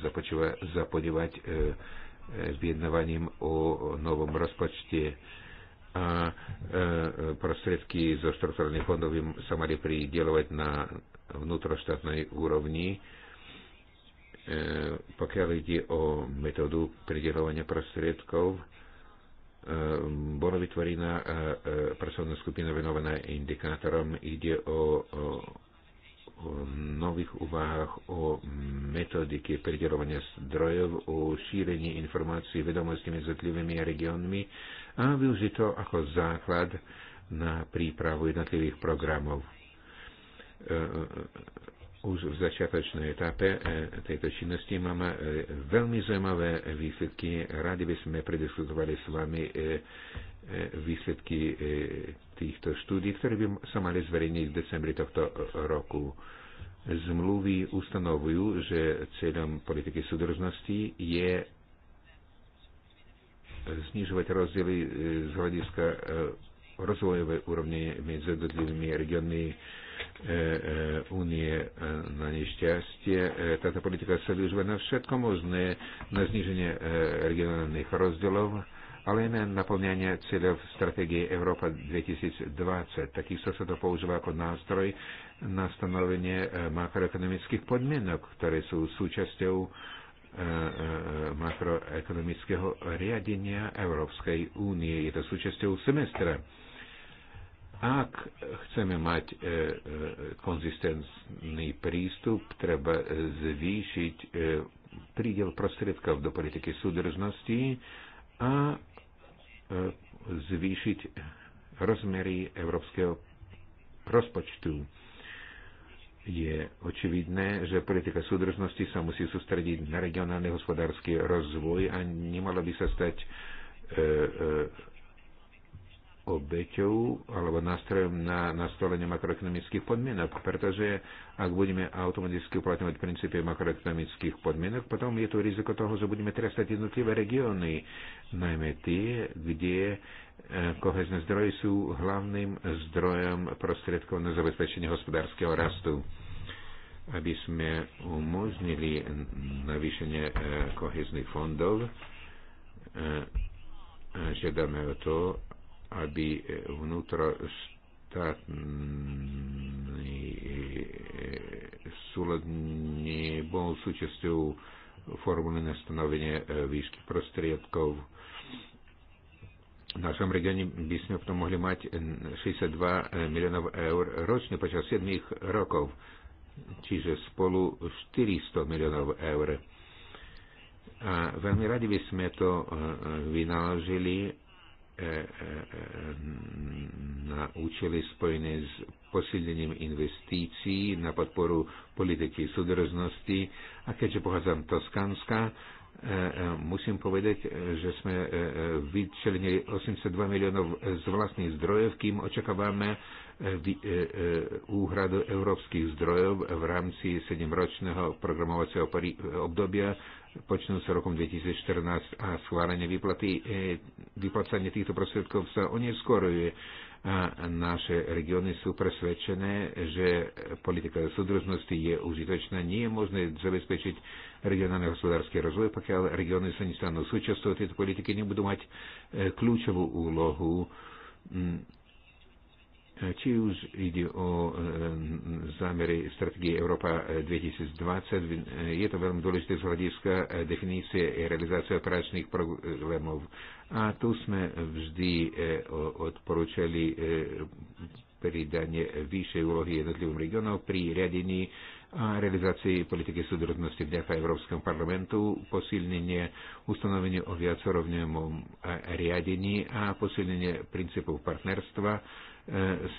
eh, zapodívať vyjednávaním o novom rozpočte a prostriedky zo štruktúrnych fondov sa mali pridelovať na vnútroštátnej úrovni E, pokiaľ ide o metódu pridelovania prostriedkov, e, bola vytvorená e, pracovná skupina venovaná indikátorom. Ide o, o, o nových úvahách o metodike pridelovania zdrojov, o šírení informácií, vedomostí medzi jednotlivými regiónmi a využiť to ako základ na prípravu jednotlivých programov už v začiatočnej etape e, tejto činnosti máme e, veľmi zaujímavé výsledky. Radi by sme prediskutovali s vami e, výsledky týchto štúdí, ktoré by sa mali zverejniť v decembri tohto roku. Zmluvy ustanovujú, že cieľom politiky súdržnosti je znižovať rozdiely z hľadiska rozvojovej úrovne medzi jednotlivými regionmi E, e, Unie e, na nešťastie. Táto politika sa využíva na všetko možné, na zniženie regionálnych rozdielov, ale aj na naplňanie cieľov stratégie Európa 2020. Takisto sa to používa ako nástroj na stanovenie makroekonomických podmienok, ktoré sú súčasťou makroekonomického riadenia Európskej únie. Je to súčasťou semestra ak chceme mať e, e, konzistentný prístup, treba zvýšiť e, prídel prostriedkov do politiky súdržnosti a zvýšiť rozmery európskeho rozpočtu. Je očividné, že politika súdržnosti sa musí sústrediť na regionálny hospodársky rozvoj a nemala by sa stať obeťou alebo nástrojom na nastolenie makroekonomických podmienok, pretože ak budeme automaticky uplatňovať princípy makroekonomických podmienok, potom je tu riziko toho, že budeme trestať jednotlivé regióny, najmä tie, kde e, kohezné zdroje sú hlavným zdrojom prostriedkov na zabezpečenie hospodárskeho rastu aby sme umožnili navýšenie e, kohezných fondov e, žiadame o to, aby eh, vnútroštátny eh, súlad nebol súčasťou formuly na stanovenie eh, výšky prostriedkov. V našom regióne by sme v tom mohli mať 62 miliónov eur ročne počas 7 rokov, čiže spolu 400 miliónov eur. A veľmi radi by sme to vynaložili E, e, na účely spojené s posilnením investícií na podporu politiky súdroznosti. A keďže pochádzam Toskánska, e, musím povedať, že sme vyčlenili 82 miliónov z vlastných zdrojov, kým očakávame úhradu európskych zdrojov v rámci 7-ročného programovacieho obdobia počnú sa rokom 2014 a schválenie výplaty, e, vyplacanie týchto prostriedkov sa oneskoruje. A naše regióny sú presvedčené, že politika súdržnosti je užitočná. Nie je možné zabezpečiť regionálne hospodárske rozvoj, pokiaľ regióny sa nestanú súčasťou tejto politiky, nebudú mať e, kľúčovú úlohu či už ide o zámery strategie Európa 2020, eh, je to veľmi dôležité z hľadiska eh, definície a realizácie operačných problémov. A tu sme vždy eh, odporúčali pridanie vyššej úlohy jednotlivým regionom pri riadení a realizácii politiky súdrodnosti vďaka Európskom parlamentu, posilnenie ustanovenia o viacorovnom riadení a posilnenie princípov partnerstva,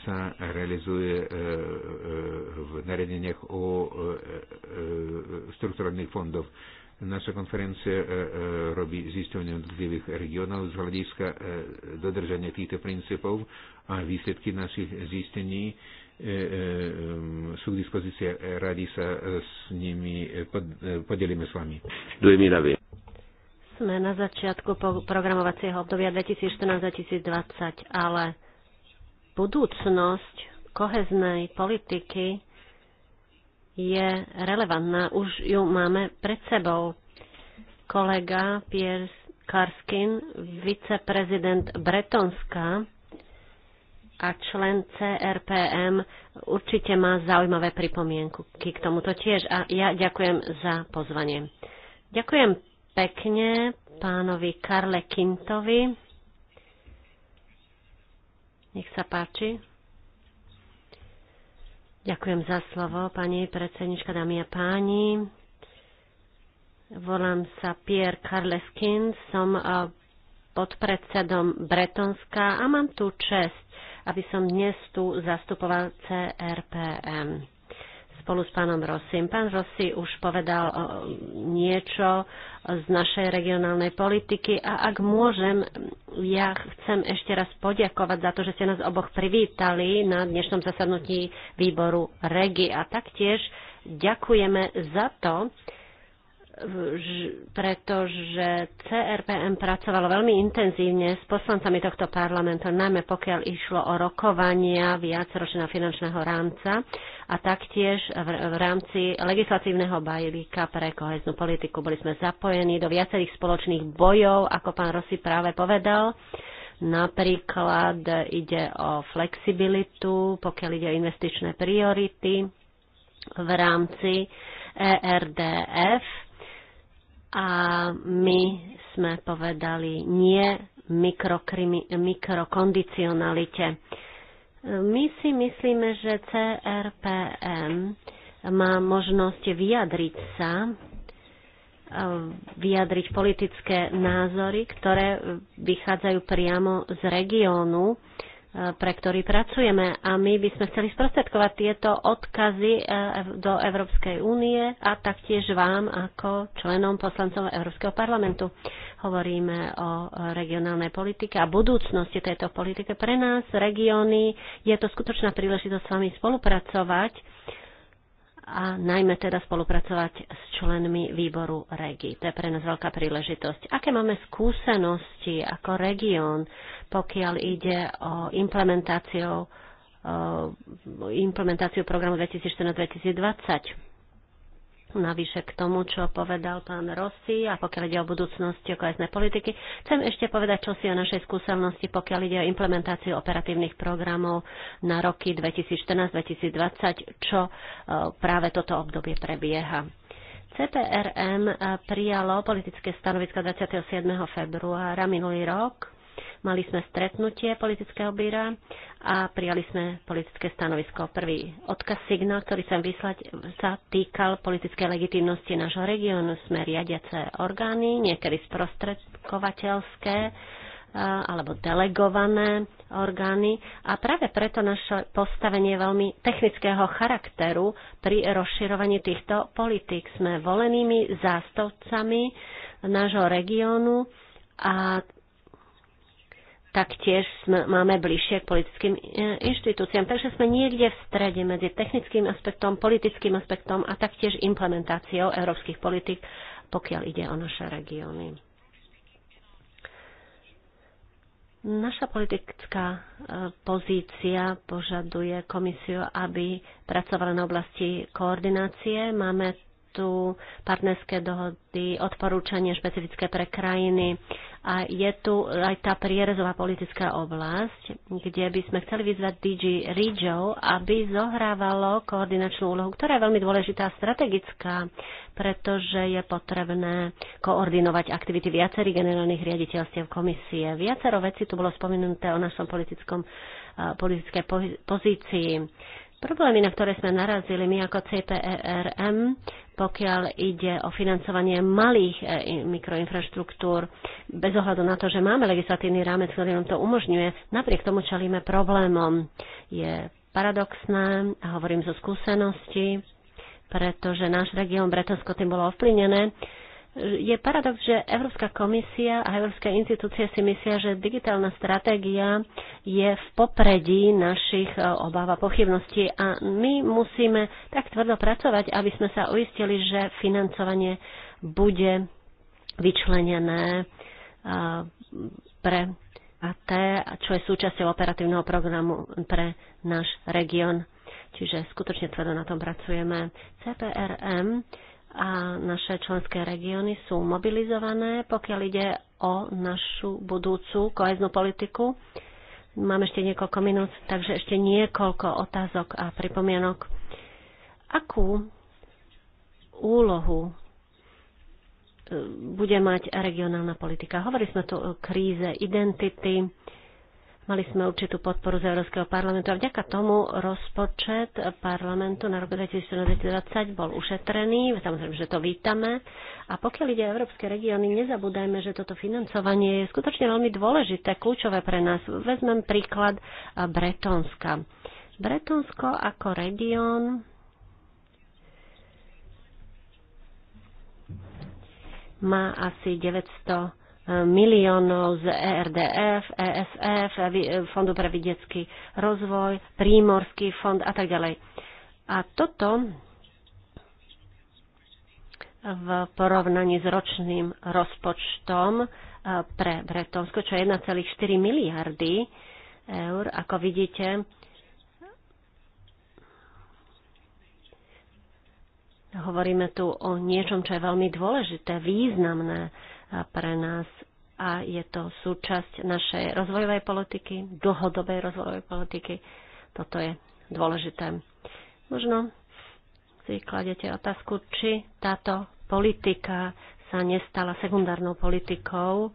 sa realizuje e, e, v naredeniach o e, strukturálnych fondov. Naša konferencia robí zistovanie jednotlivých regionov z hľadiska dodržania týchto princípov a výsledky našich zistení sú k dispozícii. Radi sa s nimi podelíme s vami. Sme na začiatku programovacieho obdobia 2014-2020, ale budúcnosť koheznej politiky je relevantná. Už ju máme pred sebou. Kolega Piers Karskin, viceprezident Bretonska a člen CRPM, určite má zaujímavé pripomienky k tomuto tiež. A ja ďakujem za pozvanie. Ďakujem pekne pánovi Karle Kintovi nech sa páči. Ďakujem za slovo, pani predsednička, dámy a páni. Volám sa Pierre Karleskin, som e, podpredsedom Bretonska a mám tu čest, aby som dnes tu zastupoval CRPM spolu s pánom Rosim. Pán Rossi už povedal e, niečo z našej regionálnej politiky a ak môžem, ja chcem ešte raz poďakovať za to, že ste nás oboch privítali na dnešnom zasadnutí výboru REGI a taktiež ďakujeme za to, pretože CRPM pracovalo veľmi intenzívne s poslancami tohto parlamentu, najmä pokiaľ išlo o rokovania viacročného finančného rámca a taktiež v rámci legislatívneho bajlíka pre koheznú politiku. Boli sme zapojení do viacerých spoločných bojov, ako pán Rossi práve povedal. Napríklad ide o flexibilitu, pokiaľ ide o investičné priority v rámci ERDF a my sme povedali nie mikrokondicionalite. My si myslíme, že CRPM má možnosť vyjadriť sa, vyjadriť politické názory, ktoré vychádzajú priamo z regiónu pre ktorý pracujeme. A my by sme chceli sprostredkovať tieto odkazy e, do Európskej únie a taktiež vám ako členom poslancov Európskeho parlamentu. Hovoríme o regionálnej politike a budúcnosti tejto politike. Pre nás, regióny, je to skutočná príležitosť s vami spolupracovať a najmä teda spolupracovať s členmi výboru REGI. To je pre nás veľká príležitosť. Aké máme skúsenosti ako región, pokiaľ ide o implementáciu, implementáciu programu 2014-2020? Navyše k tomu, čo povedal pán Rossi a pokiaľ ide o budúcnosti okresnej politiky, chcem ešte povedať čosi o našej skúsenosti, pokiaľ ide o implementáciu operatívnych programov na roky 2014-2020, čo e, práve toto obdobie prebieha. CPRM e, prijalo politické stanovisko 27. februára minulý rok Mali sme stretnutie politického byra a prijali sme politické stanovisko. Prvý odkaz, signál, ktorý som vyslať, sa týkal politickej legitimnosti nášho regiónu. Sme riadiace orgány, niekedy sprostredkovateľské alebo delegované orgány a práve preto naše postavenie veľmi technického charakteru pri rozširovaní týchto politik. Sme volenými zástupcami nášho regiónu a taktiež sme, máme bližšie k politickým e, inštitúciám. Takže sme niekde v strede medzi technickým aspektom, politickým aspektom a taktiež implementáciou európskych politik, pokiaľ ide o naše regióny. Naša politická e, pozícia požaduje komisiu, aby pracovala na oblasti koordinácie. Máme tu partnerské dohody, odporúčanie špecifické pre krajiny, a je tu aj tá prierezová politická oblasť, kde by sme chceli vyzvať DG Rijo, aby zohrávalo koordinačnú úlohu, ktorá je veľmi dôležitá a strategická, pretože je potrebné koordinovať aktivity viacerých generálnych riaditeľstiev komisie. Viacero veci tu bolo spomenuté o našom politickom, politickej pozícii. Problémy, na ktoré sme narazili my ako CPERM, pokiaľ ide o financovanie malých e, mikroinfraštruktúr, bez ohľadu na to, že máme legislatívny rámec, ktorý nám to umožňuje, napriek tomu čelíme problémom. Je paradoxné, a hovorím zo skúsenosti, pretože náš región Bretonsko tým bolo ovplyvnené, je paradox, že Európska komisia a Európske institúcie si myslia, že digitálna stratégia je v popredí našich e, obáv a pochybností a my musíme tak tvrdo pracovať, aby sme sa uistili, že financovanie bude vyčlenené e, pre AT, čo je súčasťou operatívneho programu pre náš región. Čiže skutočne tvrdo na tom pracujeme. CPRM a naše členské regióny sú mobilizované, pokiaľ ide o našu budúcu koheznú politiku. Mám ešte niekoľko minút, takže ešte niekoľko otázok a pripomienok. Akú úlohu e, bude mať regionálna politika? Hovorili sme tu o kríze identity, Mali sme určitú podporu z Európskeho parlamentu a vďaka tomu rozpočet parlamentu na rok 2020 bol ušetrený. Samozrejme, že to vítame. A pokiaľ ide o európske regióny, nezabúdajme, že toto financovanie je skutočne veľmi dôležité, kľúčové pre nás. Vezmem príklad Bretonska. Bretonsko ako región má asi 900 miliónov z ERDF, ESF, Fondu pre vidiecký rozvoj, Prímorský fond a tak ďalej. A toto v porovnaní s ročným rozpočtom e, pre Bretonsko, čo je 1,4 miliardy eur, ako vidíte, Hovoríme tu o niečom, čo je veľmi dôležité, významné pre nás a je to súčasť našej rozvojovej politiky, dlhodobej rozvojovej politiky. Toto je dôležité. Možno si kladete otázku, či táto politika sa nestala sekundárnou politikou.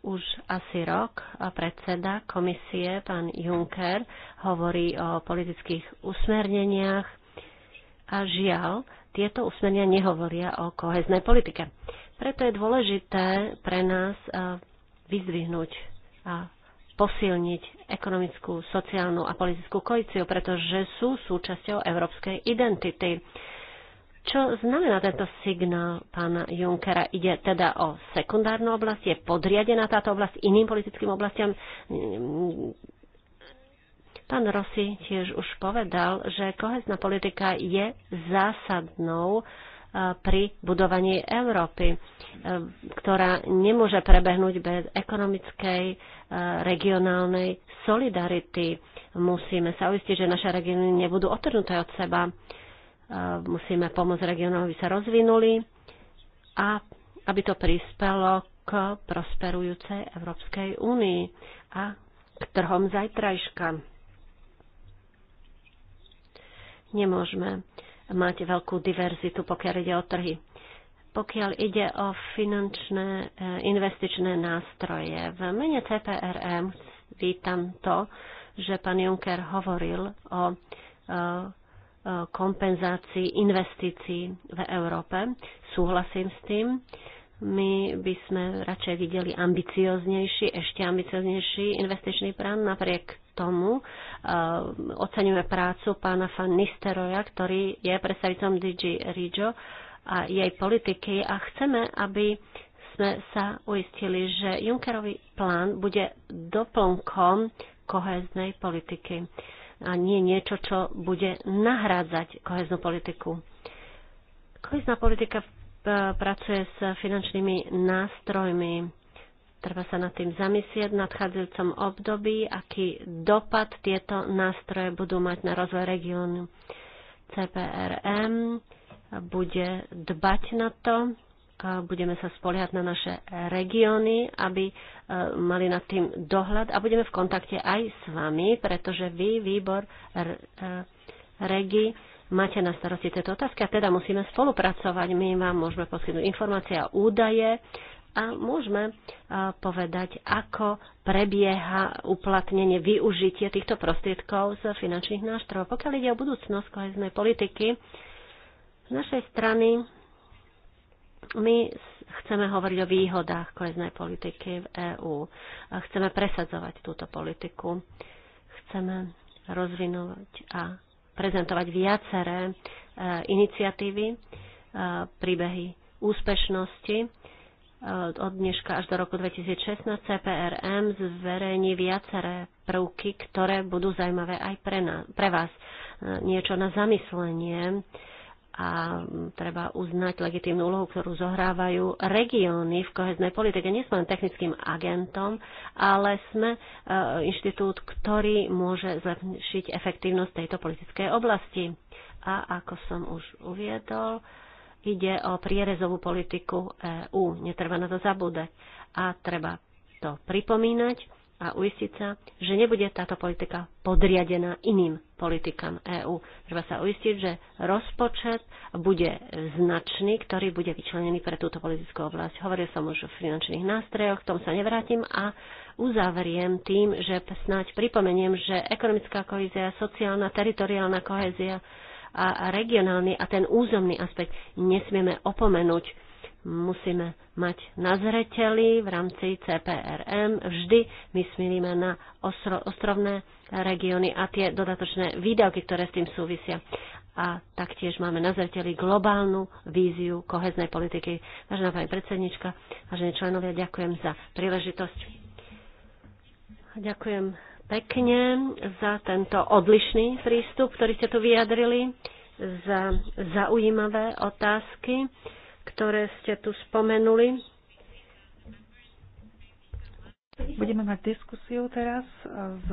Už asi rok predseda komisie, pán Juncker, hovorí o politických usmerneniach a žiaľ, tieto usmenia nehovoria o koheznej politike. Preto je dôležité pre nás e, vyzvihnúť a posilniť ekonomickú, sociálnu a politickú koalíciu, pretože sú súčasťou európskej identity. Čo znamená tento signál pána Junckera? Ide teda o sekundárnu oblasť? Je podriadená táto oblasť iným politickým oblastiam? Pán Rossi tiež už povedal, že kohezná politika je zásadnou e, pri budovaní Európy, e, ktorá nemôže prebehnúť bez ekonomickej, e, regionálnej solidarity. Musíme sa uistiť, že naše regióny nebudú otrhnuté od seba. Musíme pomôcť regionom, aby sa rozvinuli a aby to prispelo k prosperujúcej Európskej únii a k trhom zajtrajška nemôžeme mať veľkú diverzitu, pokiaľ ide o trhy. Pokiaľ ide o finančné eh, investičné nástroje, v mene CPRM vítam to, že pán Juncker hovoril o eh, eh, kompenzácii investícií v Európe. Súhlasím s tým. My by sme radšej videli ambicioznejší, ešte ambicioznejší investičný plán. Napriek tomu. Eh, oceňujeme prácu pána Fan Nisteroja, ktorý je predstaviteľom DG Rijo a jej politiky a chceme, aby sme sa uistili, že Junckerový plán bude doplnkom koheznej politiky a nie niečo, čo bude nahrádzať koheznú politiku. Kohezná politika eh, pracuje s finančnými nástrojmi Treba sa nad tým zamyslieť v nadchádzajúcom období, aký dopad tieto nástroje budú mať na rozvoj regiónu. CPRM bude dbať na to, budeme sa spoliehať na naše regióny, aby e, mali nad tým dohľad a budeme v kontakte aj s vami, pretože vy, výbor e, regi, máte na starosti tieto otázky a teda musíme spolupracovať. My vám môžeme poskytnúť informácie a údaje a môžeme povedať, ako prebieha uplatnenie, využitie týchto prostriedkov z finančných nástrojov. Pokiaľ ide o budúcnosť koheznej politiky, z našej strany my chceme hovoriť o výhodách koheznej politiky v EÚ. Chceme presadzovať túto politiku. Chceme rozvinúť a prezentovať viaceré e, iniciatívy, e, príbehy úspešnosti Eh, od dneška až do roku 2016 CPRM zverejní viaceré prvky, ktoré budú zaujímavé aj pre, nás, pre vás. Eh, niečo na zamyslenie a mm, treba uznať legitímnu úlohu, ktorú zohrávajú regióny v koheznej politike. Nie sme len technickým agentom, ale sme eh, inštitút, ktorý môže zlepšiť efektívnosť tejto politickej oblasti. A ako som už uviedol, Ide o prierezovú politiku EÚ. Netreba na to zabúdať. A treba to pripomínať a uistiť sa, že nebude táto politika podriadená iným politikám EÚ. Treba sa uistiť, že rozpočet bude značný, ktorý bude vyčlenený pre túto politickú oblasť. Hovoril som už o finančných nástrojoch, k tomu sa nevrátim a uzavriem tým, že snáď pripomeniem, že ekonomická kohézia, sociálna, teritoriálna kohézia a regionálny a ten územný aspekt nesmieme opomenúť. Musíme mať na zreteli v rámci CPRM vždy myslíme na ostro, ostrovné regióny a tie dodatočné výdavky, ktoré s tým súvisia a taktiež máme na zreteli globálnu víziu koheznej politiky. Vážená pani predsednička, vážení členovia, ďakujem za príležitosť. Ďakujem pekne za tento odlišný prístup, ktorý ste tu vyjadrili, za zaujímavé otázky, ktoré ste tu spomenuli. Budeme mať diskusiu teraz s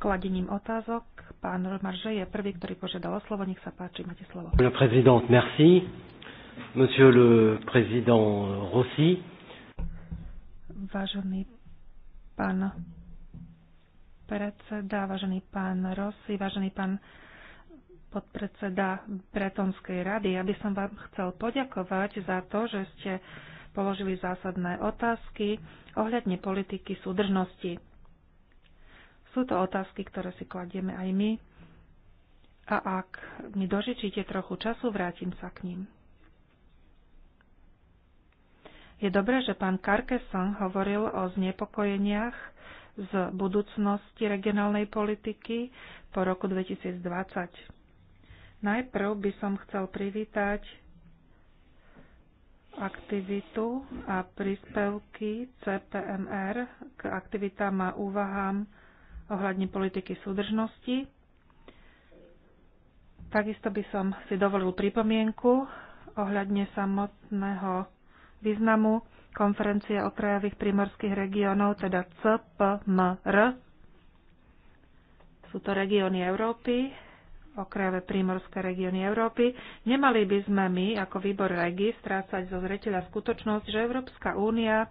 kladením otázok. Pán Romarže je prvý, ktorý požiadal o slovo. Nech sa páči, máte slovo. Pán prezident, merci. Monsieur le président Rossi. Vážený pán predseda, vážený pán Rossi, vážený pán podpredseda Bretonskej rady. Ja by som vám chcel poďakovať za to, že ste položili zásadné otázky ohľadne politiky súdržnosti. Sú to otázky, ktoré si kladieme aj my a ak mi dožičíte trochu času, vrátim sa k ním. Je dobré, že pán Karkeson hovoril o znepokojeniach z budúcnosti regionálnej politiky po roku 2020. Najprv by som chcel privítať aktivitu a príspevky CPMR k aktivitám a úvahám ohľadne politiky súdržnosti. Takisto by som si dovolil pripomienku ohľadne samotného významu konferencia okrajových primorských regiónov, teda CPMR. Sú to regióny Európy, okrajové prímorské regióny Európy. Nemali by sme my, ako výbor REGI, strácať zo zreteľa skutočnosť, že Európska únia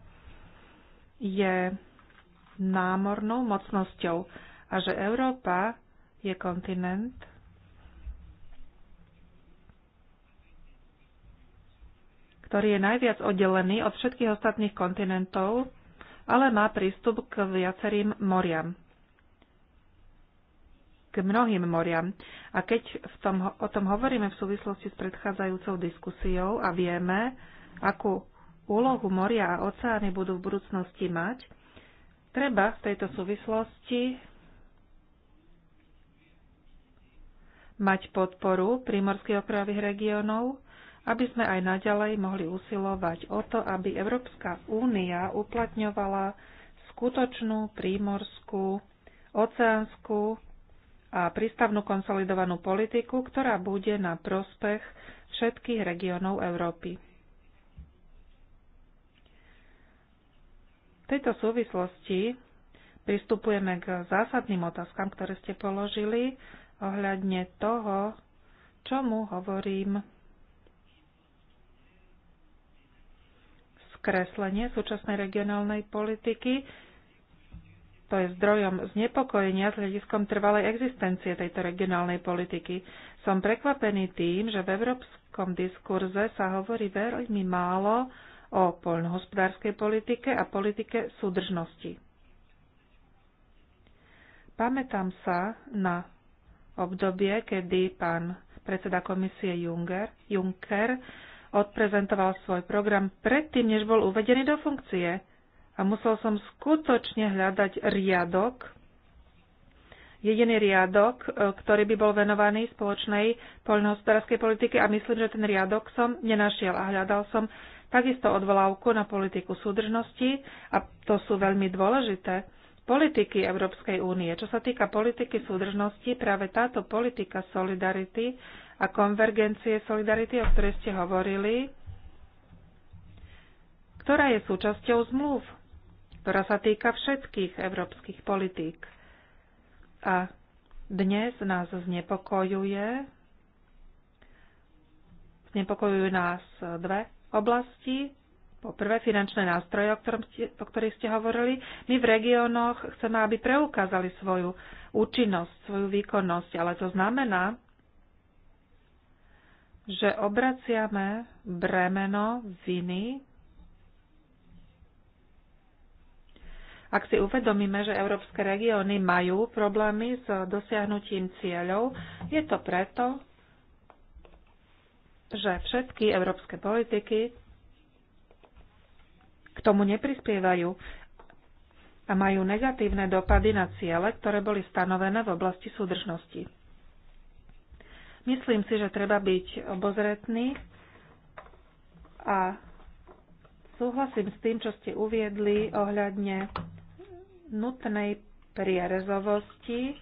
je námornou mocnosťou a že Európa je kontinent, ktorý je najviac oddelený od všetkých ostatných kontinentov, ale má prístup k viacerým moriam. K mnohým moriam. A keď v tom, o tom hovoríme v súvislosti s predchádzajúcou diskusiou a vieme, akú úlohu moria a oceány budú v budúcnosti mať, treba v tejto súvislosti mať podporu primorských okrajových regiónov aby sme aj naďalej mohli usilovať o to, aby Európska únia uplatňovala skutočnú prímorskú, oceánsku a prístavnú konsolidovanú politiku, ktorá bude na prospech všetkých regiónov Európy. V tejto súvislosti pristupujeme k zásadným otázkam, ktoré ste položili ohľadne toho, čomu hovorím kreslenie súčasnej regionálnej politiky. To je zdrojom znepokojenia s hľadiskom trvalej existencie tejto regionálnej politiky. Som prekvapený tým, že v európskom diskurze sa hovorí veľmi málo o poľnohospodárskej politike a politike súdržnosti. Pamätám sa na obdobie, kedy pán predseda komisie Juncker, Juncker odprezentoval svoj program predtým, než bol uvedený do funkcie. A musel som skutočne hľadať riadok, jediný riadok, e, ktorý by bol venovaný spoločnej poľnohospodárskej politike a myslím, že ten riadok som nenašiel a hľadal som takisto odvolávku na politiku súdržnosti a to sú veľmi dôležité politiky Európskej únie. Čo sa týka politiky súdržnosti, práve táto politika solidarity a konvergencie solidarity, o ktorej ste hovorili, ktorá je súčasťou zmluv, ktorá sa týka všetkých európskych politík. A dnes nás znepokojuje, znepokojujú nás dve oblasti, po prvé finančné nástroje, o, ktorom ste, o ktorých ste hovorili. My v regiónoch chceme, aby preukázali svoju účinnosť, svoju výkonnosť, ale to znamená, že obraciame bremeno viny Ak si uvedomíme, že európske regióny majú problémy s dosiahnutím cieľov, je to preto, že všetky európske politiky k tomu neprispievajú a majú negatívne dopady na ciele, ktoré boli stanovené v oblasti súdržnosti. Myslím si, že treba byť obozretný a súhlasím s tým, čo ste uviedli ohľadne nutnej prierezovosti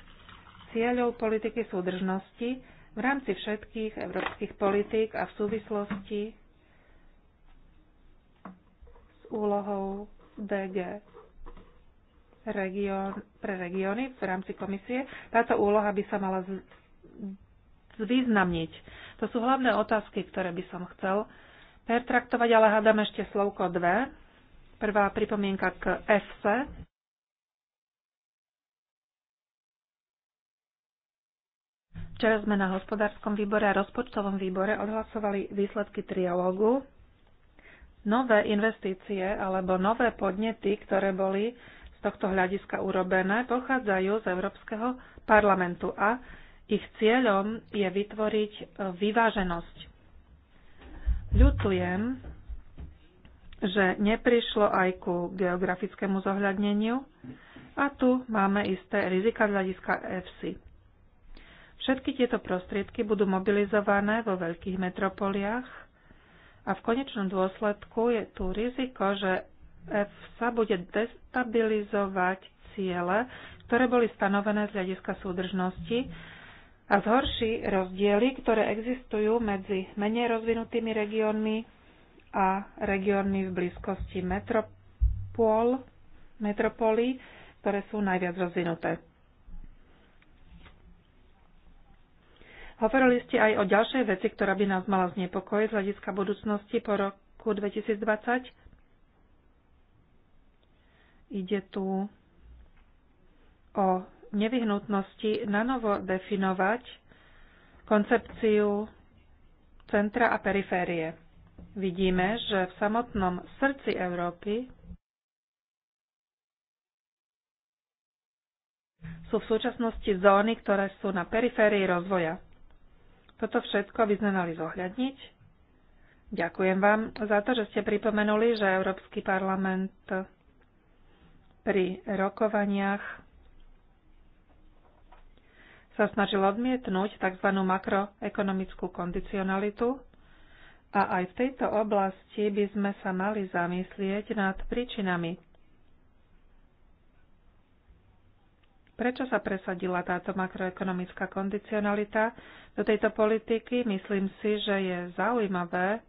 cieľov politiky súdržnosti v rámci všetkých európskych politík a v súvislosti s úlohou DG region, pre regióny v rámci komisie. Táto úloha by sa mala zvýznamniť? To sú hlavné otázky, ktoré by som chcel pertraktovať, ale hádam ešte slovko dve. Prvá pripomienka k FC. Včera sme na hospodárskom výbore a rozpočtovom výbore odhlasovali výsledky trialógu. Nové investície alebo nové podnety, ktoré boli z tohto hľadiska urobené, pochádzajú z Európskeho parlamentu a ich cieľom je vytvoriť e, vyváženosť. Ľutujem, že neprišlo aj ku geografickému zohľadneniu a tu máme isté rizika z hľadiska EFSI. Všetky tieto prostriedky budú mobilizované vo veľkých metropoliách a v konečnom dôsledku je tu riziko, že EFSA bude destabilizovať ciele, ktoré boli stanovené z hľadiska súdržnosti a zhorší rozdiely, ktoré existujú medzi menej rozvinutými regiónmi a regiónmi v blízkosti metropol, metropolí, ktoré sú najviac rozvinuté. Hovorili ste aj o ďalšej veci, ktorá by nás mala znepokojiť z hľadiska budúcnosti po roku 2020. Ide tu o nevyhnutnosti nanovo definovať koncepciu centra a periférie. Vidíme, že v samotnom srdci Európy sú v súčasnosti zóny, ktoré sú na periférii rozvoja. Toto všetko by sme mali zohľadniť. Ďakujem vám za to, že ste pripomenuli, že Európsky parlament pri rokovaniach sa snažil odmietnúť tzv. makroekonomickú kondicionalitu a aj v tejto oblasti by sme sa mali zamyslieť nad príčinami. Prečo sa presadila táto makroekonomická kondicionalita do tejto politiky? Myslím si, že je zaujímavé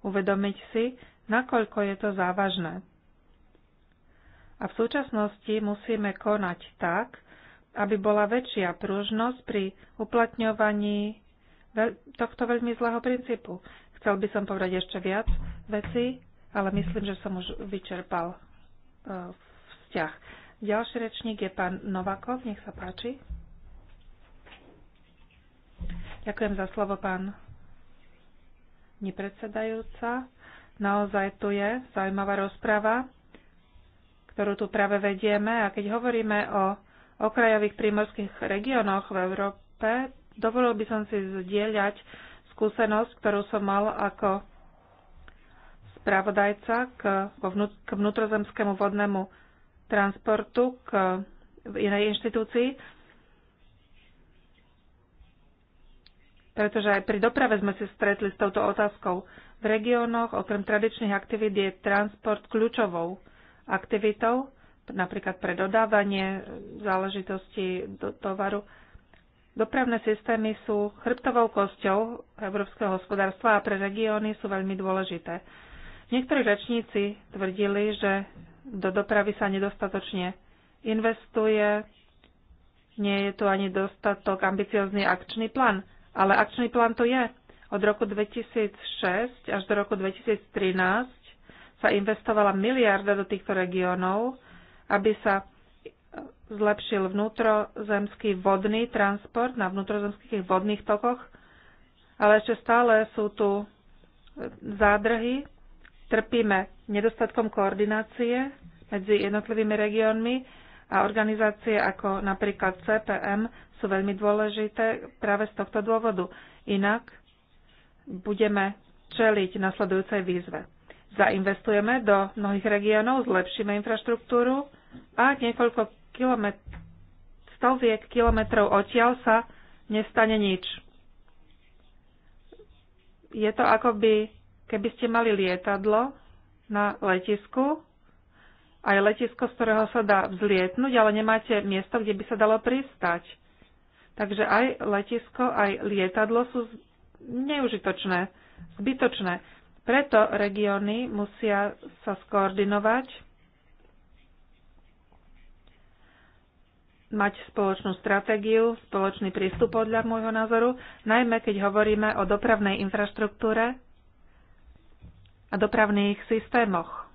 uvedomiť si, nakoľko je to závažné. A v súčasnosti musíme konať tak, aby bola väčšia pružnosť pri uplatňovaní tohto veľmi zlého princípu. Chcel by som povedať ešte viac vecí, ale myslím, že som už vyčerpal e, vzťah. Ďalší rečník je pán Novakov, nech sa páči. Ďakujem za slovo, pán nepredsedajúca. Naozaj tu je zaujímavá rozprava, ktorú tu práve vedieme. A keď hovoríme o okrajových prímorských regiónoch v Európe, dovolil by som si zdieľať skúsenosť, ktorú som mal ako spravodajca k, k vnútrozemskému vodnému transportu k inej inštitúcii, pretože aj pri doprave sme si stretli s touto otázkou. V regiónoch okrem tradičných aktivít je transport kľúčovou aktivitou napríklad pre dodávanie e, záležitosti do tovaru. Dopravné systémy sú chrbtovou kosťou európskeho hospodárstva a pre regióny sú veľmi dôležité. Niektorí rečníci tvrdili, že do dopravy sa nedostatočne investuje, nie je tu ani dostatok ambiciozný akčný plán. Ale akčný plán to je. Od roku 2006 až do roku 2013 sa investovala miliarda do týchto regiónov aby sa zlepšil vnútrozemský vodný transport na vnútrozemských vodných tokoch, ale ešte stále sú tu zádrhy, trpíme nedostatkom koordinácie medzi jednotlivými regiónmi a organizácie ako napríklad CPM sú veľmi dôležité práve z tohto dôvodu. Inak budeme čeliť nasledujúcej výzve. Zainvestujeme do mnohých regiónov, zlepšíme infraštruktúru, a niekoľko kilomet- stoviek kilometrov odtiaľ sa nestane nič. Je to ako by, keby ste mali lietadlo na letisku, aj letisko, z ktorého sa dá vzlietnúť, ale nemáte miesto, kde by sa dalo pristať. Takže aj letisko, aj lietadlo sú neužitočné, zbytočné. Preto regióny musia sa skoordinovať mať spoločnú stratégiu, spoločný prístup podľa môjho názoru, najmä keď hovoríme o dopravnej infraštruktúre a dopravných systémoch.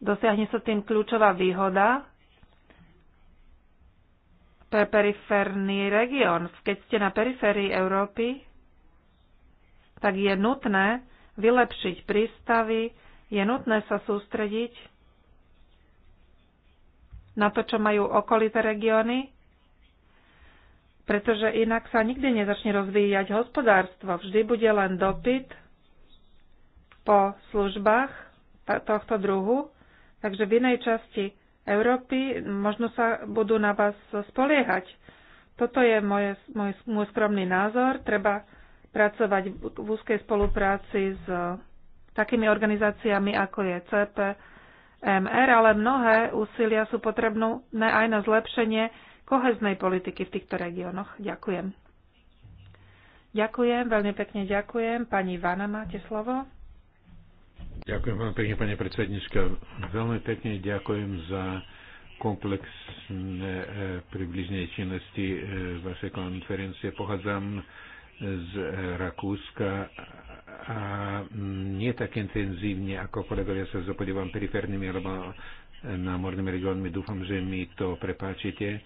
Dosiahne sa tým kľúčová výhoda pre periférny región. Keď ste na periférii Európy, tak je nutné vylepšiť prístavy, je nutné sa sústrediť na to, čo majú okolité regióny, pretože inak sa nikdy nezačne rozvíjať hospodárstvo. Vždy bude len dopyt po službách tohto druhu, takže v inej časti Európy možno sa budú na vás spoliehať. Toto je moje, môj, môj skromný názor. Treba pracovať v úzkej spolupráci s takými organizáciami, ako je CP, MR, ale mnohé úsilia sú potrebné aj na zlepšenie koheznej politiky v týchto regiónoch. Ďakujem. Ďakujem, veľmi pekne ďakujem. Pani Vana, máte slovo. Ďakujem veľmi pekne, pani predsednička. Veľmi pekne ďakujem za komplexné eh, približne činnosti eh, vašej konferencie. Pochádzam z eh, Rakúska a mm, nie tak intenzívne, ako kolegovia sa zopodívam periférnymi alebo e, námornými regiónmi. Dúfam, že mi to prepáčite.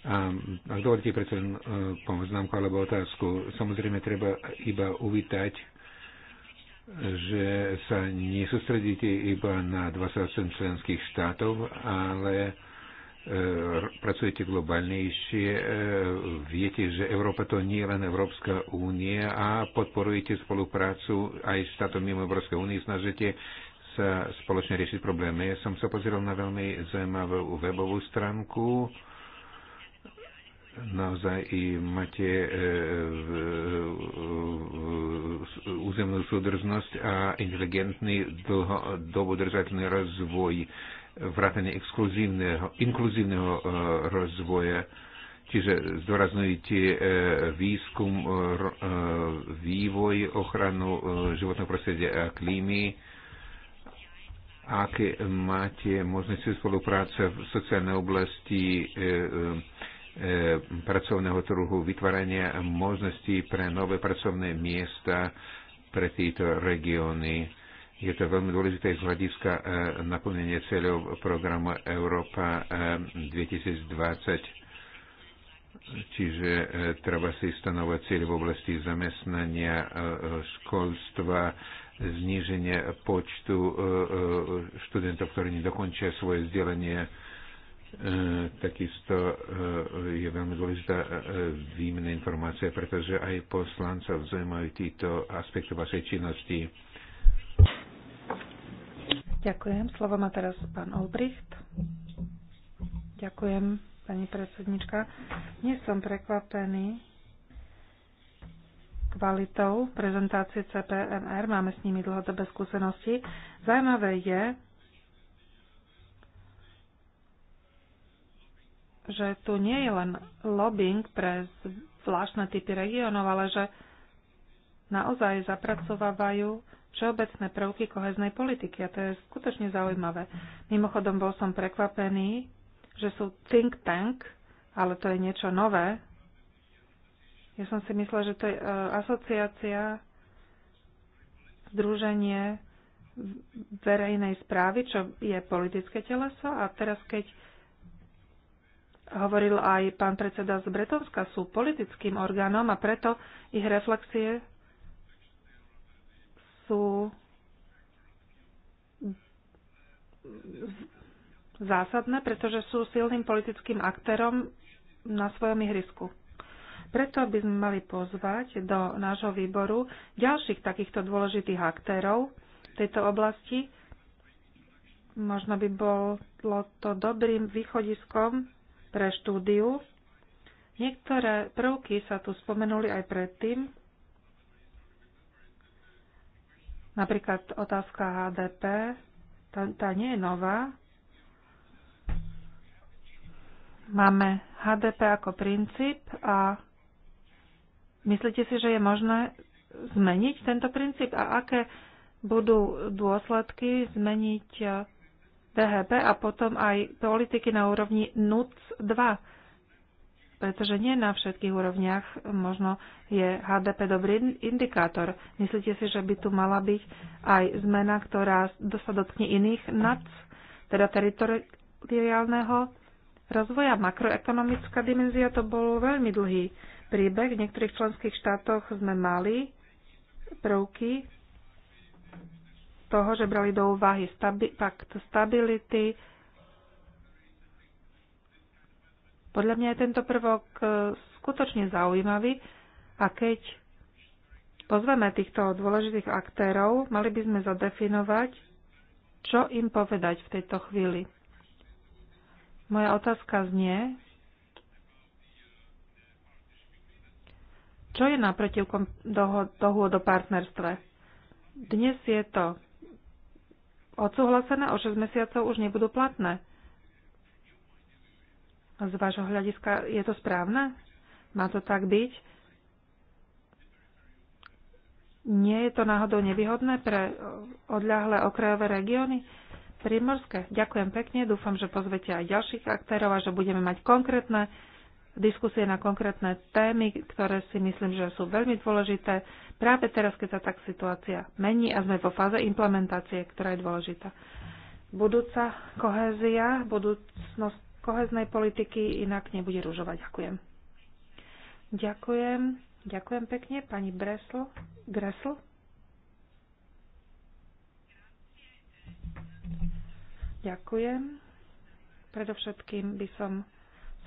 A ak dovolíte predsa len e, poznámku alebo otázku, samozrejme treba iba uvítať, že sa nesústredíte iba na 27 členských štátov, ale pracujete globálnejšie, e, viete, že Európa to nie je len Európska únie a podporujete spoluprácu aj s štátom mimo Európskej únie, snažíte sa spoločne riešiť problémy. Ja som sa pozrel na veľmi zaujímavú webovú stránku. Naozaj i máte e, územnú súdržnosť a inteligentný dlhodobodržateľný rozvoj. E, vrátane exkluzívneho, inkluzívneho e, rozvoja, čiže zdôrazňujete e, výskum, e, e, vývoj, ochranu e, životného prostredia a klímy, aké máte možnosti spolupráce v sociálnej oblasti e, e, e pracovného trhu, vytvárania možností pre nové pracovné miesta pre tieto regióny je to veľmi dôležité z hľadiska e, naplnenie cieľov programu Európa 2020. E, Čiže e, treba si stanovať cieľ v oblasti zamestnania, školstva, zníženie počtu študentov, ktorí nedokončia svoje vzdelanie. Takisto je veľmi dôležitá výmena informácia, pretože aj poslancov zaujímajú títo aspekty vašej činnosti Ďakujem. Slovo má teraz pán Olbricht. Ďakujem, pani predsednička. Nie som prekvapený kvalitou prezentácie CPMR. Máme s nimi dlhodobé skúsenosti. Zajímavé je, že tu nie je len lobbying pre zvláštne typy regiónov, ale že naozaj zapracovávajú všeobecné prvky koheznej politiky a to je skutočne zaujímavé. Mimochodom bol som prekvapený, že sú think tank, ale to je niečo nové. Ja som si myslela, že to je e, asociácia, združenie verejnej správy, čo je politické teleso a teraz keď hovoril aj pán predseda z Bretonska, sú politickým orgánom a preto ich reflexie sú zásadné, pretože sú silným politickým aktérom na svojom ihrisku. Preto by sme mali pozvať do nášho výboru ďalších takýchto dôležitých aktérov v tejto oblasti. Možno by bolo to dobrým východiskom pre štúdiu. Niektoré prvky sa tu spomenuli aj predtým. Napríklad otázka HDP, tá, tá nie je nová. Máme HDP ako princíp a myslíte si, že je možné zmeniť tento princíp a aké budú dôsledky zmeniť DHP a potom aj politiky na úrovni NUC 2? pretože nie na všetkých úrovniach možno je HDP dobrý indikátor. Myslíte si, že by tu mala byť aj zmena, ktorá sa dotkne iných nad teda teritoriálneho rozvoja? Makroekonomická dimenzia to bol veľmi dlhý príbeh. V niektorých členských štátoch sme mali prvky toho, že brali do úvahy stabi- pakt stability, Podľa mňa je tento prvok e, skutočne zaujímavý a keď pozveme týchto dôležitých aktérov, mali by sme zadefinovať, čo im povedať v tejto chvíli. Moja otázka znie, čo je naprotivkom dohôd o partnerstve? Dnes je to odsúhlasené, o 6 mesiacov už nebudú platné. Z vášho hľadiska je to správne? Má to tak byť? Nie je to náhodou nevýhodné pre odľahlé okrajové regióny? Primorské. Ďakujem pekne, dúfam, že pozvete aj ďalších aktérov a že budeme mať konkrétne diskusie na konkrétne témy, ktoré si myslím, že sú veľmi dôležité práve teraz, keď sa tak situácia mení a sme vo fáze implementácie, ktorá je dôležitá. Budúca kohézia, budúcnosť koheznej politiky, inak nebude ružovať. Ďakujem. Ďakujem. Ďakujem pekne. Pani Bresl. Gresl. Ďakujem. Predovšetkým by som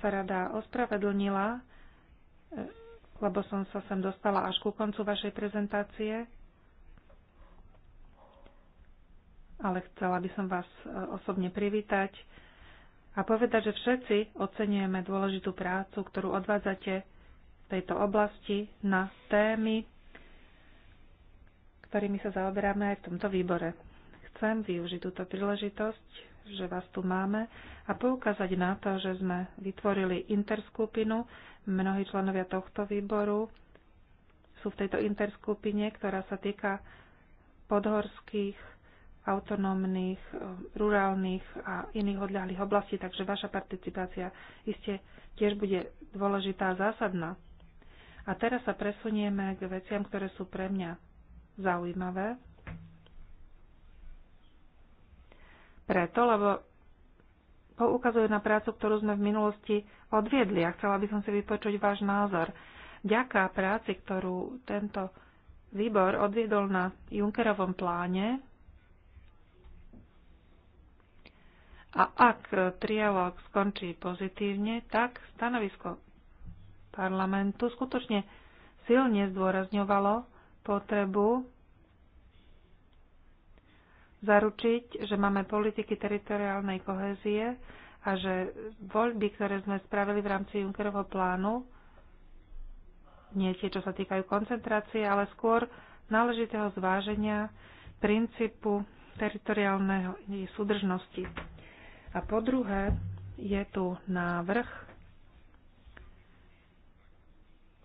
sa rada ospravedlnila, e, lebo som sa sem dostala až ku koncu vašej prezentácie. Ale chcela by som vás e, osobne privítať a povedať, že všetci oceňujeme dôležitú prácu, ktorú odvádzate v tejto oblasti na témy, ktorými sa zaoberáme aj v tomto výbore. Chcem využiť túto príležitosť, že vás tu máme a poukázať na to, že sme vytvorili interskupinu. Mnohí členovia tohto výboru sú v tejto interskupine, ktorá sa týka podhorských autonómnych, eh, rurálnych a iných odľahlých oblastí, takže vaša participácia iste tiež bude dôležitá a zásadná. A teraz sa presunieme k veciam, ktoré sú pre mňa zaujímavé. Preto, lebo poukazujú na prácu, ktorú sme v minulosti odviedli a chcela by som si vypočuť váš názor. Ďaká práci, ktorú tento výbor odviedol na Junckerovom pláne, A ak trialóg skončí pozitívne, tak stanovisko parlamentu skutočne silne zdôrazňovalo potrebu zaručiť, že máme politiky teritoriálnej kohézie a že voľby, ktoré sme spravili v rámci Junckerovho plánu, nie tie, čo sa týkajú koncentrácie, ale skôr náležitého zváženia princípu teritoriálnej súdržnosti. A po druhé, je tu návrh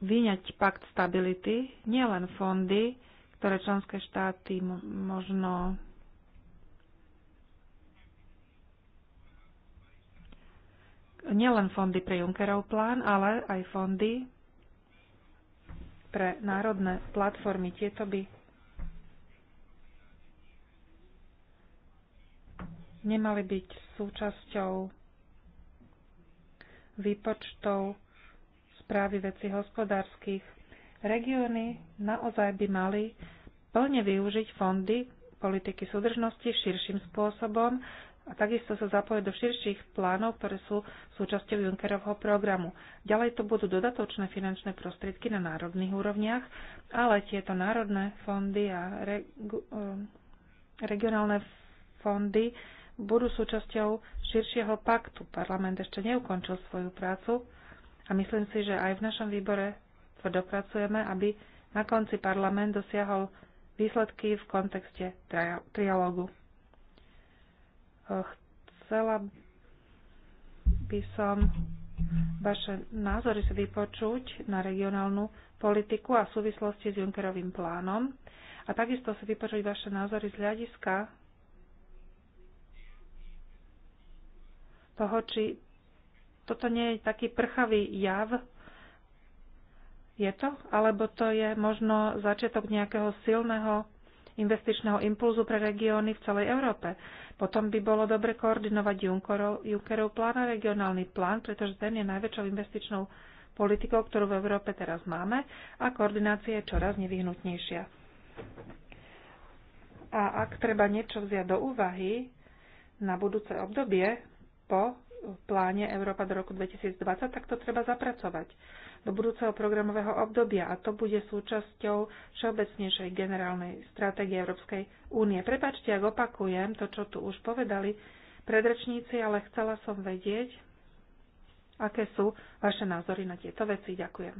vyňať pakt stability, nielen fondy, ktoré členské štáty možno nielen fondy pre Junckerov plán, ale aj fondy pre národné platformy. Tieto by nemali byť súčasťou výpočtov správy veci hospodárskych. Regióny naozaj by mali plne využiť fondy politiky súdržnosti širším spôsobom a takisto sa zapojiť do širších plánov, ktoré sú súčasťou Junckerovho programu. Ďalej to budú dodatočné finančné prostriedky na národných úrovniach, ale tieto národné fondy a regu- eh, regionálne fondy budú súčasťou širšieho paktu. Parlament ešte neukončil svoju prácu a myslím si, že aj v našom výbore dopracujeme, aby na konci parlament dosiahol výsledky v kontexte trialógu. E, chcela by som vaše názory si vypočuť na regionálnu politiku a v súvislosti s Junckerovým plánom a takisto si vypočuť vaše názory z hľadiska toho, či toto nie je taký prchavý jav. Je to? Alebo to je možno začiatok nejakého silného investičného impulzu pre regióny v celej Európe. Potom by bolo dobre koordinovať Junckerov, Junckerov plán a regionálny plán, pretože ten je najväčšou investičnou politikou, ktorú v Európe teraz máme a koordinácia je čoraz nevyhnutnejšia. A ak treba niečo vziať do úvahy na budúce obdobie, po pláne Európa do roku 2020, tak to treba zapracovať do budúceho programového obdobia a to bude súčasťou všeobecnejšej generálnej stratégie Európskej únie. Prepačte, ak opakujem to, čo tu už povedali predrečníci, ale chcela som vedieť, aké sú vaše názory na tieto veci. Ďakujem.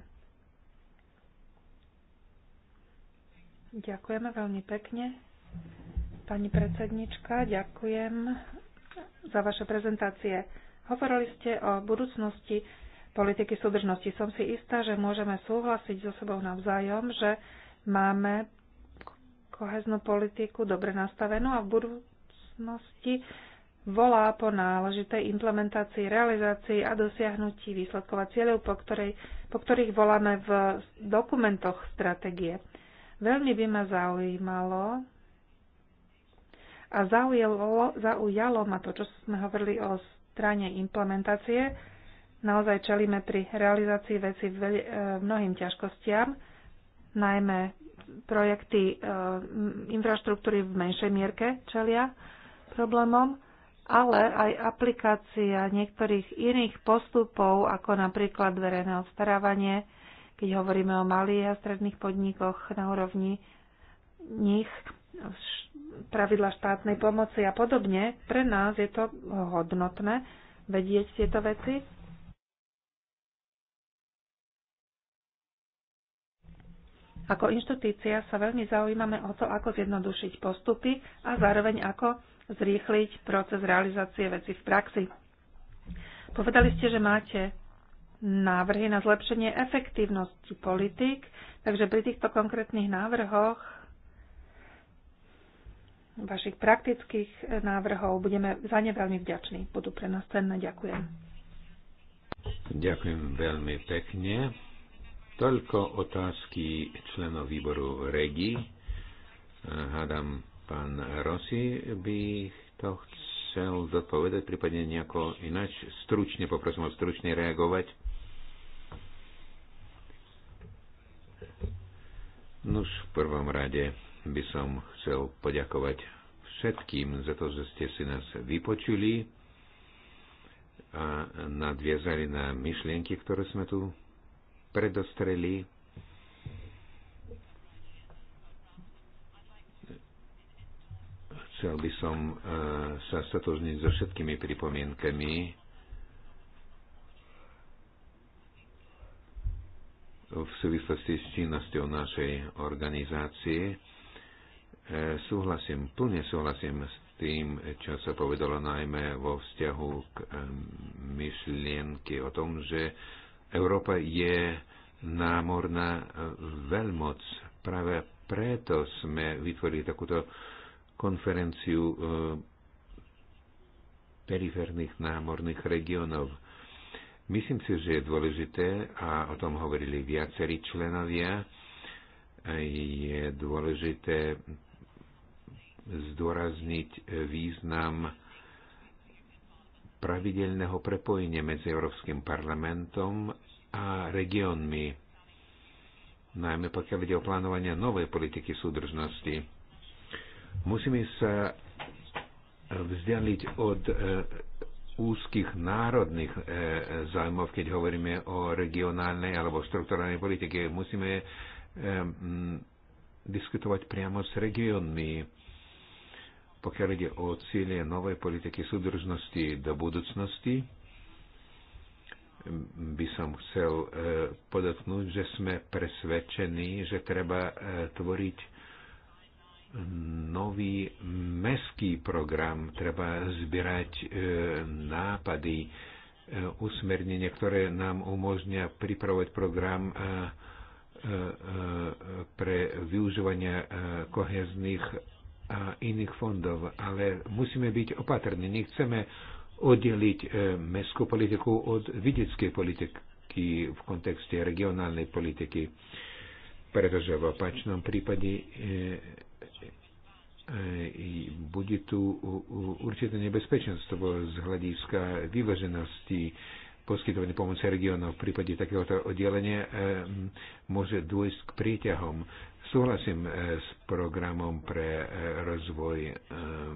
Ďakujeme veľmi pekne. Pani predsednička, ďakujem za vaše prezentácie. Hovorili ste o budúcnosti politiky súdržnosti. Som si istá, že môžeme súhlasiť so sebou navzájom, že máme koheznú politiku dobre nastavenú a v budúcnosti volá po náležitej implementácii, realizácii a dosiahnutí výsledkov a cieľov, po, ktorej, po ktorých voláme v dokumentoch stratégie. Veľmi by ma zaujímalo, a zaujalo, zaujalo ma to, čo sme hovorili o strane implementácie. Naozaj čelíme pri realizácii veci e, mnohým ťažkostiam, najmä projekty e, infraštruktúry v menšej mierke čelia problémom, ale aj aplikácia niektorých iných postupov, ako napríklad verejné obstarávanie, keď hovoríme o malých a stredných podnikoch na úrovni nich, pravidla štátnej pomoci a podobne. Pre nás je to hodnotné vedieť tieto veci. Ako inštitúcia sa veľmi zaujímame o to, ako zjednodušiť postupy a zároveň ako zrýchliť proces realizácie veci v praxi. Povedali ste, že máte návrhy na zlepšenie efektívnosti politik, takže pri týchto konkrétnych návrhoch vašich praktických eh, návrhov. Budeme za ne veľmi vďační. Budú pre nás cenné. Ďakujem. Ďakujem veľmi pekne. Toľko otázky členov výboru REGI. Eh, hádam, pán Rossi by to chcel zodpovedať, prípadne nejako ináč. Stručne, poprosím ho stručne reagovať. Nuž v prvom rade by som chcel poďakovať všetkým za to, že ste si nás vypočuli a nadviazali na myšlienky, ktoré sme tu predostreli. Chcel by som e, sa stotožniť so všetkými pripomienkami, v súvislosti s činnosťou našej organizácie Súhlasím, plne súhlasím s tým, čo sa povedalo najmä vo vzťahu k myšlienky o tom, že Európa je námorná veľmoc. Práve preto sme vytvorili takúto konferenciu e, periférnych námorných regionov. Myslím si, že je dôležité, a o tom hovorili viacerí členovia, e, je dôležité zdôrazniť význam pravidelného prepojenia medzi Európskym parlamentom a regiónmi, najmä pokiaľ ide o plánovanie novej politiky súdržnosti. Musíme sa vzdialiť od e, úzkých národných e, zájmov, keď hovoríme o regionálnej alebo štruktúrnej politike. Musíme e, diskutovať priamo s regiónmi pokiaľ ide o cieľe novej politiky súdržnosti do budúcnosti, by som chcel e, podotknúť, že sme presvedčení, že treba e, tvoriť nový meský program, treba zbierať e, nápady, usmernenia, ktoré nám umožnia pripravovať program pre využívanie kohezných a iných fondov, ale musíme byť opatrní. Nechceme oddeliť e, mestskú politiku od vidieckej politiky v kontexte regionálnej politiky, pretože v opačnom prípade e, e, bude tu určité nebezpečenstvo z hľadiska vyvaženosti poskytovanie pomoci regionov v prípade takéhoto oddelenia môže dôjsť k príťahom. Súhlasím eh, s programom pre eh, rozvoj eh,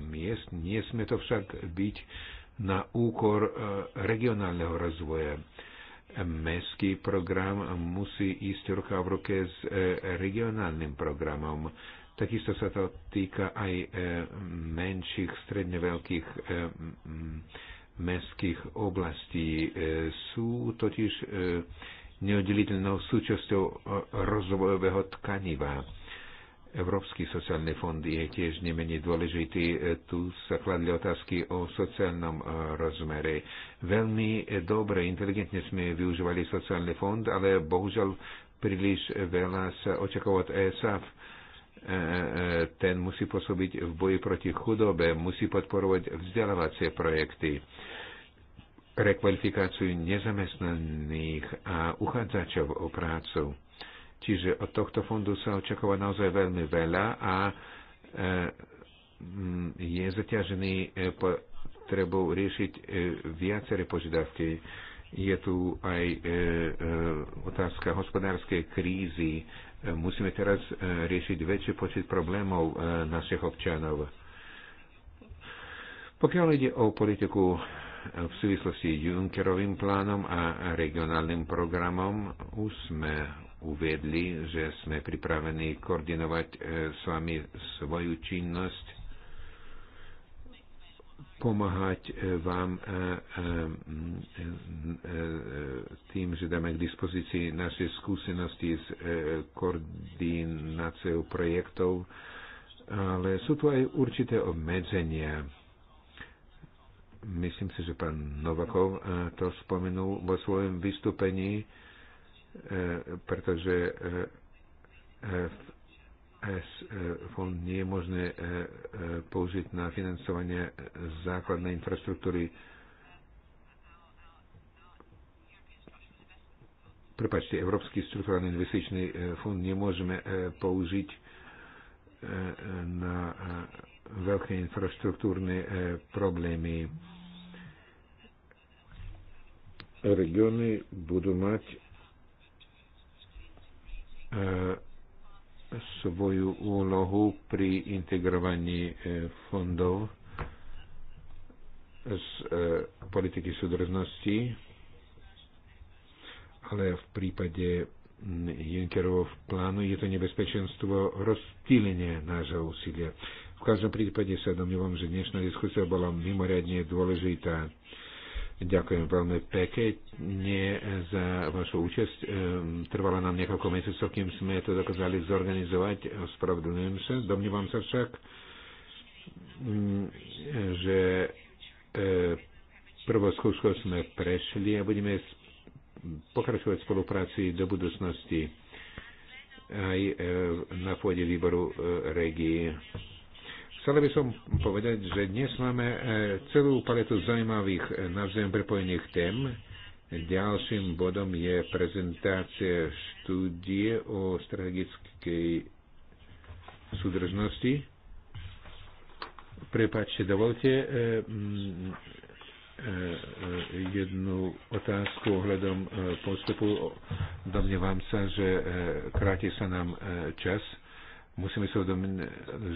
miest, nie sme to však byť na úkor regionálneho rozvoja. Mestský program musí ísť ruka v ruke s regionálnym programom. Takisto sa to týka aj menších, stredne veľkých mestských oblastí. Sú totiž neoddeliteľnou súčasťou e, rozvojového tkaniva. Európsky sociálny fond je tiež nemenej dôležitý. E, tu sa kladli otázky o sociálnom e, rozmere. Veľmi dobre, inteligentne sme využívali sociálny fond, ale bohužiaľ príliš veľa sa očakáva od ESAF ten musí pôsobiť v boji proti chudobe, musí podporovať vzdelávacie projekty rekvalifikáciu nezamestnaných a uchádzačov o prácu. Čiže od tohto fondu sa očakáva naozaj veľmi veľa a e, je zaťažený e, potrebou riešiť e, viaceré požiadavky. Je tu aj otázka hospodárskej krízy. Musíme teraz riešiť väčší počet problémov našich občanov. Pokiaľ ide o politiku v súvislosti s Junckerovým plánom a regionálnym programom už sme uviedli, že sme pripravení koordinovať e, s vami svoju činnosť, pomáhať e, vám e, tým, že dáme k dispozícii naše skúsenosti s koordináciou projektov, ale sú tu aj určité obmedzenia Myslím si, že pán Novakov e, to spomenul vo svojom vystúpení, e, pretože S e, fond nie je možné použiť na financovanie základnej infraštruktúry prepačte, Európsky strukturálny investičný fond nemôžeme použiť na veľké infraštruktúrne problémy regióny budú mať svoju úlohu pri integrovaní fondov z politiky súdržnosti, ale v prípade Junckerovho plánu je to nebezpečenstvo rozptýlenia nášho úsilia. V každom prípade sa domnívam, že dnešná diskusia bola mimoriadne dôležitá. Ďakujem veľmi pekne za vašu účasť. Ehm, trvalo nám niekoľko mesiacov, kým sme to dokázali zorganizovať. Ospravedlňujem sa. Domnívam sa však, mm, že e, prvou skúškou sme prešli a budeme pokračovať v spolupráci do budúcnosti aj e, na pôde výboru e, regii. Chcel by som povedať, že dnes máme e, celú paletu zaujímavých e, navzájom prepojených tém. Ďalším bodom je prezentácia štúdie o strategickej súdržnosti. Prepačte, dovolte e, mm, jednu otázku ohľadom postupu. Domnievam sa, že kráti sa nám čas. Musíme sa uvedomiť,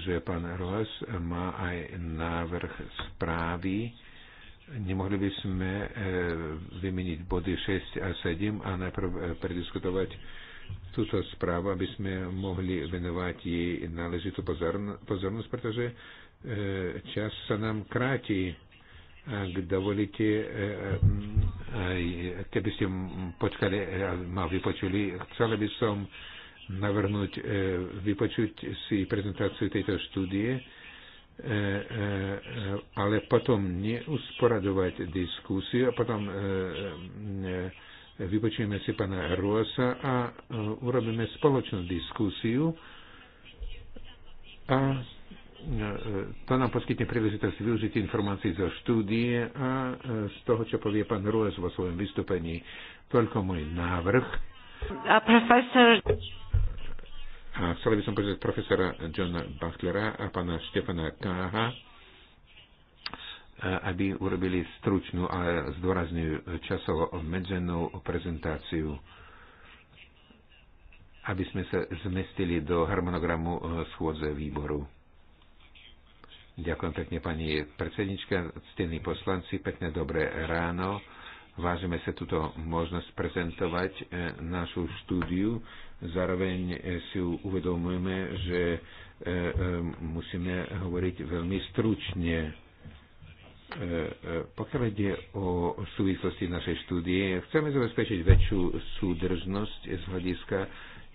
že pán Roles má aj návrh správy. Nemohli by sme e, vymeniť body 6 a 7 a najprv e, prediskutovať túto správu, aby sme mohli venovať jej náležitú pozornosť, pretože e, čas sa nám kráti. Ak dovolíte, keby ste počkali ma vypočuli, chcela by som navrhnúť, e, vypočuť si prezentáciu tejto štúdie, e, e, ale potom neusporadovať diskusiu a potom vypočujeme si pana Rosa a urobíme spoločnú diskusiu a to nám poskytne príležitosť využiť informácií zo štúdie a z toho, čo povie pán Rues vo svojom vystúpení. Toľko môj návrh. A profesor a chcel by som požiadať profesora Johna Butlera a pána Štefana Káha, aby urobili stručnú a zdôrazňujú časovo obmedzenú prezentáciu, aby sme sa zmestili do harmonogramu e, schôdze výboru. Ďakujem pekne, pani predsednička, ctení poslanci, pekne dobré ráno. Vážime sa túto možnosť prezentovať e, našu štúdiu. Zároveň e, si uvedomujeme, že e, musíme hovoriť veľmi stručne. Pokiaľ ide o súvislosti našej štúdie, chceme zabezpečiť väčšiu súdržnosť z hľadiska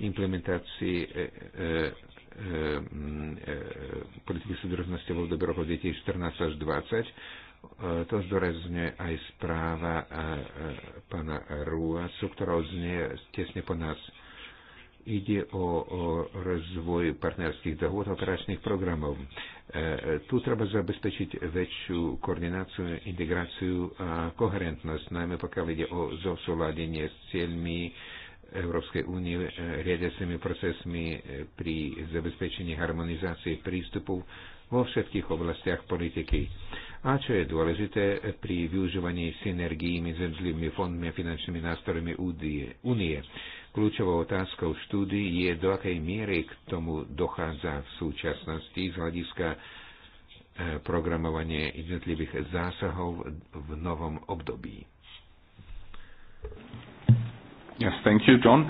implementácii politiky súdržnosti v období rokov 2014 až 2020 E, to zdôrazňuje aj správa e, e, pána Ruasu, ktorá znie tesne po nás. Ide o, o rozvoj partnerských dohôd a operačných programov. E, tu treba zabezpečiť väčšiu koordináciu, integráciu a koherentnosť, najmä pokiaľ ide o zosúladenie s cieľmi Európskej únie riadiacimi procesmi pri zabezpečení harmonizácie prístupov vo všetkých oblastiach politiky a čo je dôležité pri využívaní synergií medzi jednotlivými fondmi a finančnými nástrojmi únie. Kľúčovou otázkou štúdii je, do akej miery k tomu dochádza v súčasnosti z hľadiska e, programovanie jednotlivých zásahov v novom období. Yes, thank you, John.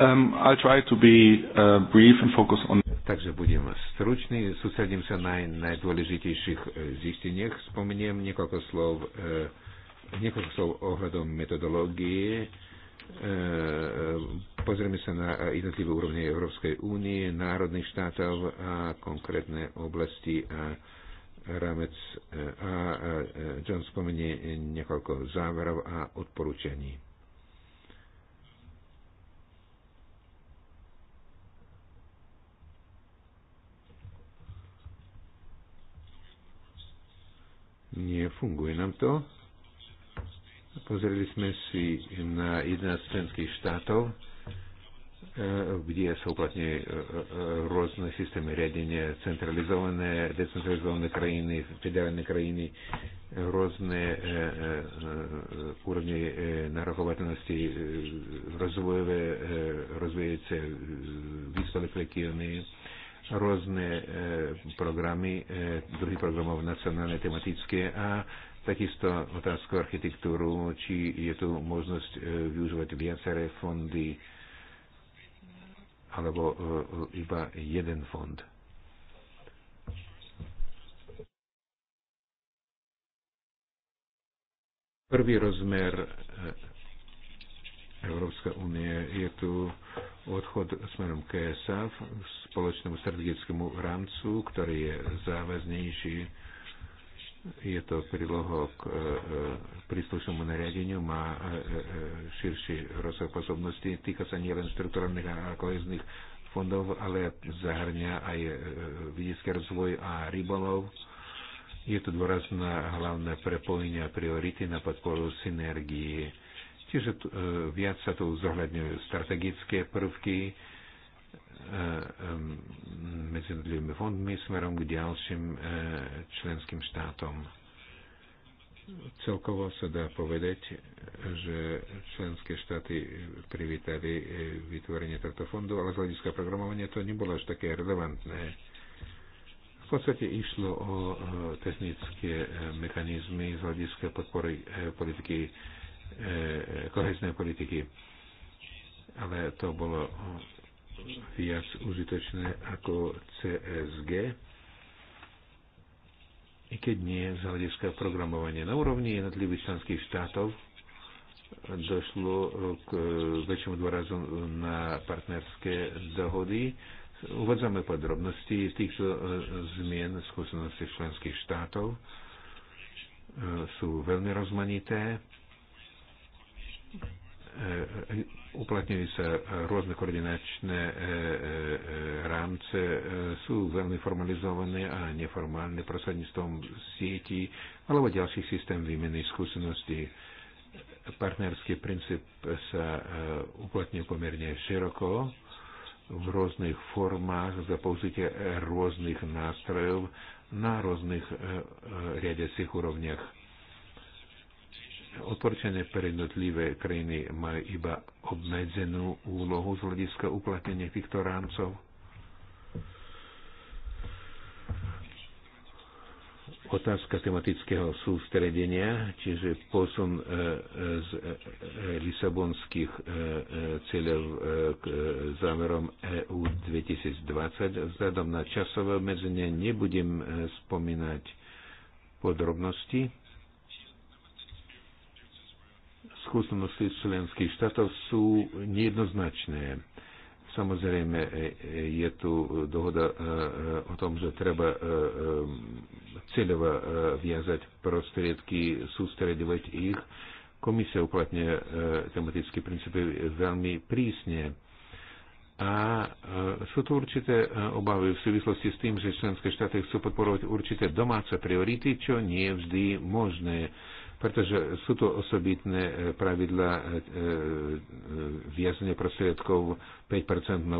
Um, I'll try to be uh, brief and focus on... Takže budem stručný, sústredím sa na najdôležitejších e, zisteniach, spomeniem niekoľko slov, e, niekoľko slov ohľadom metodológie, e, pozrieme sa na jednotlivé úrovne Európskej únie, národných štátov a konkrétne oblasti a rámec a, a John spomenie niekoľko záverov a odporúčaní. Nefunguje nám to. Pozreli sme si na 11 členských štátov, e, kde sa uplatňujú e, e, rôzne systémy riadenia, centralizované, decentralizované krajiny, federálne krajiny, rôzne úrovne narokovateľnosti, rozvojové, rozvíjajúce výsledek regióny, rôzne e, programy, e, druhý programov nacionálne tematické a takisto otázku architektúru, či je tu možnosť e, využívať viaceré fondy alebo e, e iba jeden fond. Prvý rozmer e, Európska únie je tu odchod smerom k ESAF, spoločnému strategickému rámcu, ktorý je závaznejší. Je to príloho k e, e, príslušnému nariadeniu, má e, širší rozsah pôsobnosti, týka sa nielen štruktúrnych a kohezných fondov, ale zahrňa aj vidiecký rozvoj a rybolov. Je to dôraz na hlavné prepojenia priority na podporu synergii Čiže e, viac sa tu zohľadňujú strategické prvky e, e, medzi jednotlivými fondmi smerom k ďalším členským štátom. Celkovo sa dá povedať, že členské štáty privítali vytvorenie tohto fondu, ale z hľadiska programovania to nebolo až také relevantné. V podstate išlo o technické mechanizmy z hľadiska podpory politiky E, kohezné politiky. Ale to bolo viac užitočné ako CSG, i keď nie z hľadiska programovania. Na úrovni jednotlivých členských štátov došlo k väčšiemu dôrazu na partnerské dohody. Uvádzame podrobnosti týchto e, zmien skúsenosti členských štátov. E, sú veľmi rozmanité E, e, uplatňujú sa rôzne koordinačné e, rámce, sú veľmi formalizované a neformálne prostredníctvom sieti alebo ďalších systém výmeny skúseností. Partnerský princíp sa uplatňuje pomerne široko v rôznych formách za použitie rôznych nástrojov na rôznych riadiacich úrovniach Odporčené pre jednotlivé krajiny majú iba obmedzenú úlohu z hľadiska uplatnenia týchto rámcov. Otázka tematického sústredenia, čiže posun e, e, z e, lisabonských cieľov k záverom EU 2020. Vzhľadom na časové obmedzenie nebudem spomínať podrobnosti skúsenosti členských štátov sú nejednoznačné. Samozrejme, je tu dohoda e, e, o tom, že treba e, cieľovo viazať prostriedky, sústredovať ich. Komisia uplatňuje tematické princípy veľmi prísne. A sú tu určité obavy v súvislosti s tým, že členské štáty chcú podporovať určité domáce priority, čo nie je vždy možné pretože sú to osobitné e, pravidla e, e, viazne prostriedkov 5% na,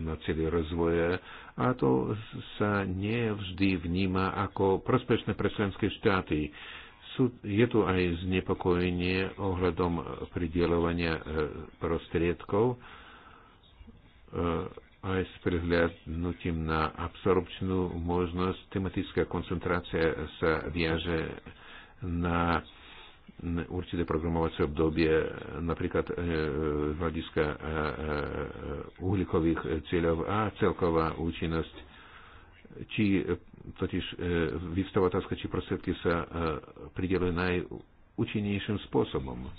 na celý rozvoje a to sa nevždy vníma ako prospešné pre členské štáty. Sú, je tu aj znepokojenie ohľadom pridielovania prostriedkov aj s prihľadnutím na absorpčnú možnosť. Tematická koncentrácia sa viaže na určité programovacie obdobie, napríklad e, e, z hľadiska e, uhlíkových cieľov a celková účinnosť. Či totiž vyvstáva otázka, či prostriedky sa pridelujú najúčinnejším spôsobom.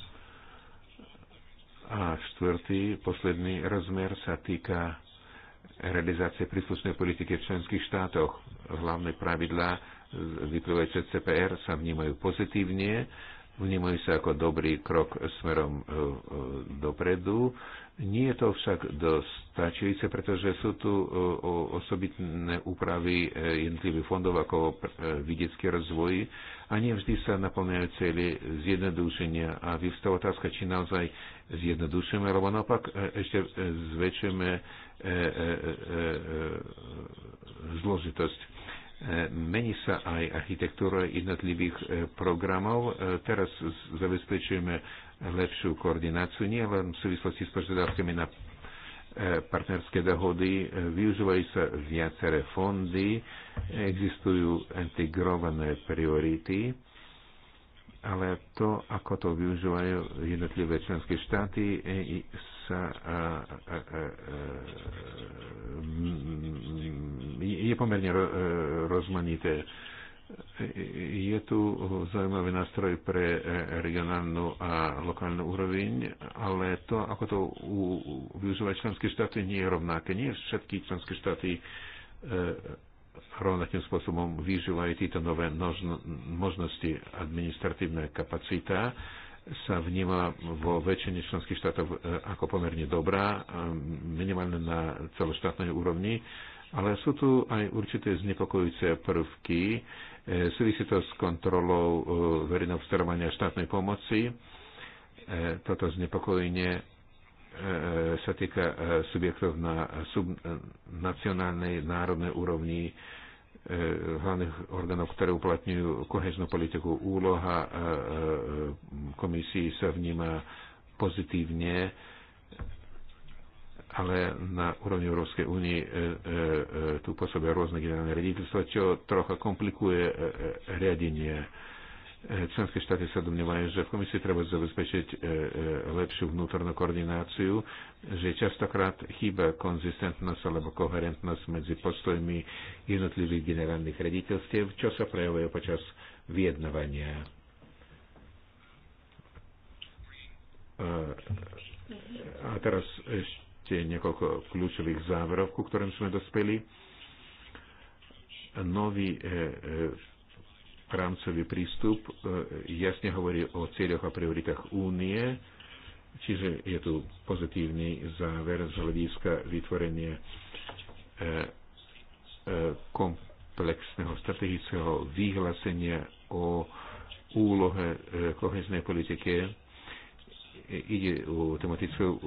A štvrtý, posledný rozmer sa týka realizácie príslušnej politiky v členských štátoch. Hlavné pravidlá vyplývajúce CPR sa vnímajú pozitívne, vnímajú sa ako dobrý krok smerom e, e, dopredu. Nie je to však dostačujúce, pretože sú tu e, osobitné úpravy jednotlivých fondov ako vidiecký rozvoj a nie vždy sa naplňajú cieľe zjednodušenia a vyvstáva otázka, či naozaj zjednodušujeme, alebo naopak ešte zväčšujeme zložitosť E, mení sa aj architektúra jednotlivých e, programov. E, teraz zabezpečujeme lepšiu koordináciu nielen v súvislosti s požiadavkami na partnerské dohody, využívajú sa viaceré fondy, existujú integrované priority, ale to, ako to využívajú jednotlivé členské štáty, sa je pomerne e, rozmanité. Je tu zaujímavý nástroj pre e, regionálnu a lokálnu úroveň, ale to, ako to využívajú členské štáty, nie je rovnaké. Nie všetky členské štáty e, rovnakým spôsobom využívajú tieto nové možnosti. administratívne kapacita sa vníma vo väčšine členských štátov ako pomerne dobrá, minimálne na celoštátnej úrovni ale sú tu aj určité znepokojúce prvky. E, súvisí to s kontrolou e, verejného obstarávania štátnej pomoci. E, toto znepokojenie sa týka subjektov na nacionálnej, národnej úrovni hlavných orgánov, ktoré uplatňujú koheznú politiku. Úloha komisii sa vníma pozitívne ale na úrovni Európskej únie e, e, e, tu pôsobia rôzne generálne rediteľstva, čo trocha komplikuje e, e, riadenie. E, členské štáty sa domnievajú, že v komisii treba zabezpečiť e, e, lepšiu vnútornú koordináciu, že častokrát chýba konzistentnosť alebo koherentnosť medzi postojmi jednotlivých generálnych rediteľstiev, čo sa prejavuje počas vyjednávania e, a teraz ešte tie niekoľko kľúčových záverov, ku ktorým sme dospeli. Nový e, e, rámcový prístup e, jasne hovorí o cieľoch a prioritách únie, čiže je tu pozitívny záver z hľadiska vytvorenie komplexného strategického vyhlásenia o úlohe koheznej politike ide o tematickú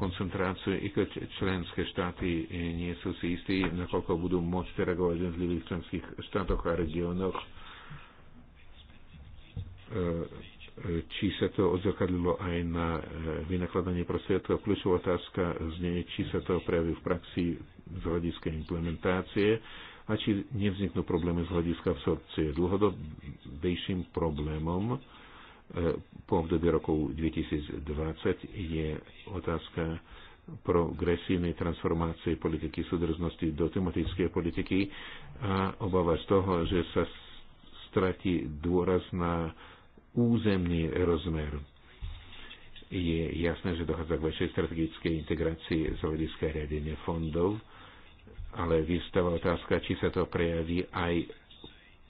koncentráciu, i keď členské štáty e, nie sú si istí, nakoľko budú môcť reagovať v jednotlivých členských štátoch a regiónoch, e, e, či sa to odzrkadlilo aj na vynakladanie prostriedkov. Kľúčová otázka znie, či sa to prejaví v praxi z hľadiska implementácie a či nevzniknú problémy z hľadiska absorpcie. Dlhodobejším problémom E, po období roku 2020 je otázka progresívnej transformácie politiky súdržnosti do tematickej politiky a obava z toho, že sa stratí dôraz na územný rozmer. Je jasné, že dochádza k väčšej strategickej integrácii z hľadiska riadenia fondov, ale vystáva otázka, či sa to prejaví aj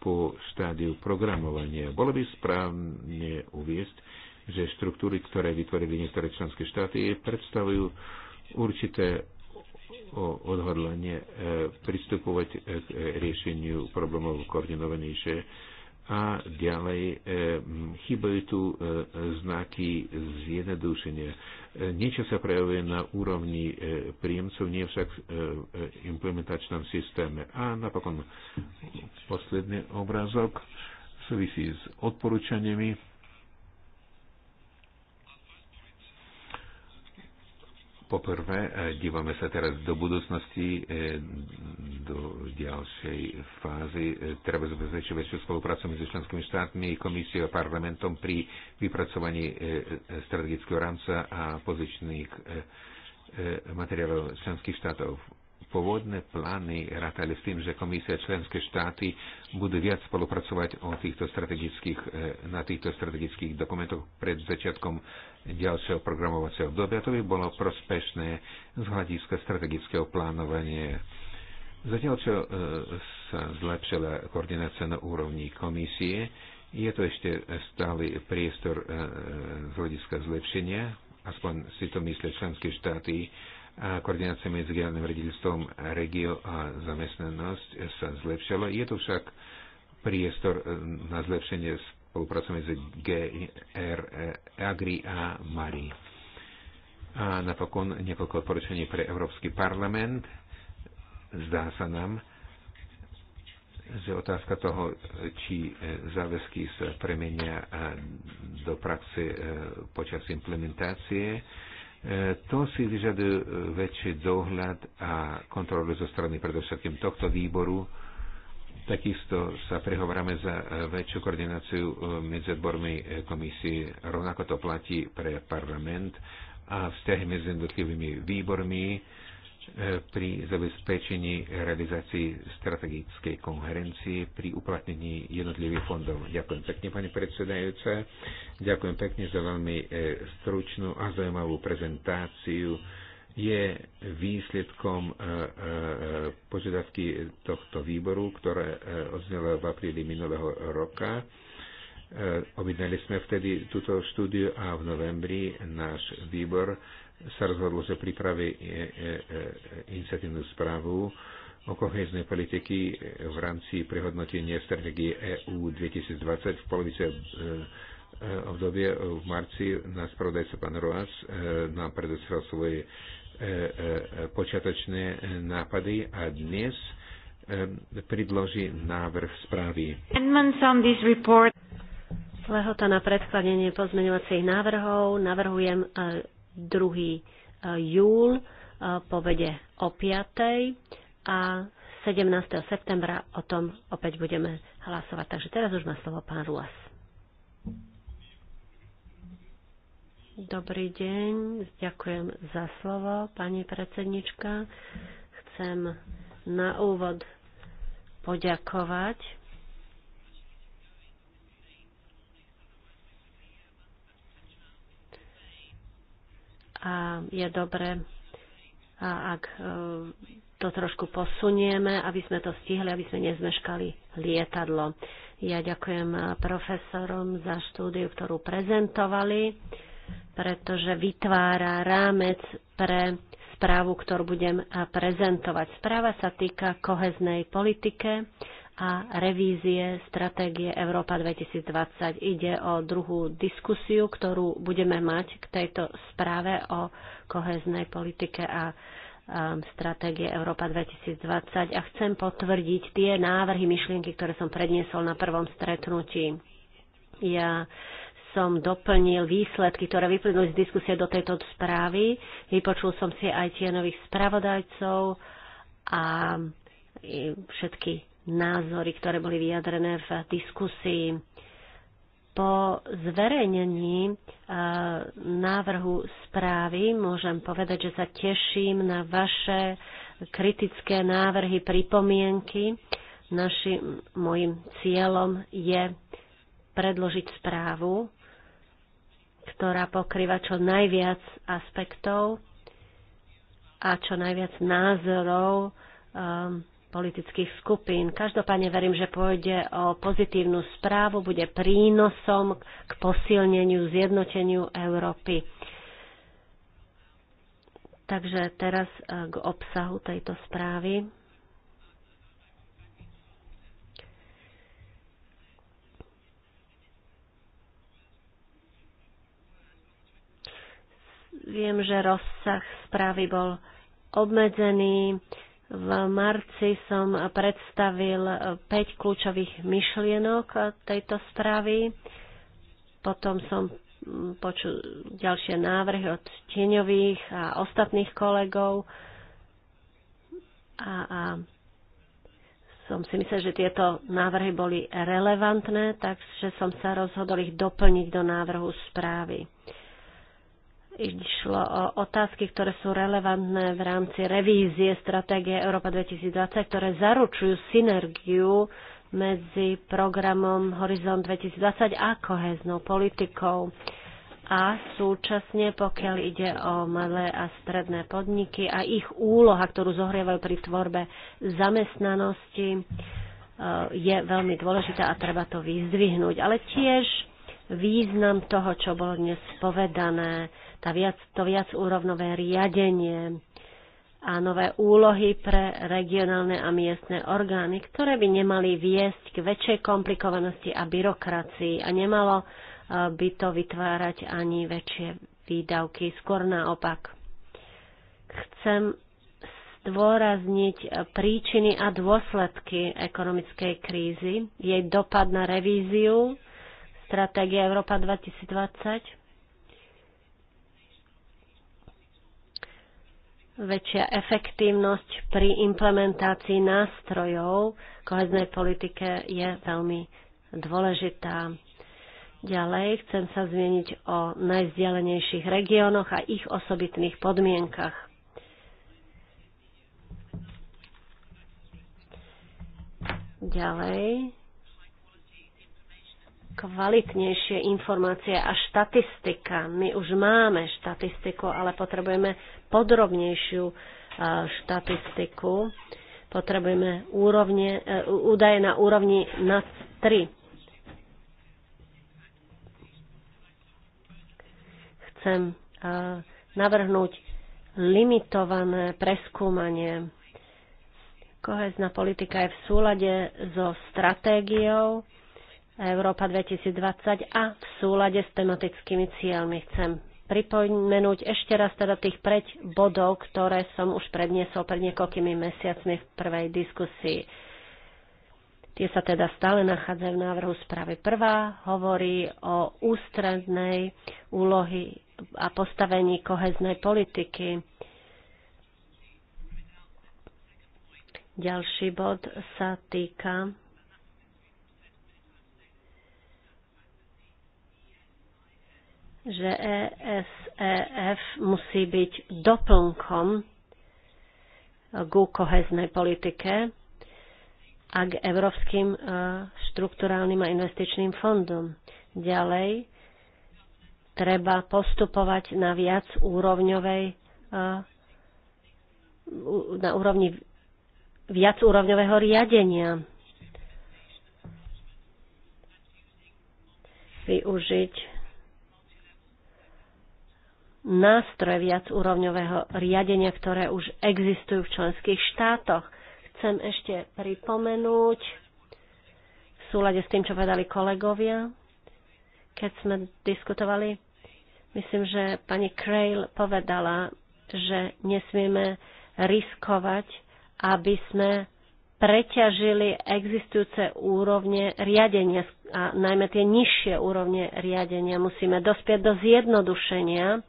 po štádiu programovania. Bolo by správne uviesť, že štruktúry, ktoré vytvorili niektoré členské štáty, predstavujú určité odhodlanie e, pristupovať e, k e, riešeniu problémov koordinovanejšie a ďalej e, chýbajú tu e, znaky zjednodušenia. E, Niečo sa prejavuje na úrovni e, príjemcov, nie však v e, implementačnom systéme. A napokon posledný obrázok súvisí s odporúčaniami. Poprvé, e, dívame sa teraz do budúcnosti, e, do ďalšej fázy. Treba zabezpečiť väčšiu spoluprácu medzi členskými štátmi, komisiou a parlamentom pri vypracovaní e, e, strategického rámca a pozičných e, materiálov členských štátov. Pôvodné plány rátali s tým, že komisia členské štáty budú viac spolupracovať o týchto strategických, na týchto strategických dokumentoch pred začiatkom ďalšieho programovacieho obdobia. To by bolo prospešné z hľadiska strategického plánovania Zatiaľ, čo e, sa zlepšila koordinácia na úrovni komisie, je to ešte stály priestor e, z hľadiska zlepšenia, aspoň si to myslia členské štáty, a koordinácia medzi generálnym rediteľstvom regio a zamestnanosť sa zlepšila. Je to však priestor e, na zlepšenie spolupráce medzi GR, Agri a Mari. A napokon niekoľko odporúčaní pre Európsky parlament Zdá sa nám, že otázka toho, či e, záväzky sa premenia e, do praxe e, počas implementácie, to si vyžaduje väčší dohľad a kontrolu zo strany predovšetkým tohto výboru. Takisto sa prehovoráme za väčšiu koordináciu medzi odbormi komisie. Rovnako to platí pre parlament a vzťahy medzi jednotlivými výbormi E, pri zabezpečení realizácii strategickej konferencie pri uplatnení jednotlivých fondov. Ďakujem pekne, pani predsedajúca. Ďakujem pekne za veľmi e, stručnú a zaujímavú prezentáciu. Je výsledkom e, požiadavky tohto výboru, ktoré odznelo v apríli minulého roka. Objednali sme vtedy túto štúdiu a v novembri náš výbor sa rozhodlo, že pripraví e, e, e, iniciatívnu správu o kohéznej politiky v rámci prehodnotenia strategie EU 2020 v polovice obdobie v marci na spravodajca pán Roas nám predostrel svoje počiatočné nápady a dnes predloží návrh správy. Lehota na predkladenie pozmeňovacích návrhov navrhujem 2. E, júl e, povede o 5. a 17. septembra o tom opäť budeme hlasovať. Takže teraz už má slovo pán Ruas. Dobrý deň, ďakujem za slovo, pani predsednička. Chcem na úvod poďakovať a je dobre, a ak e, to trošku posunieme, aby sme to stihli, aby sme nezmeškali lietadlo. Ja ďakujem e, profesorom za štúdiu, ktorú prezentovali, pretože vytvára rámec pre správu, ktorú budem e, prezentovať. Správa sa týka koheznej politike a revízie stratégie Európa 2020. Ide o druhú diskusiu, ktorú budeme mať k tejto správe o koheznej politike a stratégie Európa 2020 a chcem potvrdiť tie návrhy, myšlienky, ktoré som predniesol na prvom stretnutí. Ja som doplnil výsledky, ktoré vyplynuli z diskusie do tejto správy. Vypočul som si aj tie nových spravodajcov a všetky názory, ktoré boli vyjadrené v diskusii. Po zverejnení e, návrhu správy môžem povedať, že sa teším na vaše kritické návrhy, pripomienky. Našim, môjim cieľom je predložiť správu, ktorá pokrýva čo najviac aspektov a čo najviac názorov e, politických skupín. Každopádne verím, že pôjde o pozitívnu správu, bude prínosom k posilneniu, zjednoteniu Európy. Takže teraz eh, k obsahu tejto správy. Viem, že rozsah správy bol obmedzený v marci som predstavil 5 kľúčových myšlienok tejto správy. Potom som počul ďalšie návrhy od tieňových a ostatných kolegov. A, a som si myslel, že tieto návrhy boli relevantné, takže som sa rozhodol ich doplniť do návrhu správy išlo o otázky, ktoré sú relevantné v rámci revízie stratégie Európa 2020, ktoré zaručujú synergiu medzi programom Horizont 2020 a koheznou politikou. A súčasne, pokiaľ ide o malé a stredné podniky a ich úloha, ktorú zohrievajú pri tvorbe zamestnanosti, e, je veľmi dôležitá a treba to vyzdvihnúť. Ale tiež význam toho, čo bolo dnes povedané tá viac, to úrovnové riadenie a nové úlohy pre regionálne a miestne orgány, ktoré by nemali viesť k väčšej komplikovanosti a byrokracii a nemalo eh, by to vytvárať ani väčšie výdavky, skôr naopak. Chcem zdôrazniť eh, príčiny a dôsledky ekonomickej krízy, jej dopad na revíziu stratégie Európa 2020 väčšia efektívnosť pri implementácii nástrojov koheznej politike je veľmi dôležitá. Ďalej chcem sa zmieniť o najzdialenejších regiónoch a ich osobitných podmienkach. Ďalej kvalitnejšie informácie a štatistika. My už máme štatistiku, ale potrebujeme podrobnejšiu e, štatistiku. Potrebujeme úrovne, e, údaje na úrovni nad 3. Chcem e, navrhnúť limitované preskúmanie kohezná politika je v súlade so stratégiou Európa 2020 a v súlade s tematickými cieľmi. Chcem pripomenúť ešte raz teda tých preť bodov, ktoré som už predniesol pred niekoľkými mesiacmi v prvej diskusii. Tie sa teda stále nachádzajú v návrhu správy. Prvá hovorí o ústrednej úlohy a postavení koheznej politiky. Ďalší bod sa týka že ESEF musí byť doplnkom k koheznej politike a k Európskym e, štruktúrálnym a investičným fondom. Ďalej treba postupovať na viac úrovňovej e, na úrovni viac úrovňového riadenia. Využiť nástroje viacúrovňového riadenia, ktoré už existujú v členských štátoch. Chcem ešte pripomenúť v súlade s tým, čo povedali kolegovia, keď sme diskutovali, myslím, že pani Krail povedala, že nesmieme riskovať, aby sme preťažili existujúce úrovne riadenia a najmä tie nižšie úrovne riadenia. Musíme dospieť do zjednodušenia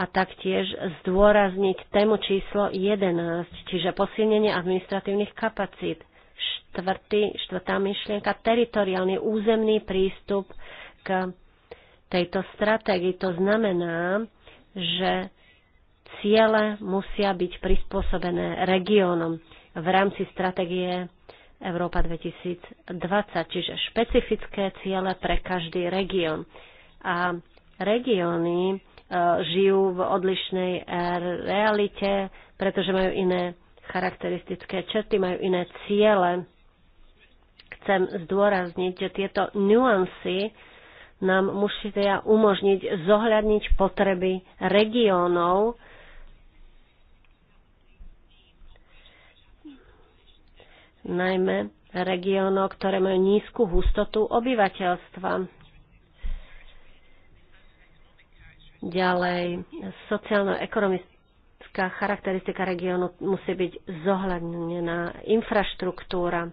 a taktiež zdôrazniť tému číslo 11, čiže posilnenie administratívnych kapacít. Štvrtý, štvrtá myšlienka, teritoriálny územný prístup k tejto stratégii. To znamená, že ciele musia byť prispôsobené regiónom v rámci stratégie Európa 2020, čiže špecifické ciele pre každý región. A regióny žijú v odlišnej eh, realite, pretože majú iné charakteristické črty, majú iné ciele. Chcem zdôrazniť, že tieto nuancy nám musia umožniť zohľadniť potreby regiónov, najmä regiónov, ktoré majú nízku hustotu obyvateľstva. Ďalej, sociálno-ekonomická charakteristika regiónu musí byť zohľadnená, infraštruktúra.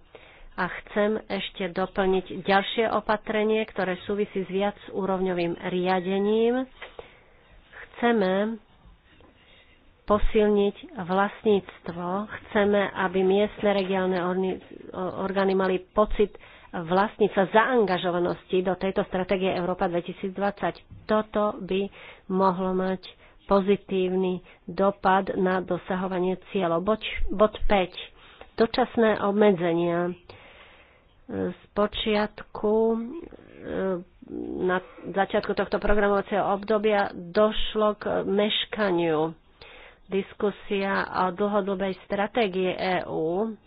A chcem ešte doplniť ďalšie opatrenie, ktoré súvisí s viac úrovňovým riadením. Chceme posilniť vlastníctvo. Chceme, aby miestne regionálne orgány mali pocit sa zaangažovanosti do tejto stratégie Európa 2020. Toto by mohlo mať pozitívny dopad na dosahovanie cieľov. Bod, bod 5. Dočasné obmedzenia. Z počiatku e, na začiatku tohto programovacieho obdobia došlo k meškaniu. Diskusia o dlhodobej stratégie EÚ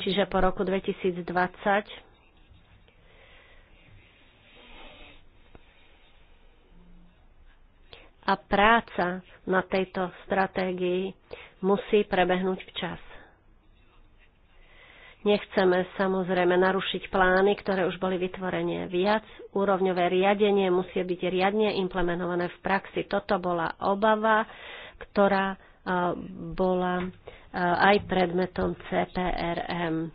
čiže po roku 2020. A práca na tejto stratégii musí prebehnúť včas. Nechceme samozrejme narušiť plány, ktoré už boli vytvorené viac. Úrovňové riadenie musí byť riadne implementované v praxi. Toto bola obava, ktorá bola Eh, aj predmetom CPRM.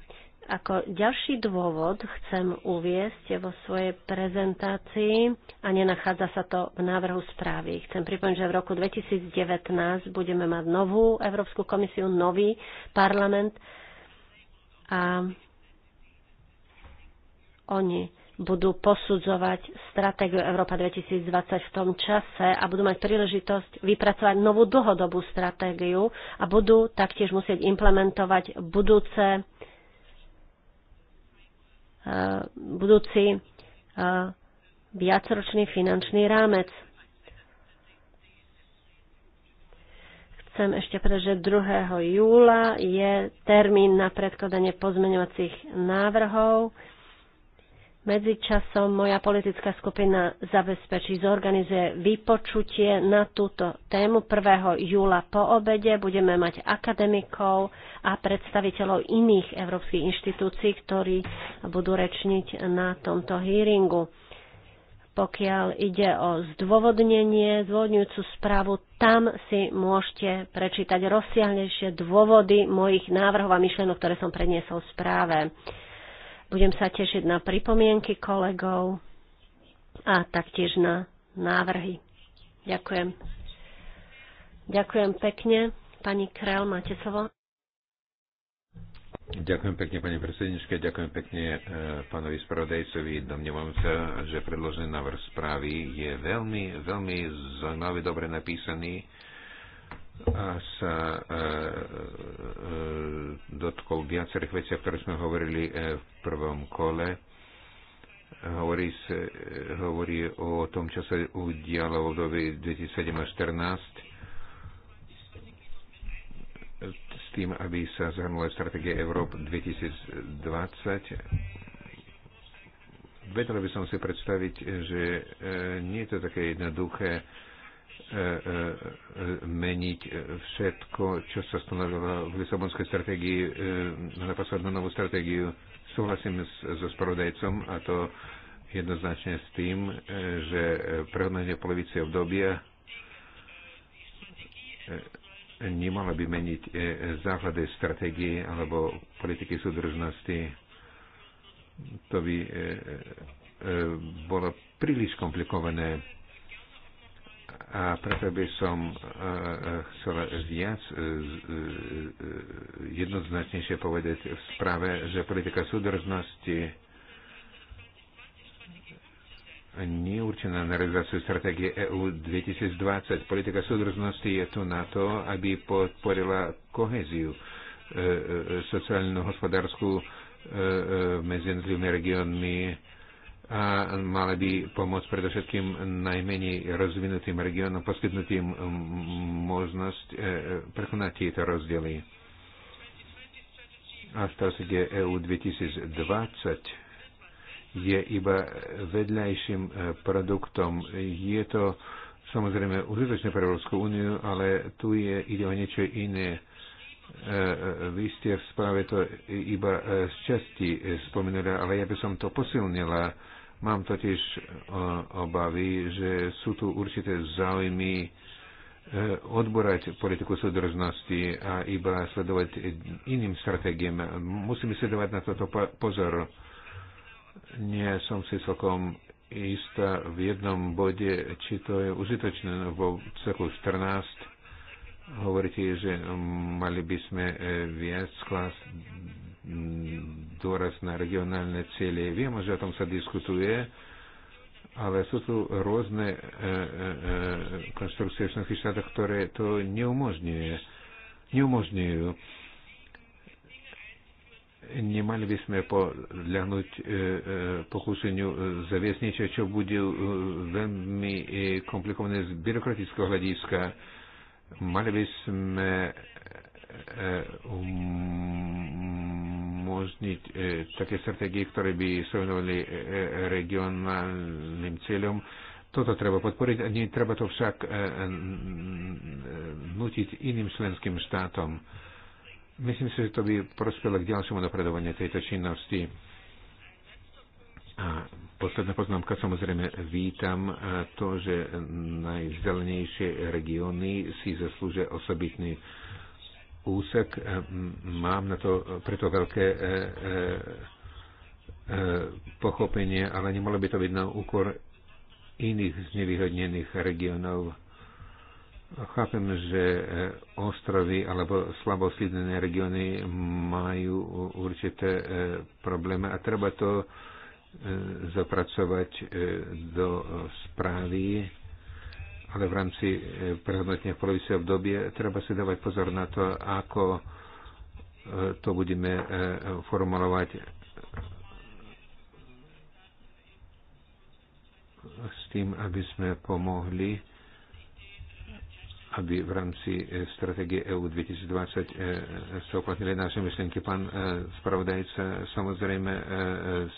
Ako ďalší dôvod chcem uviesť vo svojej prezentácii a nenachádza sa to v návrhu správy. Chcem pripomínať, že v roku 2019 budeme mať novú Európsku komisiu, nový parlament a oni budú posudzovať stratégiu Európa 2020 v tom čase a budú mať príležitosť vypracovať novú dlhodobú stratégiu a budú taktiež musieť implementovať budúce, eh, budúci eh, viacročný finančný rámec. chcem ešte povedať, že 2. júla je termín na predkladanie pozmeňovacích návrhov. Medzičasom moja politická skupina zabezpečí, zorganizuje vypočutie na túto tému 1. júla po obede. Budeme mať akademikov a predstaviteľov iných európskych inštitúcií, ktorí budú rečniť na tomto hearingu. Pokiaľ ide o zdôvodnenie, zdôvodňujúcu správu, tam si môžete prečítať rozsiahlejšie dôvody mojich návrhov a myšlienok, ktoré som predniesol v správe. Budem sa tešiť na pripomienky kolegov a taktiež na návrhy. Ďakujem. Ďakujem pekne. Pani Krel, máte slovo. Ďakujem pekne, pani predsedničke, ďakujem pekne e, pánovi spravodajcovi. Domnievam sa, že predložený návrh správy je veľmi, veľmi zaujímavý, dobre napísaný a sa e, e, dotkol viacerých vecí, o ktorých sme hovorili e, v prvom kole. Hovorí, sa, e, hovorí o tom, čo sa udialo v období 2017 2014 s tým, aby sa zhrnula stratégia Európ 2020 vedel by som si predstaviť, že e, nie je to také jednoduché E, e, e, meniť všetko, čo sa stanovilo v Lisabonskej strategii na poslednú novú strategiu. Súhlasím so spravodajcom a to jednoznačne s tým, že prehodnotenie polovice obdobia nemala by meniť základy stratégie alebo politiky súdržnosti. To by bolo príliš komplikované a preto by som e, e, chcel viac e, jednoznačnejšie povedať v správe, že politika súdržnosti nie určená na realizáciu stratégie EU 2020. Politika súdržnosti je tu na to, aby podporila koheziu sociálnu, hospodárskú medzi jednotlivými regiónmi a mali by pomôcť predovšetkým najmenej rozvinutým regiónom, im možnosť e, prekonať tieto rozdiely. A strategie EU 2020 je iba vedľajším e, produktom. Je to samozrejme užitočné pre Európsku úniu, ale tu je, ide o niečo iné e, vy ste v správe to iba z časti spomenuli, ale ja by som to posilnila Mám totiž e, obavy, že sú tu určité záujmy e, odborať politiku súdržnosti a iba sledovať iným stratégiám. Musíme sledovať na toto pozor. Nie som si celkom istá v jednom bode, či to je užitočné no vo ceku 14. Hovoríte, že mali by sme e, viac klas dôraz na regionálne cieľe. Viem, že o tom sa diskutuje, ale sú tu rôzne e, e, e, konštrukcie v členských štátoch, ktoré to neumožňuje, neumožňujú. Nemali by sme podľahnuť e, e, pokúšeniu e, zaviesť niečo, čo bude e, veľmi e, komplikované z byrokratického hľadiska. Mali by sme e, um, umožniť e, také stratégie, ktoré by sa venovali e, e regionálnym cieľom. Toto treba podporiť a nie treba to však e, nutiť iným členským štátom. Myslím si, že to by prospelo k ďalšiemu napredovaniu tejto činnosti. A posledná poznámka, samozrejme, vítam e, to, že najzelenejšie regióny si zaslúžia osobitný úsek. Eh, mám na to eh, preto veľké eh, pochopenie, ale nemalo by to byť na úkor iných znevýhodnených regionov. Chápem, že ostrovy alebo slabo regióny majú určité problémy a treba to zapracovať do správy ale v rámci e, prehodnotenia v polovici obdobie treba si dávať pozor na to, ako e, to budeme e, formulovať s tým, aby sme pomohli, aby v rámci stratégie EU 2020 sa uplatnili naše myšlenky. Pán spravodajca, samozrejme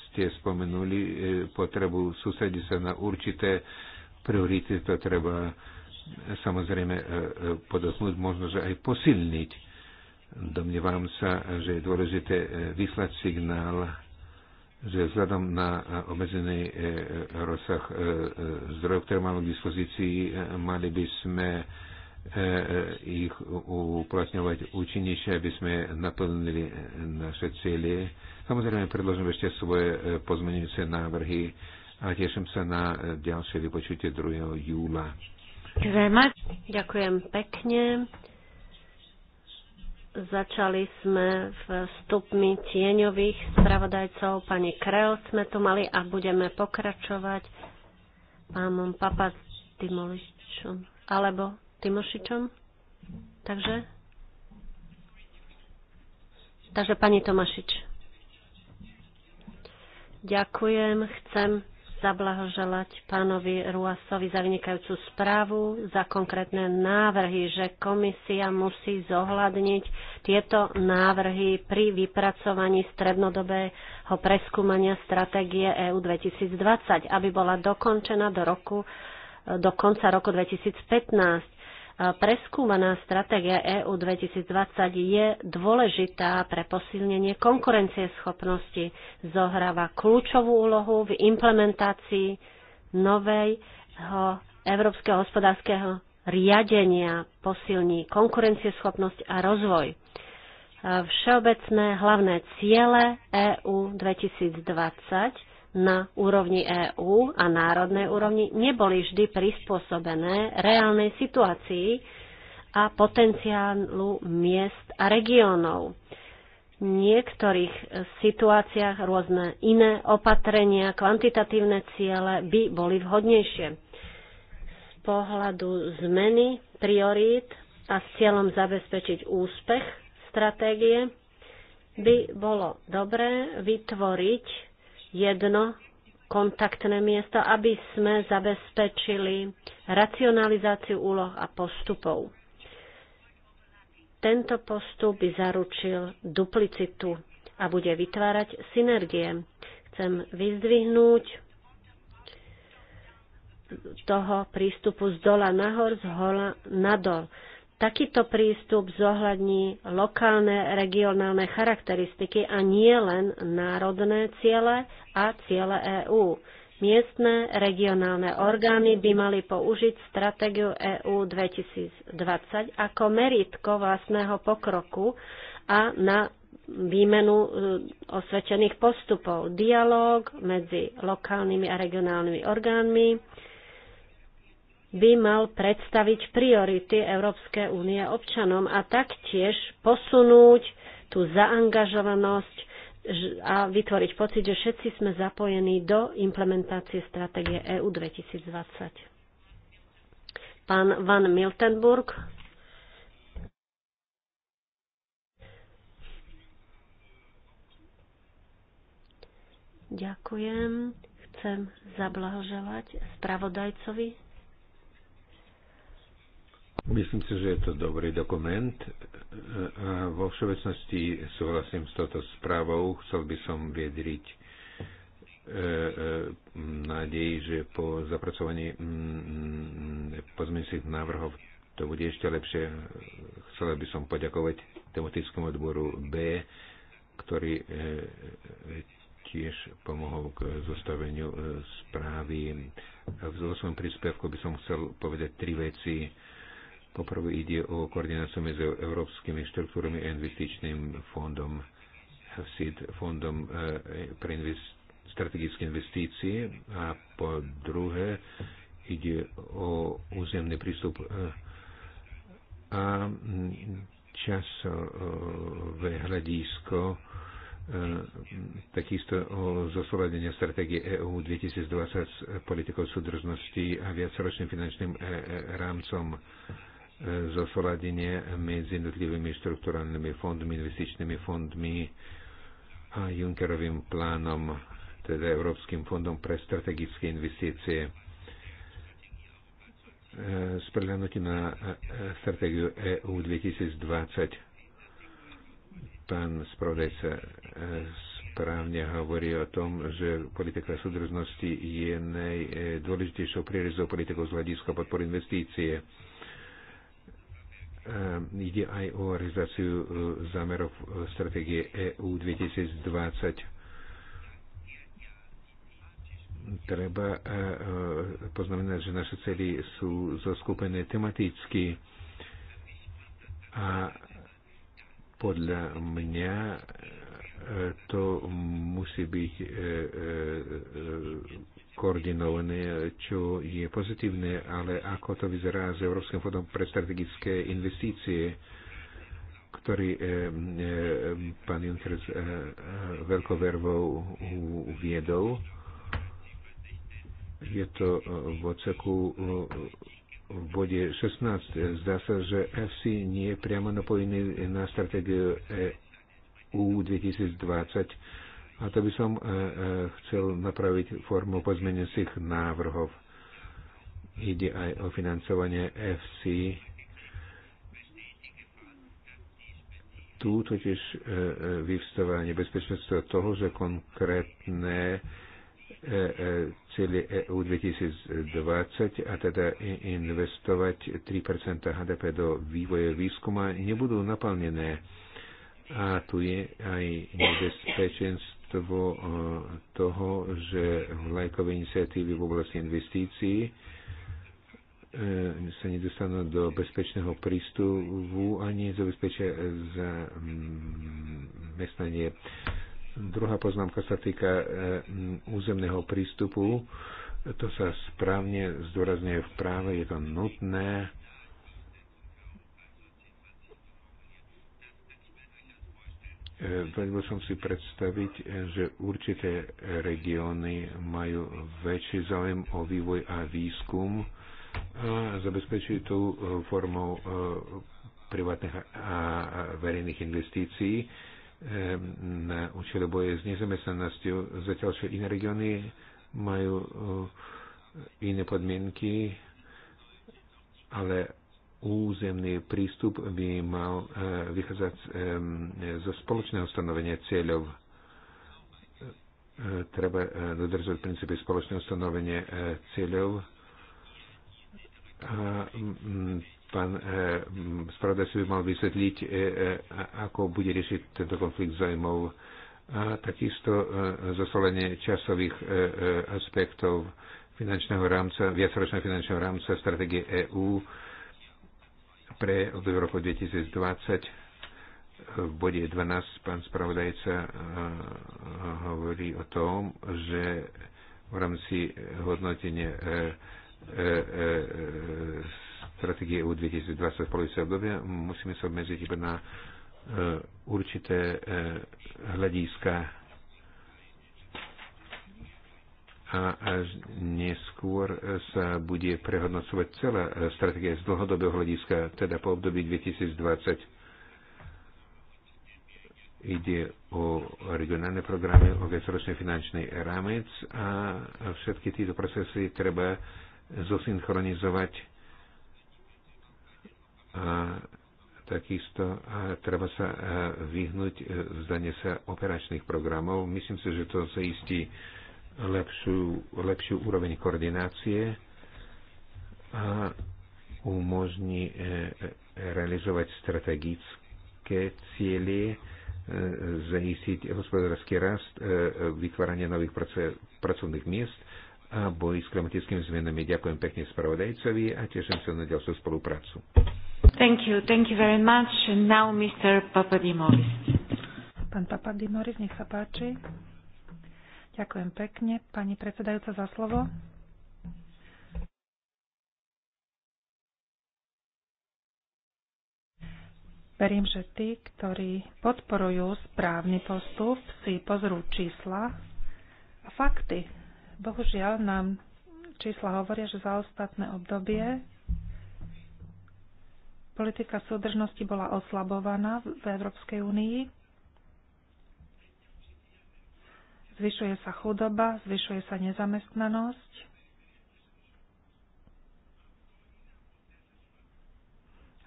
ste spomenuli potrebu sústrediť sa na určité priority to treba e, samozrejme e, e, podotknúť, možno, že aj posilniť. Domnievam sa, že je dôležité vyslať signál, že vzhľadom na obmedzený rozsah zdrojov, ktoré máme k dispozícii, mali by sme ich uplatňovať účinnejšie, aby sme naplnili naše cieľe. Samozrejme, predložím ešte svoje pozmenujúce návrhy a teším sa na e, ďalšie vypočutie 2. júla. Ďakujem pekne. Začali sme v stupmi tieňových spravodajcov. Pani Kreo sme tu mali a budeme pokračovať pánom Papa Timoličom alebo Timošičom. Takže? Takže pani Tomašič. Ďakujem. Chcem zablahoželať pánovi Ruasovi za vynikajúcu správu, za konkrétne návrhy, že komisia musí zohľadniť tieto návrhy pri vypracovaní strednodobého preskúmania stratégie EU 2020, aby bola dokončená do, roku, do konca roku 2015 preskúmaná stratégia EU 2020 je dôležitá pre posilnenie konkurencieschopnosti. Zohráva kľúčovú úlohu v implementácii nového európskeho hospodárskeho riadenia posilní konkurencieschopnosť a rozvoj. Všeobecné hlavné ciele EU 2020 na úrovni EÚ a národnej úrovni neboli vždy prispôsobené reálnej situácii a potenciálu miest a regiónov. V niektorých situáciách rôzne iné opatrenia, kvantitatívne ciele by boli vhodnejšie. Z pohľadu zmeny priorít a s cieľom zabezpečiť úspech stratégie by bolo dobré vytvoriť jedno kontaktné miesto, aby sme zabezpečili racionalizáciu úloh a postupov. Tento postup by zaručil duplicitu a bude vytvárať synergie. Chcem vyzdvihnúť toho prístupu z dola nahor, z hola nadol takýto prístup zohľadní lokálne regionálne charakteristiky a nie len národné ciele a ciele EÚ. Miestne regionálne orgány by mali použiť stratégiu EÚ 2020 ako meritko vlastného pokroku a na výmenu e, osvedčených postupov, dialóg medzi lokálnymi a regionálnymi orgánmi, by mal predstaviť priority Európskej únie občanom a taktiež posunúť tú zaangažovanosť a vytvoriť pocit, že všetci sme zapojení do implementácie stratégie EU 2020. Pán Van Miltenburg. Ďakujem. Chcem zablahoželať spravodajcovi Myslím si, že je to dobrý dokument a vo všeobecnosti súhlasím s touto správou. Chcel by som viedriť e, e, nádej, že po zapracovaní pozmeňujúcich návrhov to bude ešte lepšie. Chcela by som poďakovať tematickému odboru B, ktorý e, tiež pomohol k zostaveniu správy. V svojom príspevku by som chcel povedať tri veci Poprvé ide o koordináciu medzi európskymi štruktúrami a investičným fondom SID, fondom e, pre invest- strategické investície a po druhé ide o územný prístup e, a časové hľadisko e, takisto o zosúladenie stratégie EU 2020 s politikou súdržnosti a viacročným finančným rámcom E, zosúladenie medzi jednotlivými štruktúralnými fondmi, investičnými fondmi a Junckerovým plánom, teda Európskym fondom pre strategické investície e, s prehľadnutím na e, stratégiu EU 2020. Pán spravodajca správne hovorí o tom, že politika súdržnosti je najdôležitejšou prierezou politikou z hľadiska podpory investície. Ehm, ide aj o realizáciu e, zámerov e, stratégie EU 2020 treba e, poznamenať, že naše cely sú zoskupené tematicky a podľa mňa to musí byť koordinované, čo je pozitívne, ale ako to vyzerá s Európskym fondom pre strategické investície, ktorý e, e, pán Juncker s e, veľkou vervou uviedol. Je to v oceku v bode 16. Zdá sa, že FC nie je priamo napojený na stratégiu EU 2020 a to by som e, e, chcel napraviť formu pozmenujúcich návrhov. Ide aj o financovanie FC. Tu totiž e, e, vyvstáva nebezpečnosť toho, že konkrétne e, e, cíly EU 2020 a teda investovať 3 HDP do vývoja výskuma nebudú naplnené. A tu je aj nebezpečenstvo toho, eh, toho, že vlajkové iniciatívy v oblasti investícií eh, sa nedostanú do bezpečného prístupu a za zamestnanie. Druhá poznámka sa týka eh, územného prístupu. To sa správne zdôrazňuje v práve, je to nutné E, vedel som si predstaviť, e, že určité regióny majú väčší záujem o vývoj a výskum a zabezpečujú tú e, formou privátnych a verejných investícií na účely boje s nezamestnanosťou, zatiaľ čo iné regióny majú iné podmienky, ale územný prístup by mal e, vychádzať e, zo spoločného stanovenia cieľov. E, treba dodržovať princípy spoločného stanovenia cieľov. A pán si by mal vysvetliť, ako bude riešiť tento konflikt zájmov a takisto zasolenie časových aspektov finančného rámca, viacročného finančného rámca stratégie EÚ pre od roku 2020 v bode 12 pán spravodajca eh, hovorí o tom, že v rámci hodnotenia eh, eh, stratégie EU 2020 v polovici obdobia musíme sa obmedziť iba na určité hľadiska a až neskôr sa bude prehodnocovať celá stratégia z dlhodobého hľadiska, teda po období 2020. Ide o regionálne programy, o viacročný finančnej rámec a všetky tieto procesy treba zosynchronizovať a takisto a treba sa vyhnúť e, vzdanie sa operačných programov. Myslím si, že to zaistí istí lepšiu, lepšiu úroveň koordinácie a umožní e, e, realizovať strategické cieľe, e, zaistiť hospodársky rast, vytváranie nových pracovných miest a boj s klimatickými zmenami. Ďakujem pekne spravodajcovi a teším sa na ďalšiu spoluprácu. Thank you. Thank you very much. now Mr. Papadimoris. Pán Papadimoris, nech sa páči. Ďakujem pekne, pani predsedajúca, za slovo. Verím, že tí, ktorí podporujú správny postup, si pozrú čísla a fakty. Bohužiaľ nám čísla hovoria, že za ostatné obdobie politika súdržnosti bola oslabovaná v Európskej únii zvyšuje sa chudoba, zvyšuje sa nezamestnanosť.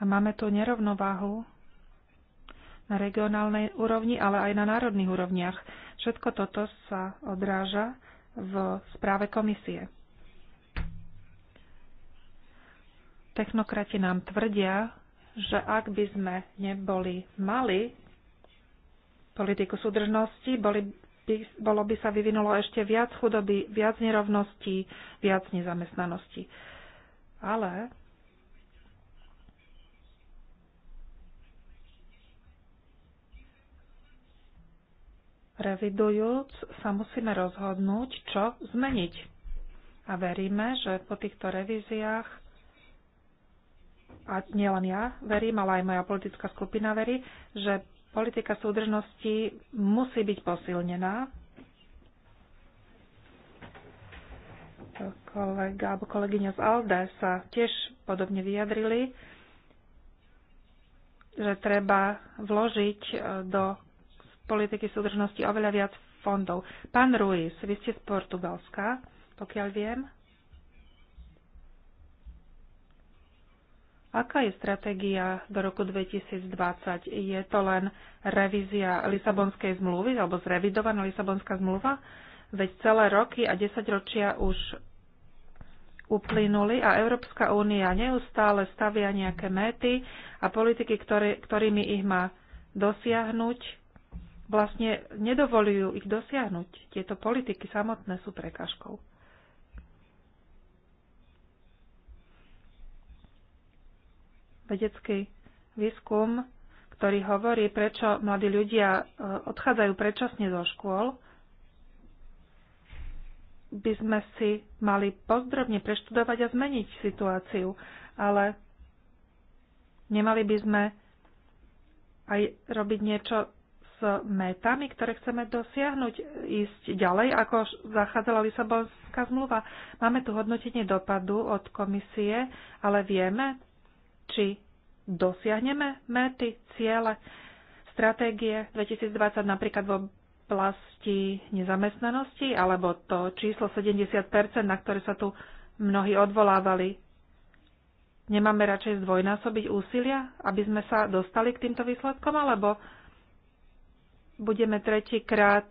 A máme tu nerovnováhu na regionálnej úrovni, ale aj na národných úrovniach. Všetko toto sa odráža v správe komisie. Technokrati nám tvrdia, že ak by sme neboli mali politiku súdržnosti, boli by, bolo by sa vyvinulo ešte viac chudoby, viac nerovností, viac nezamestnanosti. Ale Revidujúc sa musíme rozhodnúť, čo zmeniť. A veríme, že po týchto revíziách, a nielen ja verím, ale aj moja politická skupina verí, že Politika súdržnosti musí byť posilnená. Kolega alebo kolegyňa z ALDE sa tiež podobne vyjadrili, že treba vložiť e, do politiky súdržnosti oveľa viac fondov. Pán Ruiz, vy ste z Portugalska, pokiaľ viem. Aká je stratégia do roku 2020? Je to len revízia Lisabonskej zmluvy alebo zrevidovaná Lisabonská zmluva? Veď celé roky a desaťročia už uplynuli a Európska únia neustále stavia nejaké méty a politiky, ktorý, ktorými ich má dosiahnuť, vlastne nedovolujú ich dosiahnuť. Tieto politiky samotné sú prekažkou. vedecký výskum, ktorý hovorí, prečo mladí ľudia e, odchádzajú predčasne zo škôl, by sme si mali pozdrobne preštudovať a zmeniť situáciu, ale nemali by sme aj robiť niečo s metami, ktoré chceme dosiahnuť, ísť ďalej, ako zachádzala Lisabonská zmluva. Máme tu hodnotenie dopadu od komisie, ale vieme, či dosiahneme mety, ciele, stratégie 2020 napríklad v oblasti nezamestnanosti, alebo to číslo 70%, na ktoré sa tu mnohí odvolávali. Nemáme radšej zdvojnásobiť úsilia, aby sme sa dostali k týmto výsledkom, alebo budeme tretíkrát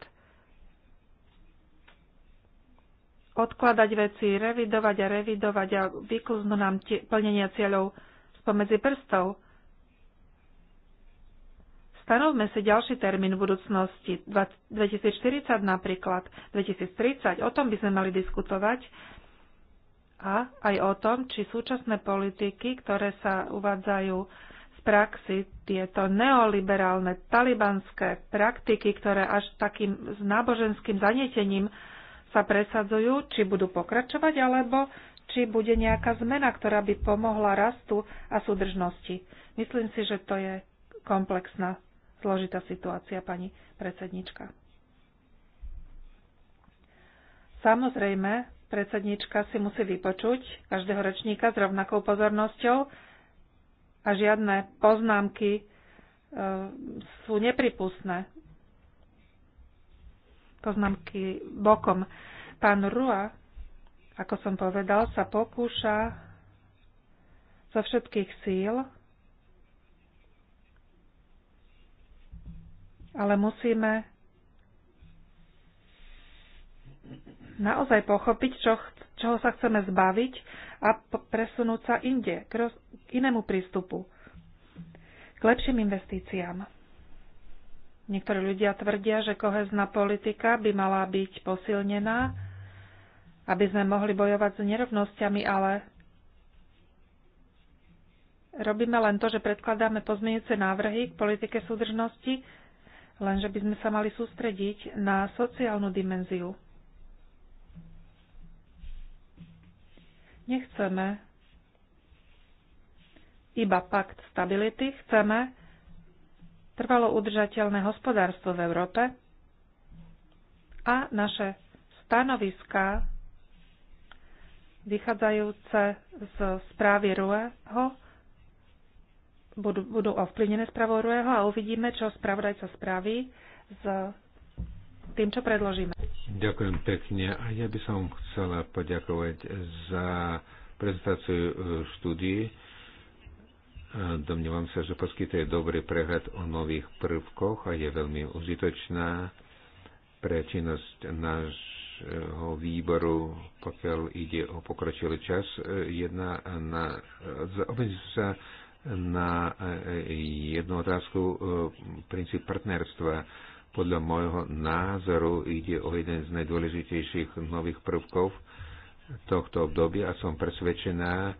odkladať veci, revidovať a revidovať a vyklznú nám plnenia cieľov spomedzi prstov. Stanovme si ďalší termín v budúcnosti, 2040 napríklad, 2030, o tom by sme mali diskutovať a aj o tom, či súčasné politiky, ktoré sa uvádzajú z praxi, tieto neoliberálne talibanské praktiky, ktoré až takým náboženským zanietením sa presadzujú, či budú pokračovať, alebo či bude nejaká zmena, ktorá by pomohla rastu a súdržnosti. Myslím si, že to je komplexná, zložitá situácia, pani predsednička. Samozrejme, predsednička si musí vypočuť každého rečníka s rovnakou pozornosťou a žiadne poznámky e, sú nepripustné. Poznámky bokom. Pán Rua ako som povedal, sa pokúša zo všetkých síl, ale musíme naozaj pochopiť, čo, čoho sa chceme zbaviť a presunúť sa inde, k, roz, k inému prístupu, k lepším investíciám. Niektorí ľudia tvrdia, že kohezná politika by mala byť posilnená, aby sme mohli bojovať s nerovnosťami, ale robíme len to, že predkladáme pozmeňujúce návrhy k politike súdržnosti, lenže by sme sa mali sústrediť na sociálnu dimenziu. Nechceme iba pakt stability, chceme trvalo udržateľné hospodárstvo v Európe a naše stanoviská vychádzajúce z správy Rueho budú, budú ovplyvnené správou Rueho a uvidíme, čo spravodajca spraví s tým, čo predložíme. Ďakujem pekne a ja by som chcela poďakovať za prezentáciu e, štúdii. E, Domnívam sa, že poskytuje dobrý prehľad o nových prvkoch a je veľmi užitočná pre činnosť náš nášho výboru, pokiaľ ide o pokročilý čas, e, jedna na, sa na e, jednu otázku e, princíp partnerstva. Podľa môjho názoru ide o jeden z najdôležitejších nových prvkov tohto obdobia a som presvedčená,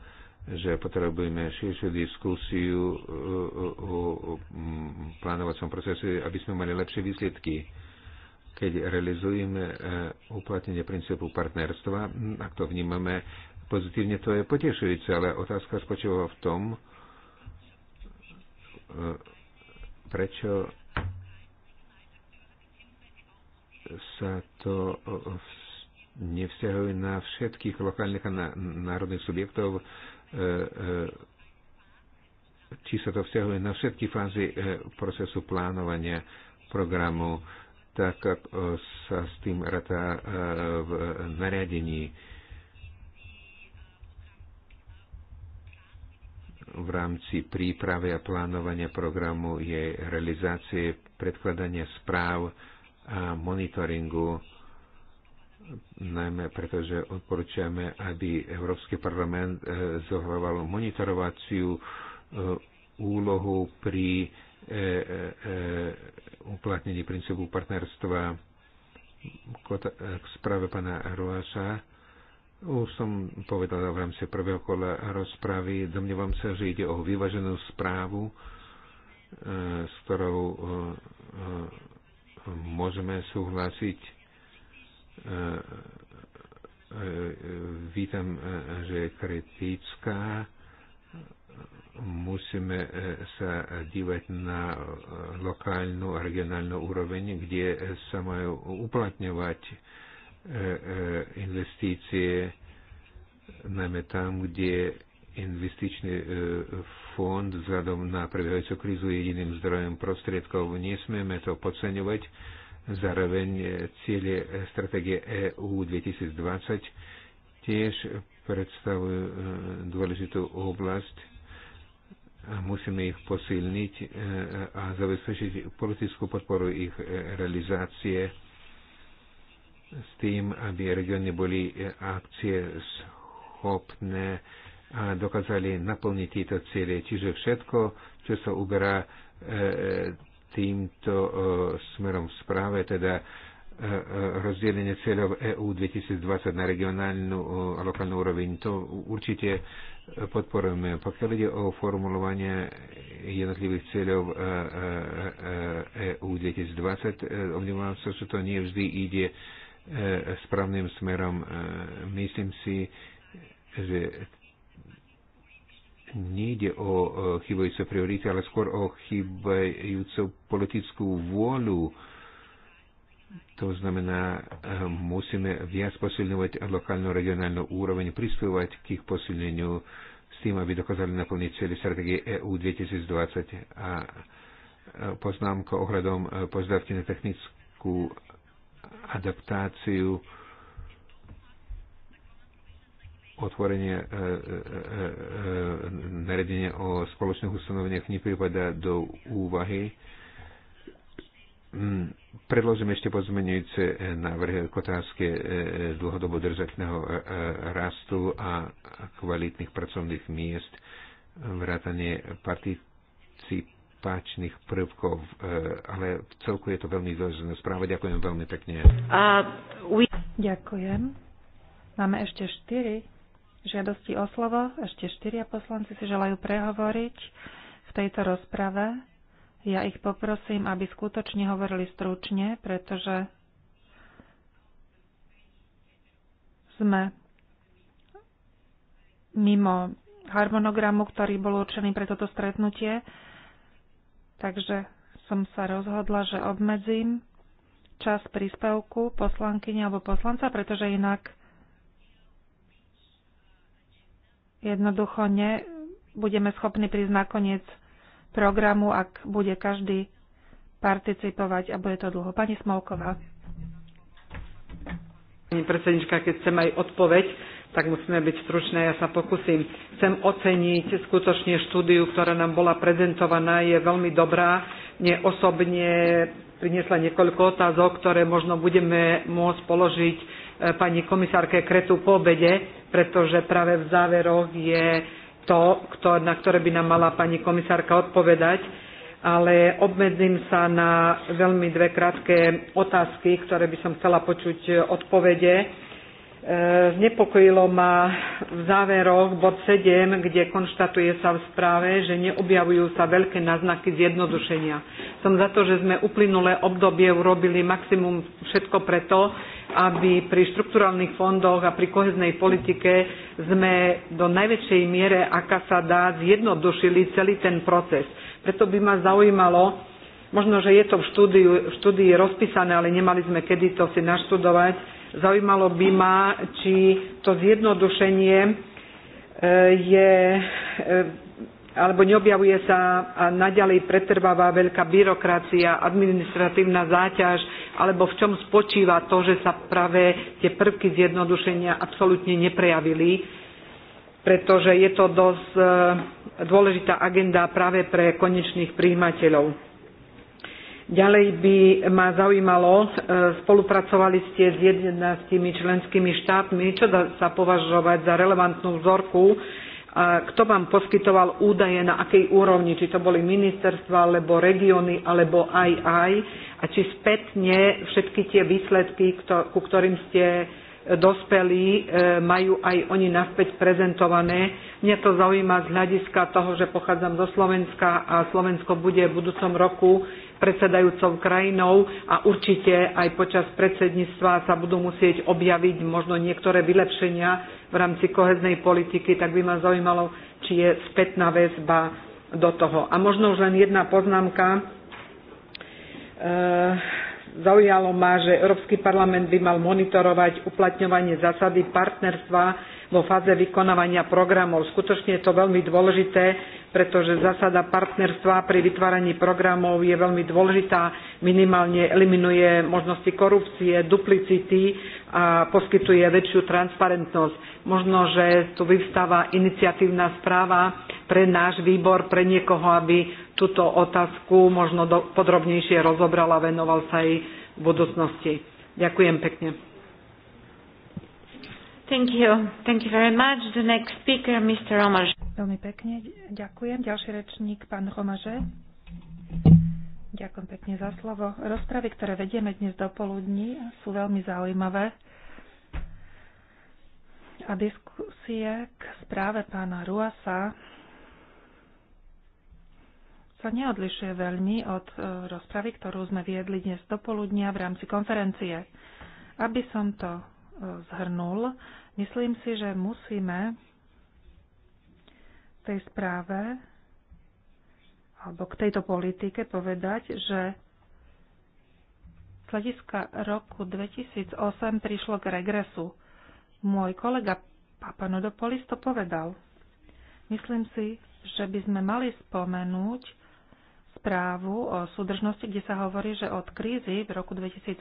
že potrebujeme širšiu diskusiu o plánovacom procese, aby sme mali lepšie výsledky keď realizujeme e, uplatnenie princípu partnerstva, ak to vnímame pozitívne, to je potešujúce, ale otázka spočíva v tom, e, prečo sa to nevzťahuje na všetkých lokálnych a národných subjektov, e, či sa to vzťahuje na všetky fázy procesu plánovania programu tak ako e, sa s tým rata e, v nariadení v rámci prípravy a plánovania programu, jej realizácie, predkladania správ a monitoringu, najmä pretože odporúčame, aby Európsky parlament e, zohľadoval monitorovaciu úlohu pri E, e, e, uplatnenie princípu partnerstva k správe pana Roáša. Už som povedal v rámci prvého kola rozpravy, domnievam sa, že ide o vyvaženú správu, s ktorou môžeme súhlasiť. Vítam, že je kritická musíme e, sa dívať na e, lokálnu a regionálnu úroveň, kde sa majú uplatňovať e, investície, najmä tam, kde investičný fond vzhľadom na prebiehajúcu krízu je jediným zdrojom prostriedkov. Nesmieme to podceňovať. Zároveň cieľe stratégie EU 2020 tiež predstavujú dôležitú oblasť Musíme ich posilniť e, a zabezpečiť politickú podporu ich e, realizácie s tým, aby regióny boli e, akcie schopné a dokázali naplniť tieto cieľe. Čiže všetko, čo sa uberá týmto smerom v správe, teda rozdelenie cieľov EU 2020 na regionálnu a lokálnu úroveň. To určite podporujeme. Pokiaľ ide o formulovanie jednotlivých cieľov EU 2020, obdivujem sa, že to nie vždy ide e, správnym smerom. E, myslím si, že nejde o chybajúce priority, ale skôr o chybajúcu politickú vôľu to znamená, eh, musíme viac posilňovať lokálnu regionálnu úroveň, prispievať k ich posilneniu s tým, aby dokázali naplniť cieľe stratégie EU 2020. A eh, poznámka ohľadom eh, pozdravky na technickú adaptáciu otvorenie e, naredenia o spoločných ustanoveniach nepripadá do úvahy. Mm, Predložím ešte pozmenujúce e, návrhy k otázke e, dlhodobo držateľného e, rastu a kvalitných pracovných miest, vrátanie participačných prvkov, ale v celku je to veľmi dôležitá správa. Ďakujem veľmi pekne. Uh, we... Ďakujem. Máme ešte štyri žiadosti o slovo. Ešte štyria poslanci si želajú prehovoriť v tejto rozprave. Ja ich poprosím, aby skutočne hovorili stručne, pretože sme mimo harmonogramu, ktorý bol určený pre toto stretnutie. Takže som sa rozhodla, že obmedzím čas príspevku poslankyne alebo poslanca, pretože inak jednoducho nebudeme schopní prísť nakoniec programu, ak bude každý participovať a bude to dlho. Pani Smolková. Pani predsednička, keď chcem aj odpoveď, tak musíme byť stručné, ja sa pokúsim. Chcem oceniť skutočne štúdiu, ktorá nám bola prezentovaná, je veľmi dobrá. Mne osobne priniesla niekoľko otázok, ktoré možno budeme môcť položiť eh, pani komisárke Kretu po obede, pretože práve v záveroch je to, na ktoré by nám mala pani komisárka odpovedať, ale obmedzím sa na veľmi dve krátke otázky, ktoré by som chcela počuť odpovede Eh, znepokojilo ma v záveroch bod 7, kde konštatuje sa v správe, že neobjavujú sa veľké náznaky zjednodušenia. Som za to, že sme uplynulé obdobie urobili maximum všetko preto, aby pri štrukturálnych fondoch a pri koheznej politike sme do najväčšej miere, aká sa dá, zjednodušili celý ten proces. Preto by ma zaujímalo, možno, že je to v štúdiu, v štúdii rozpísané, ale nemali sme kedy to si naštudovať, Zaujímalo by ma, či to zjednodušenie e, je e, alebo neobjavuje sa a naďalej pretrváva veľká byrokracia, administratívna záťaž, alebo v čom spočíva to, že sa práve tie prvky zjednodušenia absolútne neprejavili, pretože je to dosť e, dôležitá agenda práve pre konečných príjimateľov Ďalej by ma zaujímalo, e, spolupracovali ste s 11 členskými štátmi, čo dá sa považovať za relevantnú vzorku, kto vám poskytoval údaje na akej úrovni, či to boli ministerstva, alebo regióny, alebo aj aj, a či spätne všetky tie výsledky, ku ktorým ste dospelí e, majú aj oni naspäť prezentované. Mňa to zaujíma z hľadiska toho, že pochádzam zo Slovenska a Slovensko bude v budúcom roku predsedajúcou krajinou a určite aj počas predsedníctva sa budú musieť objaviť možno niektoré vylepšenia v rámci koheznej politiky, tak by ma zaujímalo, či je spätná väzba do toho. A možno už len jedna poznámka. Ehm, zaujalo ma, že Európsky parlament by mal monitorovať uplatňovanie zásady partnerstva vo fáze vykonávania programov. Skutočne je to veľmi dôležité, pretože zásada partnerstva pri vytváraní programov je veľmi dôležitá, minimálne eliminuje možnosti korupcie, duplicity a poskytuje väčšiu transparentnosť. Možno, že tu vyvstáva iniciatívna správa pre náš výbor, pre niekoho, aby túto otázku možno do, podrobnejšie rozobral a venoval sa jej v budúcnosti. Ďakujem pekne. Thank you. Thank you very much. The next speaker, Mr. Omar. Veľmi pekne ďakujem. Ďalší rečník, pán Romaže. Ďakujem pekne za slovo. Rozpravy, ktoré vedieme dnes do poludní, sú veľmi zaujímavé. A diskusie k správe pána Ruasa sa neodlišuje veľmi od e, rozpravy, ktorú sme viedli dnes do poludnia v rámci konferencie. Aby som to e, zhrnul, myslím si, že musíme tej správe alebo k tejto politike povedať, že z hľadiska roku 2008 prišlo k regresu. Môj kolega Papanodopolis to povedal. Myslím si, že by sme mali spomenúť správu o súdržnosti, kde sa hovorí, že od krízy v roku 2008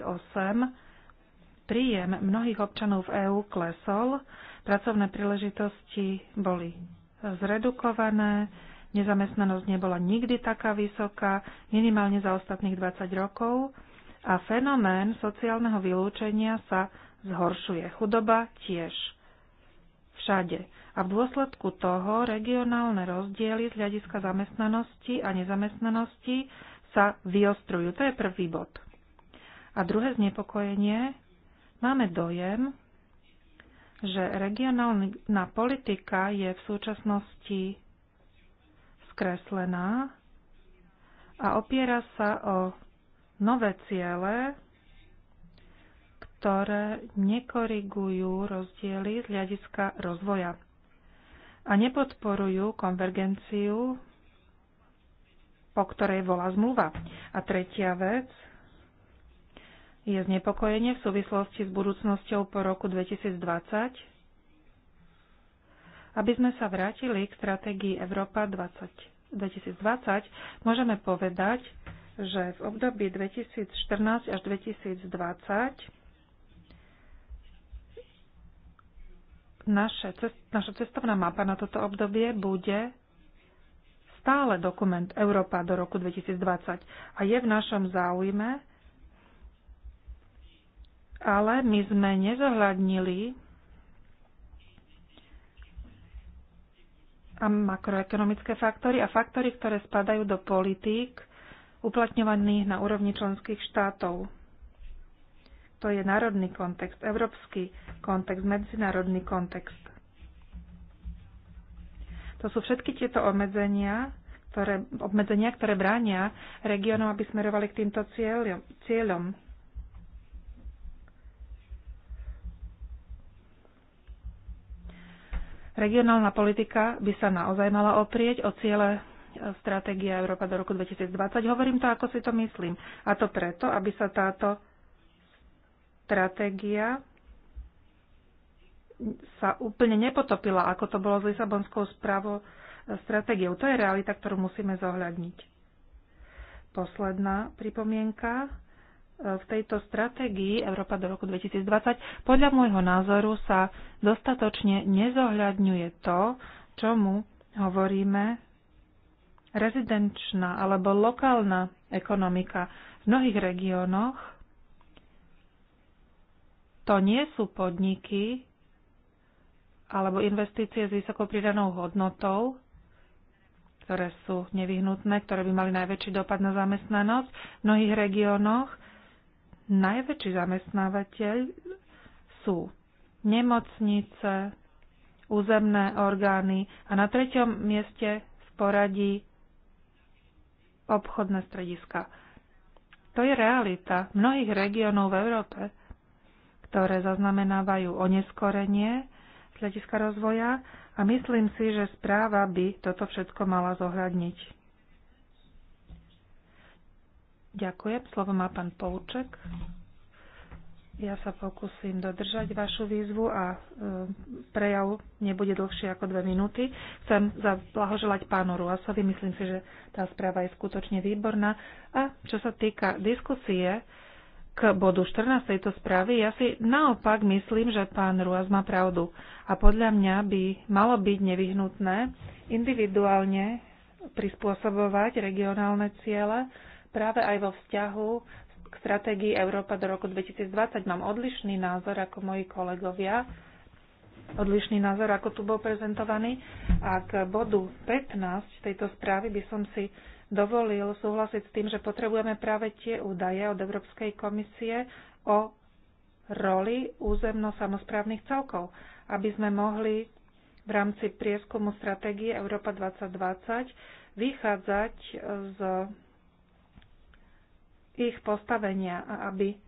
príjem mnohých občanov v EÚ klesol, pracovné príležitosti boli zredukované, nezamestnanosť nebola nikdy taká vysoká, minimálne za ostatných 20 rokov a fenomén sociálneho vylúčenia sa zhoršuje. Chudoba tiež. Všade. A v dôsledku toho regionálne rozdiely z hľadiska zamestnanosti a nezamestnanosti sa vyostrujú. To je prvý bod. A druhé znepokojenie. Máme dojem, že regionálna politika je v súčasnosti skreslená a opiera sa o nové ciele, ktoré nekorigujú rozdiely z hľadiska rozvoja a nepodporujú konvergenciu, po ktorej volá zmluva. A tretia vec – je znepokojenie v súvislosti s budúcnosťou po roku 2020. Aby sme sa vrátili k stratégii Európa 20, 2020, môžeme povedať, že v období 2014 až 2020 naše, naša cestovná mapa na toto obdobie bude stále dokument Európa do roku 2020 a je v našom záujme ale my sme nezohľadnili a makroekonomické faktory a faktory, ktoré spadajú do politík uplatňovaných na úrovni členských štátov. To je národný kontext, európsky kontext, medzinárodný kontext. To sú všetky tieto obmedzenia, ktoré, obmedzenia, ktoré bránia regiónom, aby smerovali k týmto cieľom. cieľom. Regionálna politika by sa naozaj mala oprieť o ciele e, stratégia Európa do roku 2020. Hovorím to, ako si to myslím. A to preto, aby sa táto stratégia sa úplne nepotopila, ako to bolo s Lisabonskou správou e, stratégiou. To je realita, ktorú musíme zohľadniť. Posledná pripomienka v tejto stratégii Európa do roku 2020 podľa môjho názoru sa dostatočne nezohľadňuje to, čomu hovoríme rezidenčná alebo lokálna ekonomika. V mnohých regiónoch to nie sú podniky alebo investície s vysokou pridanou hodnotou, ktoré sú nevyhnutné, ktoré by mali najväčší dopad na zamestnanosť. V mnohých regiónoch najväčší zamestnávateľ sú nemocnice, územné orgány a na treťom mieste v poradí obchodné strediska. To je realita mnohých regiónov v Európe, ktoré zaznamenávajú oneskorenie z hľadiska rozvoja a myslím si, že správa by toto všetko mala zohľadniť. Ďakujem. Slovo má pán Pouček. Ja sa pokúsim dodržať vašu výzvu a e, prejav nebude dlhšie ako dve minúty. Chcem zablahoželať pánu Ruasovi. Myslím si, že tá správa je skutočne výborná. A čo sa týka diskusie k bodu 14 tejto správy, ja si naopak myslím, že pán Ruas má pravdu. A podľa mňa by malo byť nevyhnutné individuálne prispôsobovať regionálne ciele práve aj vo vzťahu k stratégii Európa do roku 2020. Mám odlišný názor ako moji kolegovia, odlišný názor ako tu bol prezentovaný. A k bodu 15 tejto správy by som si dovolil súhlasiť s tým, že potrebujeme práve tie údaje od Európskej komisie o roli územno-samozprávnych celkov, aby sme mohli v rámci prieskumu stratégie Európa 2020 vychádzať z ich postavenia a aby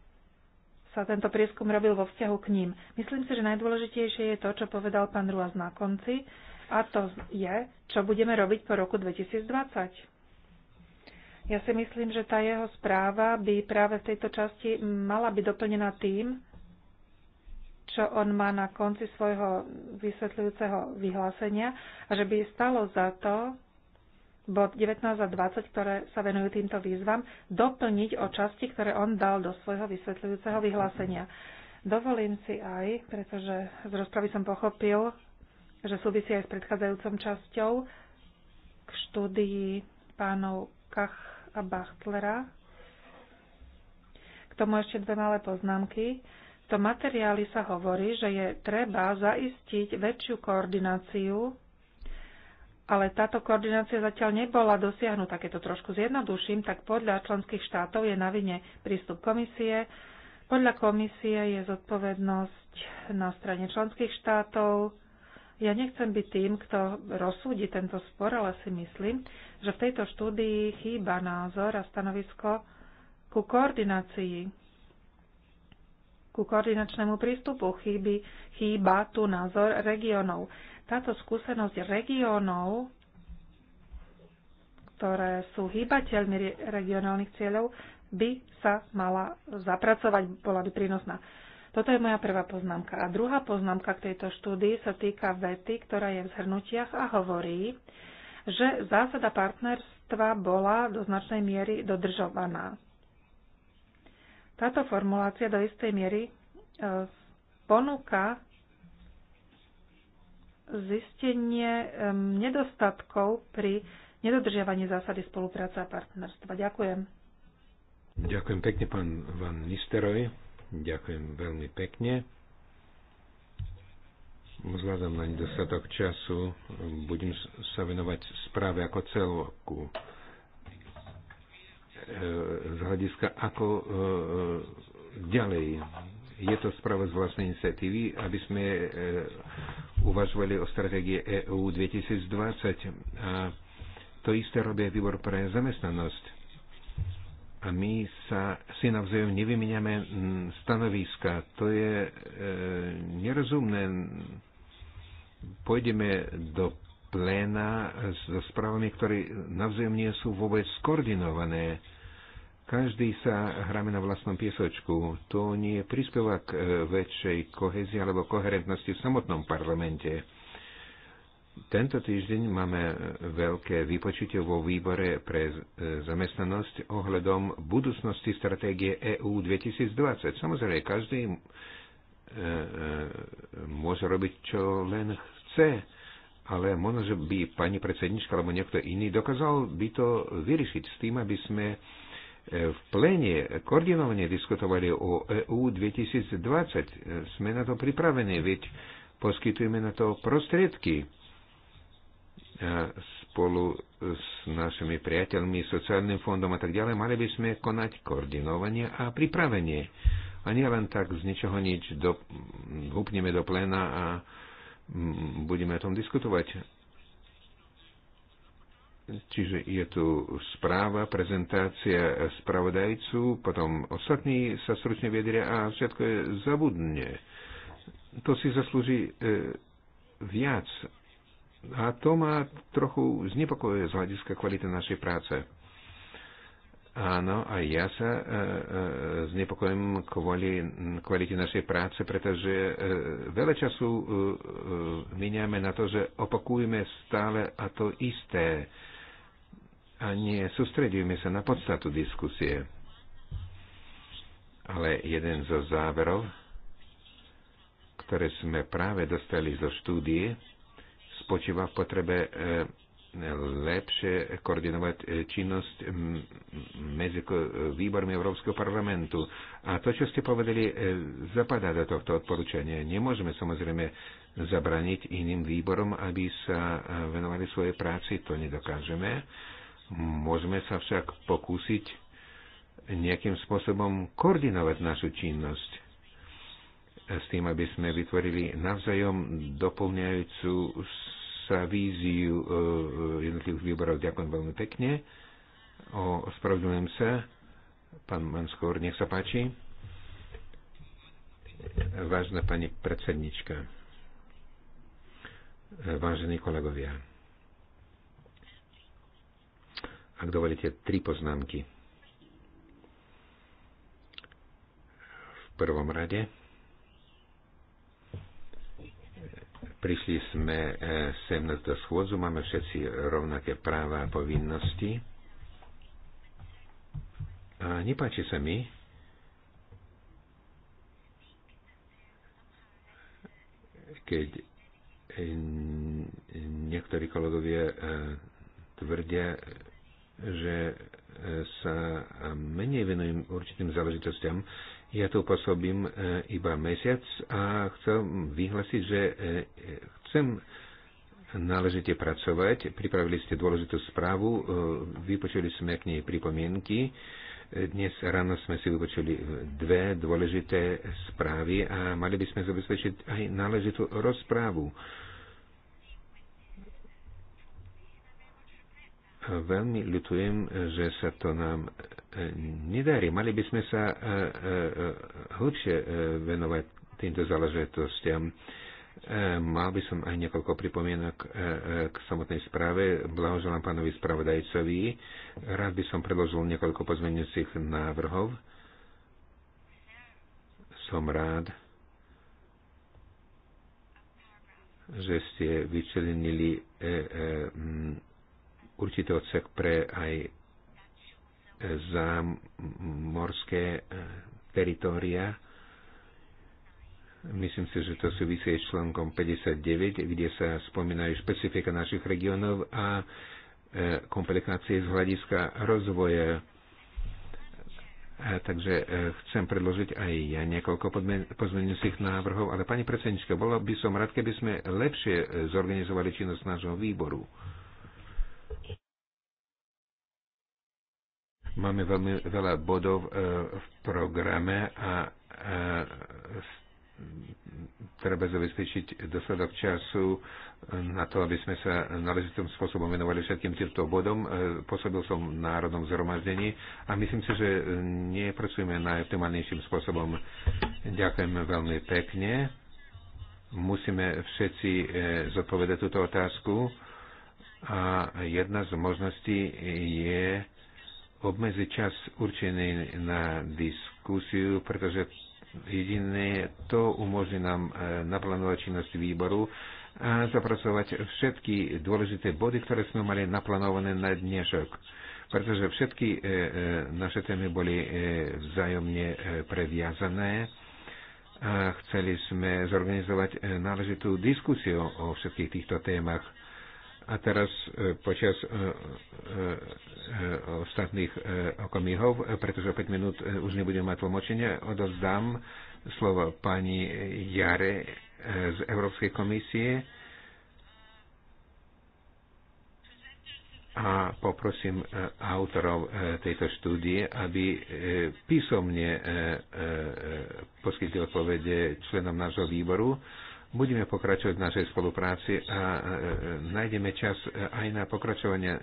sa tento prieskum robil vo vzťahu k ním. Myslím si, že najdôležitejšie je to, čo povedal pán Ruaz na konci, a to je, čo budeme robiť po roku 2020. Ja si myslím, že tá jeho správa by práve v tejto časti mala byť doplnená tým, čo on má na konci svojho vysvetľujúceho vyhlásenia a že by stalo za to bod 19 a 20, ktoré sa venujú týmto výzvam, doplniť o časti, ktoré on dal do svojho vysvetľujúceho vyhlásenia. Dovolím si aj, pretože z rozpravy som pochopil, že súvisí aj s predchádzajúcom časťou k štúdii pánov Kach a Bachtlera. K tomu ešte dve malé poznámky. V tom materiáli sa hovorí, že je treba zaistiť väčšiu koordináciu ale táto koordinácia zatiaľ nebola dosiahnutá. Keď to trošku zjednoduším, tak podľa členských štátov je na vine prístup komisie, podľa komisie je zodpovednosť na strane členských štátov. Ja nechcem byť tým, kto rozsúdi tento spor, ale si myslím, že v tejto štúdii chýba názor a stanovisko ku koordinácii, ku koordinačnému prístupu. Chýby, chýba tu názor regionov táto skúsenosť regiónov, ktoré sú hýbateľmi regionálnych cieľov, by sa mala zapracovať, bola by prínosná. Toto je moja prvá poznámka. A druhá poznámka k tejto štúdii sa týka vety, ktorá je v zhrnutiach a hovorí, že zásada partnerstva bola do značnej miery dodržovaná. Táto formulácia do istej miery e, ponúka zistenie nedostatkov pri nedodržiavaní zásady spolupráca a partnerstva. Ďakujem. Ďakujem pekne, pán Van Nisteroj. Ďakujem veľmi pekne. Vzhľadom na nedostatok času budem sa venovať správe ako celoku. E, z hľadiska ako e, e, ďalej. Je to správa z vlastnej iniciatívy, aby sme uvažovali o stratégie EU 2020 a to isté robia výbor pre zamestnanosť. A my sa si navzájom nevymeniame stanoviska. To je e, nerozumné. Pôjdeme do pléna so správami, ktoré navzájom nie sú vôbec skoordinované. E, každý sa hráme na vlastnom piesočku. To nie prispieva k e, väčšej kohezii alebo koherentnosti v samotnom parlamente. Tento týždeň máme veľké vypočutie vo výbore pre e, zamestnanosť ohľadom budúcnosti stratégie EU 2020. Samozrejme, každý e, môže robiť, čo len chce, ale možno, že by pani predsednička alebo niekto iný dokázal by to vyriešiť s tým, aby sme E, v plene koordinovane diskutovali o EU 2020. E, sme na to pripravení, veď poskytujeme na to prostriedky. A e, spolu s našimi priateľmi, sociálnym fondom a tak ďalej, mali by sme konať koordinovanie a pripravenie. A nie len tak z ničoho nič do, hupneme do plena a budeme o tom diskutovať Čiže je tu správa, prezentácia spravodajcu, potom ostatní sa stručne viedria a všetko je zabudne. To si zaslúži e, viac. A to ma trochu znepokojuje z hľadiska kvality našej práce. Áno, a ja sa e, e, znepokojím kvôli kvalite našej práce, pretože e, veľa času e, e, miniame na to, že opakujeme stále a to isté. E, a nie sústredujeme sa na podstatu diskusie. Ale jeden zo záverov, ktoré sme práve dostali zo štúdie, spočíva v potrebe e, lepšie koordinovať e, činnosť medzi výbormi Európskeho parlamentu. A to, čo ste povedali, e, zapadá do tohto odporúčania. Nemôžeme samozrejme zabraniť iným výborom, aby sa venovali svojej práci, to nedokážeme Môžeme sa však pokúsiť nejakým spôsobom koordinovať našu činnosť s tým, aby sme vytvorili navzájom doplňajúcu sa víziu e, e jednotlivých výborov. Ďakujem veľmi pekne. O, spravodlňujem sa. Pán Manskor, nech sa páči. Vážna pani predsednička, e, vážení kolegovia. ak dovolíte, tri poznámky. V prvom rade prišli sme e, sem na do schôdzu, máme všetci rovnaké práva a povinnosti. A nepáči sa mi, keď niektorí kolegovia e, tvrdia, že e, sa menej venujem určitým záležitostiam. Ja tu pôsobím e, iba mesiac a chcem vyhlasiť, že e, chcem náležite pracovať. Pripravili ste dôležitú správu, vypočuli sme k nej pripomienky. Dnes ráno sme si vypočuli dve dôležité správy a mali by sme zabezpečiť aj náležitú rozprávu veľmi ľutujem, že sa to nám e, nedarí. Mali by sme sa e, e, hlbšie venovať týmto záležitostiam. Mal by som aj niekoľko pripomienok k samotnej správe. Blahoželám pánovi spravodajcovi. Rád by som predložil niekoľko pozmeňujúcich návrhov. Som rád, že ste vyčlenili e, e, určitý odsek pre aj zámorské e, teritória. Myslím si, že to súvisí s článkom 59, kde sa spomínajú špecifika našich regionov a e, komplikácie z hľadiska rozvoja. takže e, chcem predložiť aj ja niekoľko pozmeňujúcich návrhov, ale pani predsednička, bolo by som rád, keby sme lepšie zorganizovali činnosť nášho výboru. Máme veľmi veľa bodov e, v programe a e, treba zabezpečiť dosledok času na to, aby sme sa náležitým spôsobom venovali všetkým týmto bodom. E, pôsobil som v Národnom zhromaždení a myslím si, že nepracujeme najoptimálnejším spôsobom. Ďakujem veľmi pekne. Musíme všetci zodpovedať túto otázku a jedna z možností je obmedzi čas určený na diskusiu, pretože jediné to umožní nám e, naplánovať činnosť výboru a zapracovať všetky dôležité body, ktoré sme mali naplánované na dnešok. Pretože všetky e, e, naše témy boli vzájomne previazané a chceli sme zorganizovať náležitú diskusiu o všetkých týchto témach a teraz e, počas e, e, ostatných okamihov, pretože o 5 minút už nebudem mať tlmočenia, odozdám slovo pani Jare z Európskej komisie a poprosím autorov tejto štúdie, aby písomne poskytli odpovede členom nášho výboru Budeme pokračovať v našej spolupráci a nájdeme čas aj na pokračovanie e, e,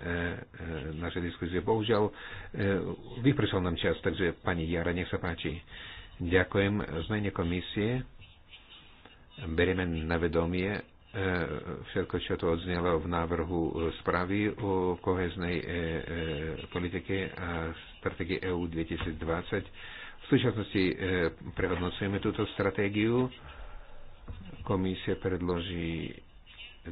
našej diskusie. Bohužiaľ, e, vypršal nám čas, takže pani Jara, nech sa páči. Ďakujem v mene komisie. Berieme na vedomie všetko, čo to odznelo v návrhu správy o koheznej politike a strategii EU 2020. V súčasnosti prehodnocujeme túto stratégiu Komisia predloží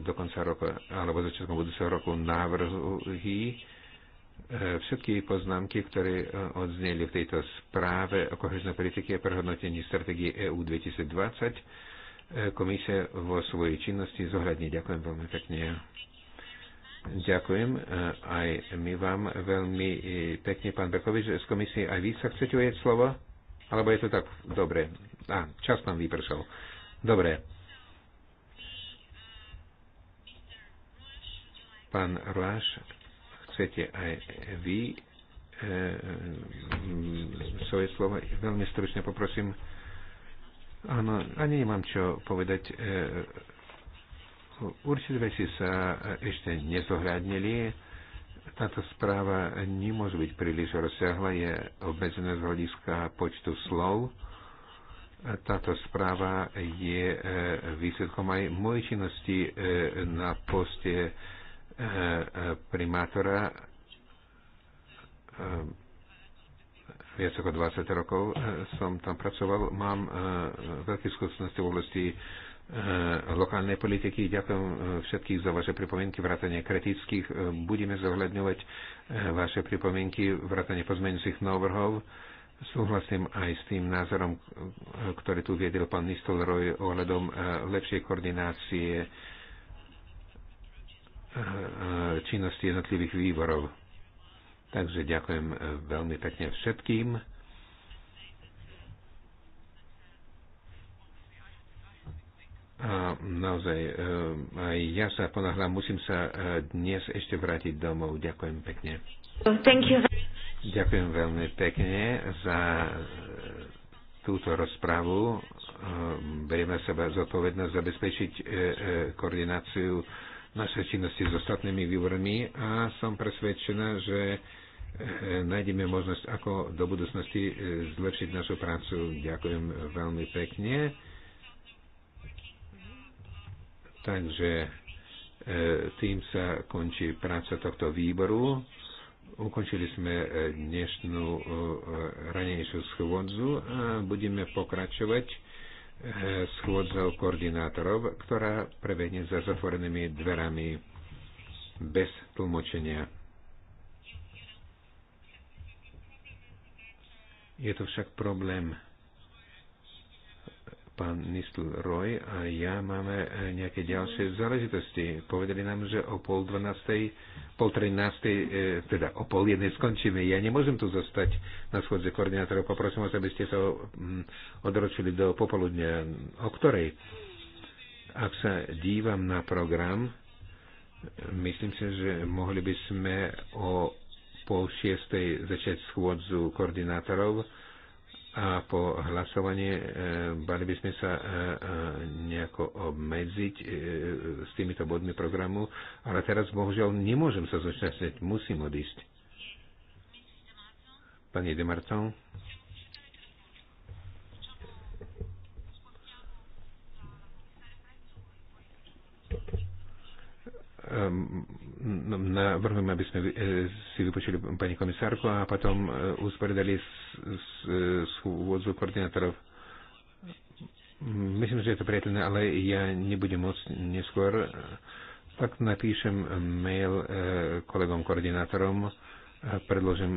do konca roka alebo začiatkom budúceho roku návrhy e, všetky poznámky, ktoré e, odzneli v tejto správe o kohezné politike a prehodnotení stratégie EU 2020. Komisia vo svojej činnosti zohľadní. Ďakujem veľmi pekne. Ďakujem e, aj my vám veľmi pekne, pán Bekovič, z komisie. Aj vy sa chcete ujeť slovo? Alebo je to tak? Dobre. Á, čas nám vypršal. Dobre. Pán Roáš, chcete aj vy e, svoje slovo? Veľmi stručne poprosím. Áno, ani nemám čo povedať. E, určite veci sa ešte nezohľadnili. Táto správa nemôže byť príliš rozsiahla, je obmedzená z hľadiska počtu slov táto správa je e, výsledkom aj mojej činnosti e, na poste primátora eh, viac ako 20 rokov eh, som tam pracoval. Mám eh, veľké skúsenosti v oblasti lokálnej politiky. Ďakujem všetkých za vaše pripomienky, vrátanie kritických. Budeme zohľadňovať vaše pripomienky, vrátanie pozmeňujúcich návrhov. Súhlasím aj s tým názorom, ktorý tu viedel pán Nistelroj ohľadom lepšej koordinácie Eh, činnosti jednotlivých výborov. Takže ďakujem eh, veľmi pekne všetkým. A naozaj, eh, aj ja sa ponáhľam, musím sa dnes ešte vrátiť domov. Ďakujem pekne. Thank you. Ďakujem veľmi pekne za túto rozpravu. Berieme sa zodpovednosť zabezpečiť koordináciu našej činnosti s ostatnými výbormi a som presvedčená, že e, nájdeme možnosť, ako do budúcnosti e, zlepšiť našu prácu. Ďakujem veľmi pekne. Takže e, tým sa končí práca tohto výboru. Ukončili sme dnešnú ranejšiu schôdzu a budeme pokračovať schôdzou koordinátorov, ktorá prebehne za zatvorenými dverami bez tlmočenia. Je to však problém pán Nistl Roy a ja máme e, nejaké ďalšie záležitosti. Povedali nám, že o pol dvanástej, pol trinástej, e, teda o pol jednej skončíme. Ja nemôžem tu zostať na schodze koordinátorov. Poprosím vás, aby ste sa mm, odročili do popoludne, O ktorej? Ak sa dívam na program, myslím si, že mohli by sme o pol šiestej začať schôdzu koordinátorov a po hlasovaní bali e, by sme sa e, e, nejako obmedziť s týmito bodmi programu, ale teraz bohužiaľ nemôžem sa zúčastniť, musím odísť. Pani Demarton. Um, ehm, navrhujem, aby sme e, si vypočuli pani komisárku a potom e, usporiadali e, schôdzu koordinátorov. Myslím, že je to priateľné, ale ja nebudem môcť neskôr. Tak napíšem mail kolegom koordinátorom, predložím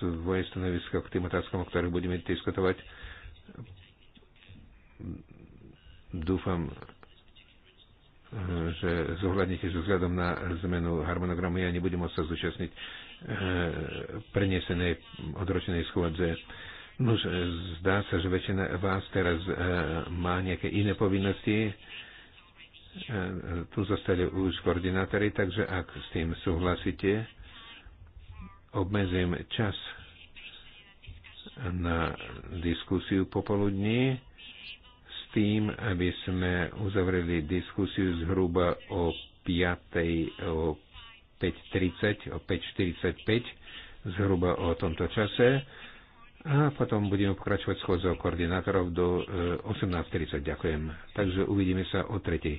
svoje stanovisko k tým otázkom, o ktorých budeme diskutovať. Dúfam, že zohľadnite, že vzhľadom na zmenu harmonogramu ja nebudem môcť sa zúčastniť e, prenesenej odročenej schôdze. No, zdá sa, že väčšina vás teraz e, má nejaké iné povinnosti. Tu zostali už koordinátori, takže ak s tým súhlasíte, obmedzím čas na diskusiu popoludní tým, aby sme uzavreli diskusiu zhruba o 5. o 5.30, o 5.45, zhruba o tomto čase. A potom budeme pokračovať schôdzou koordinátorov do 18.30. E, Ďakujem. Takže uvidíme sa o tretej.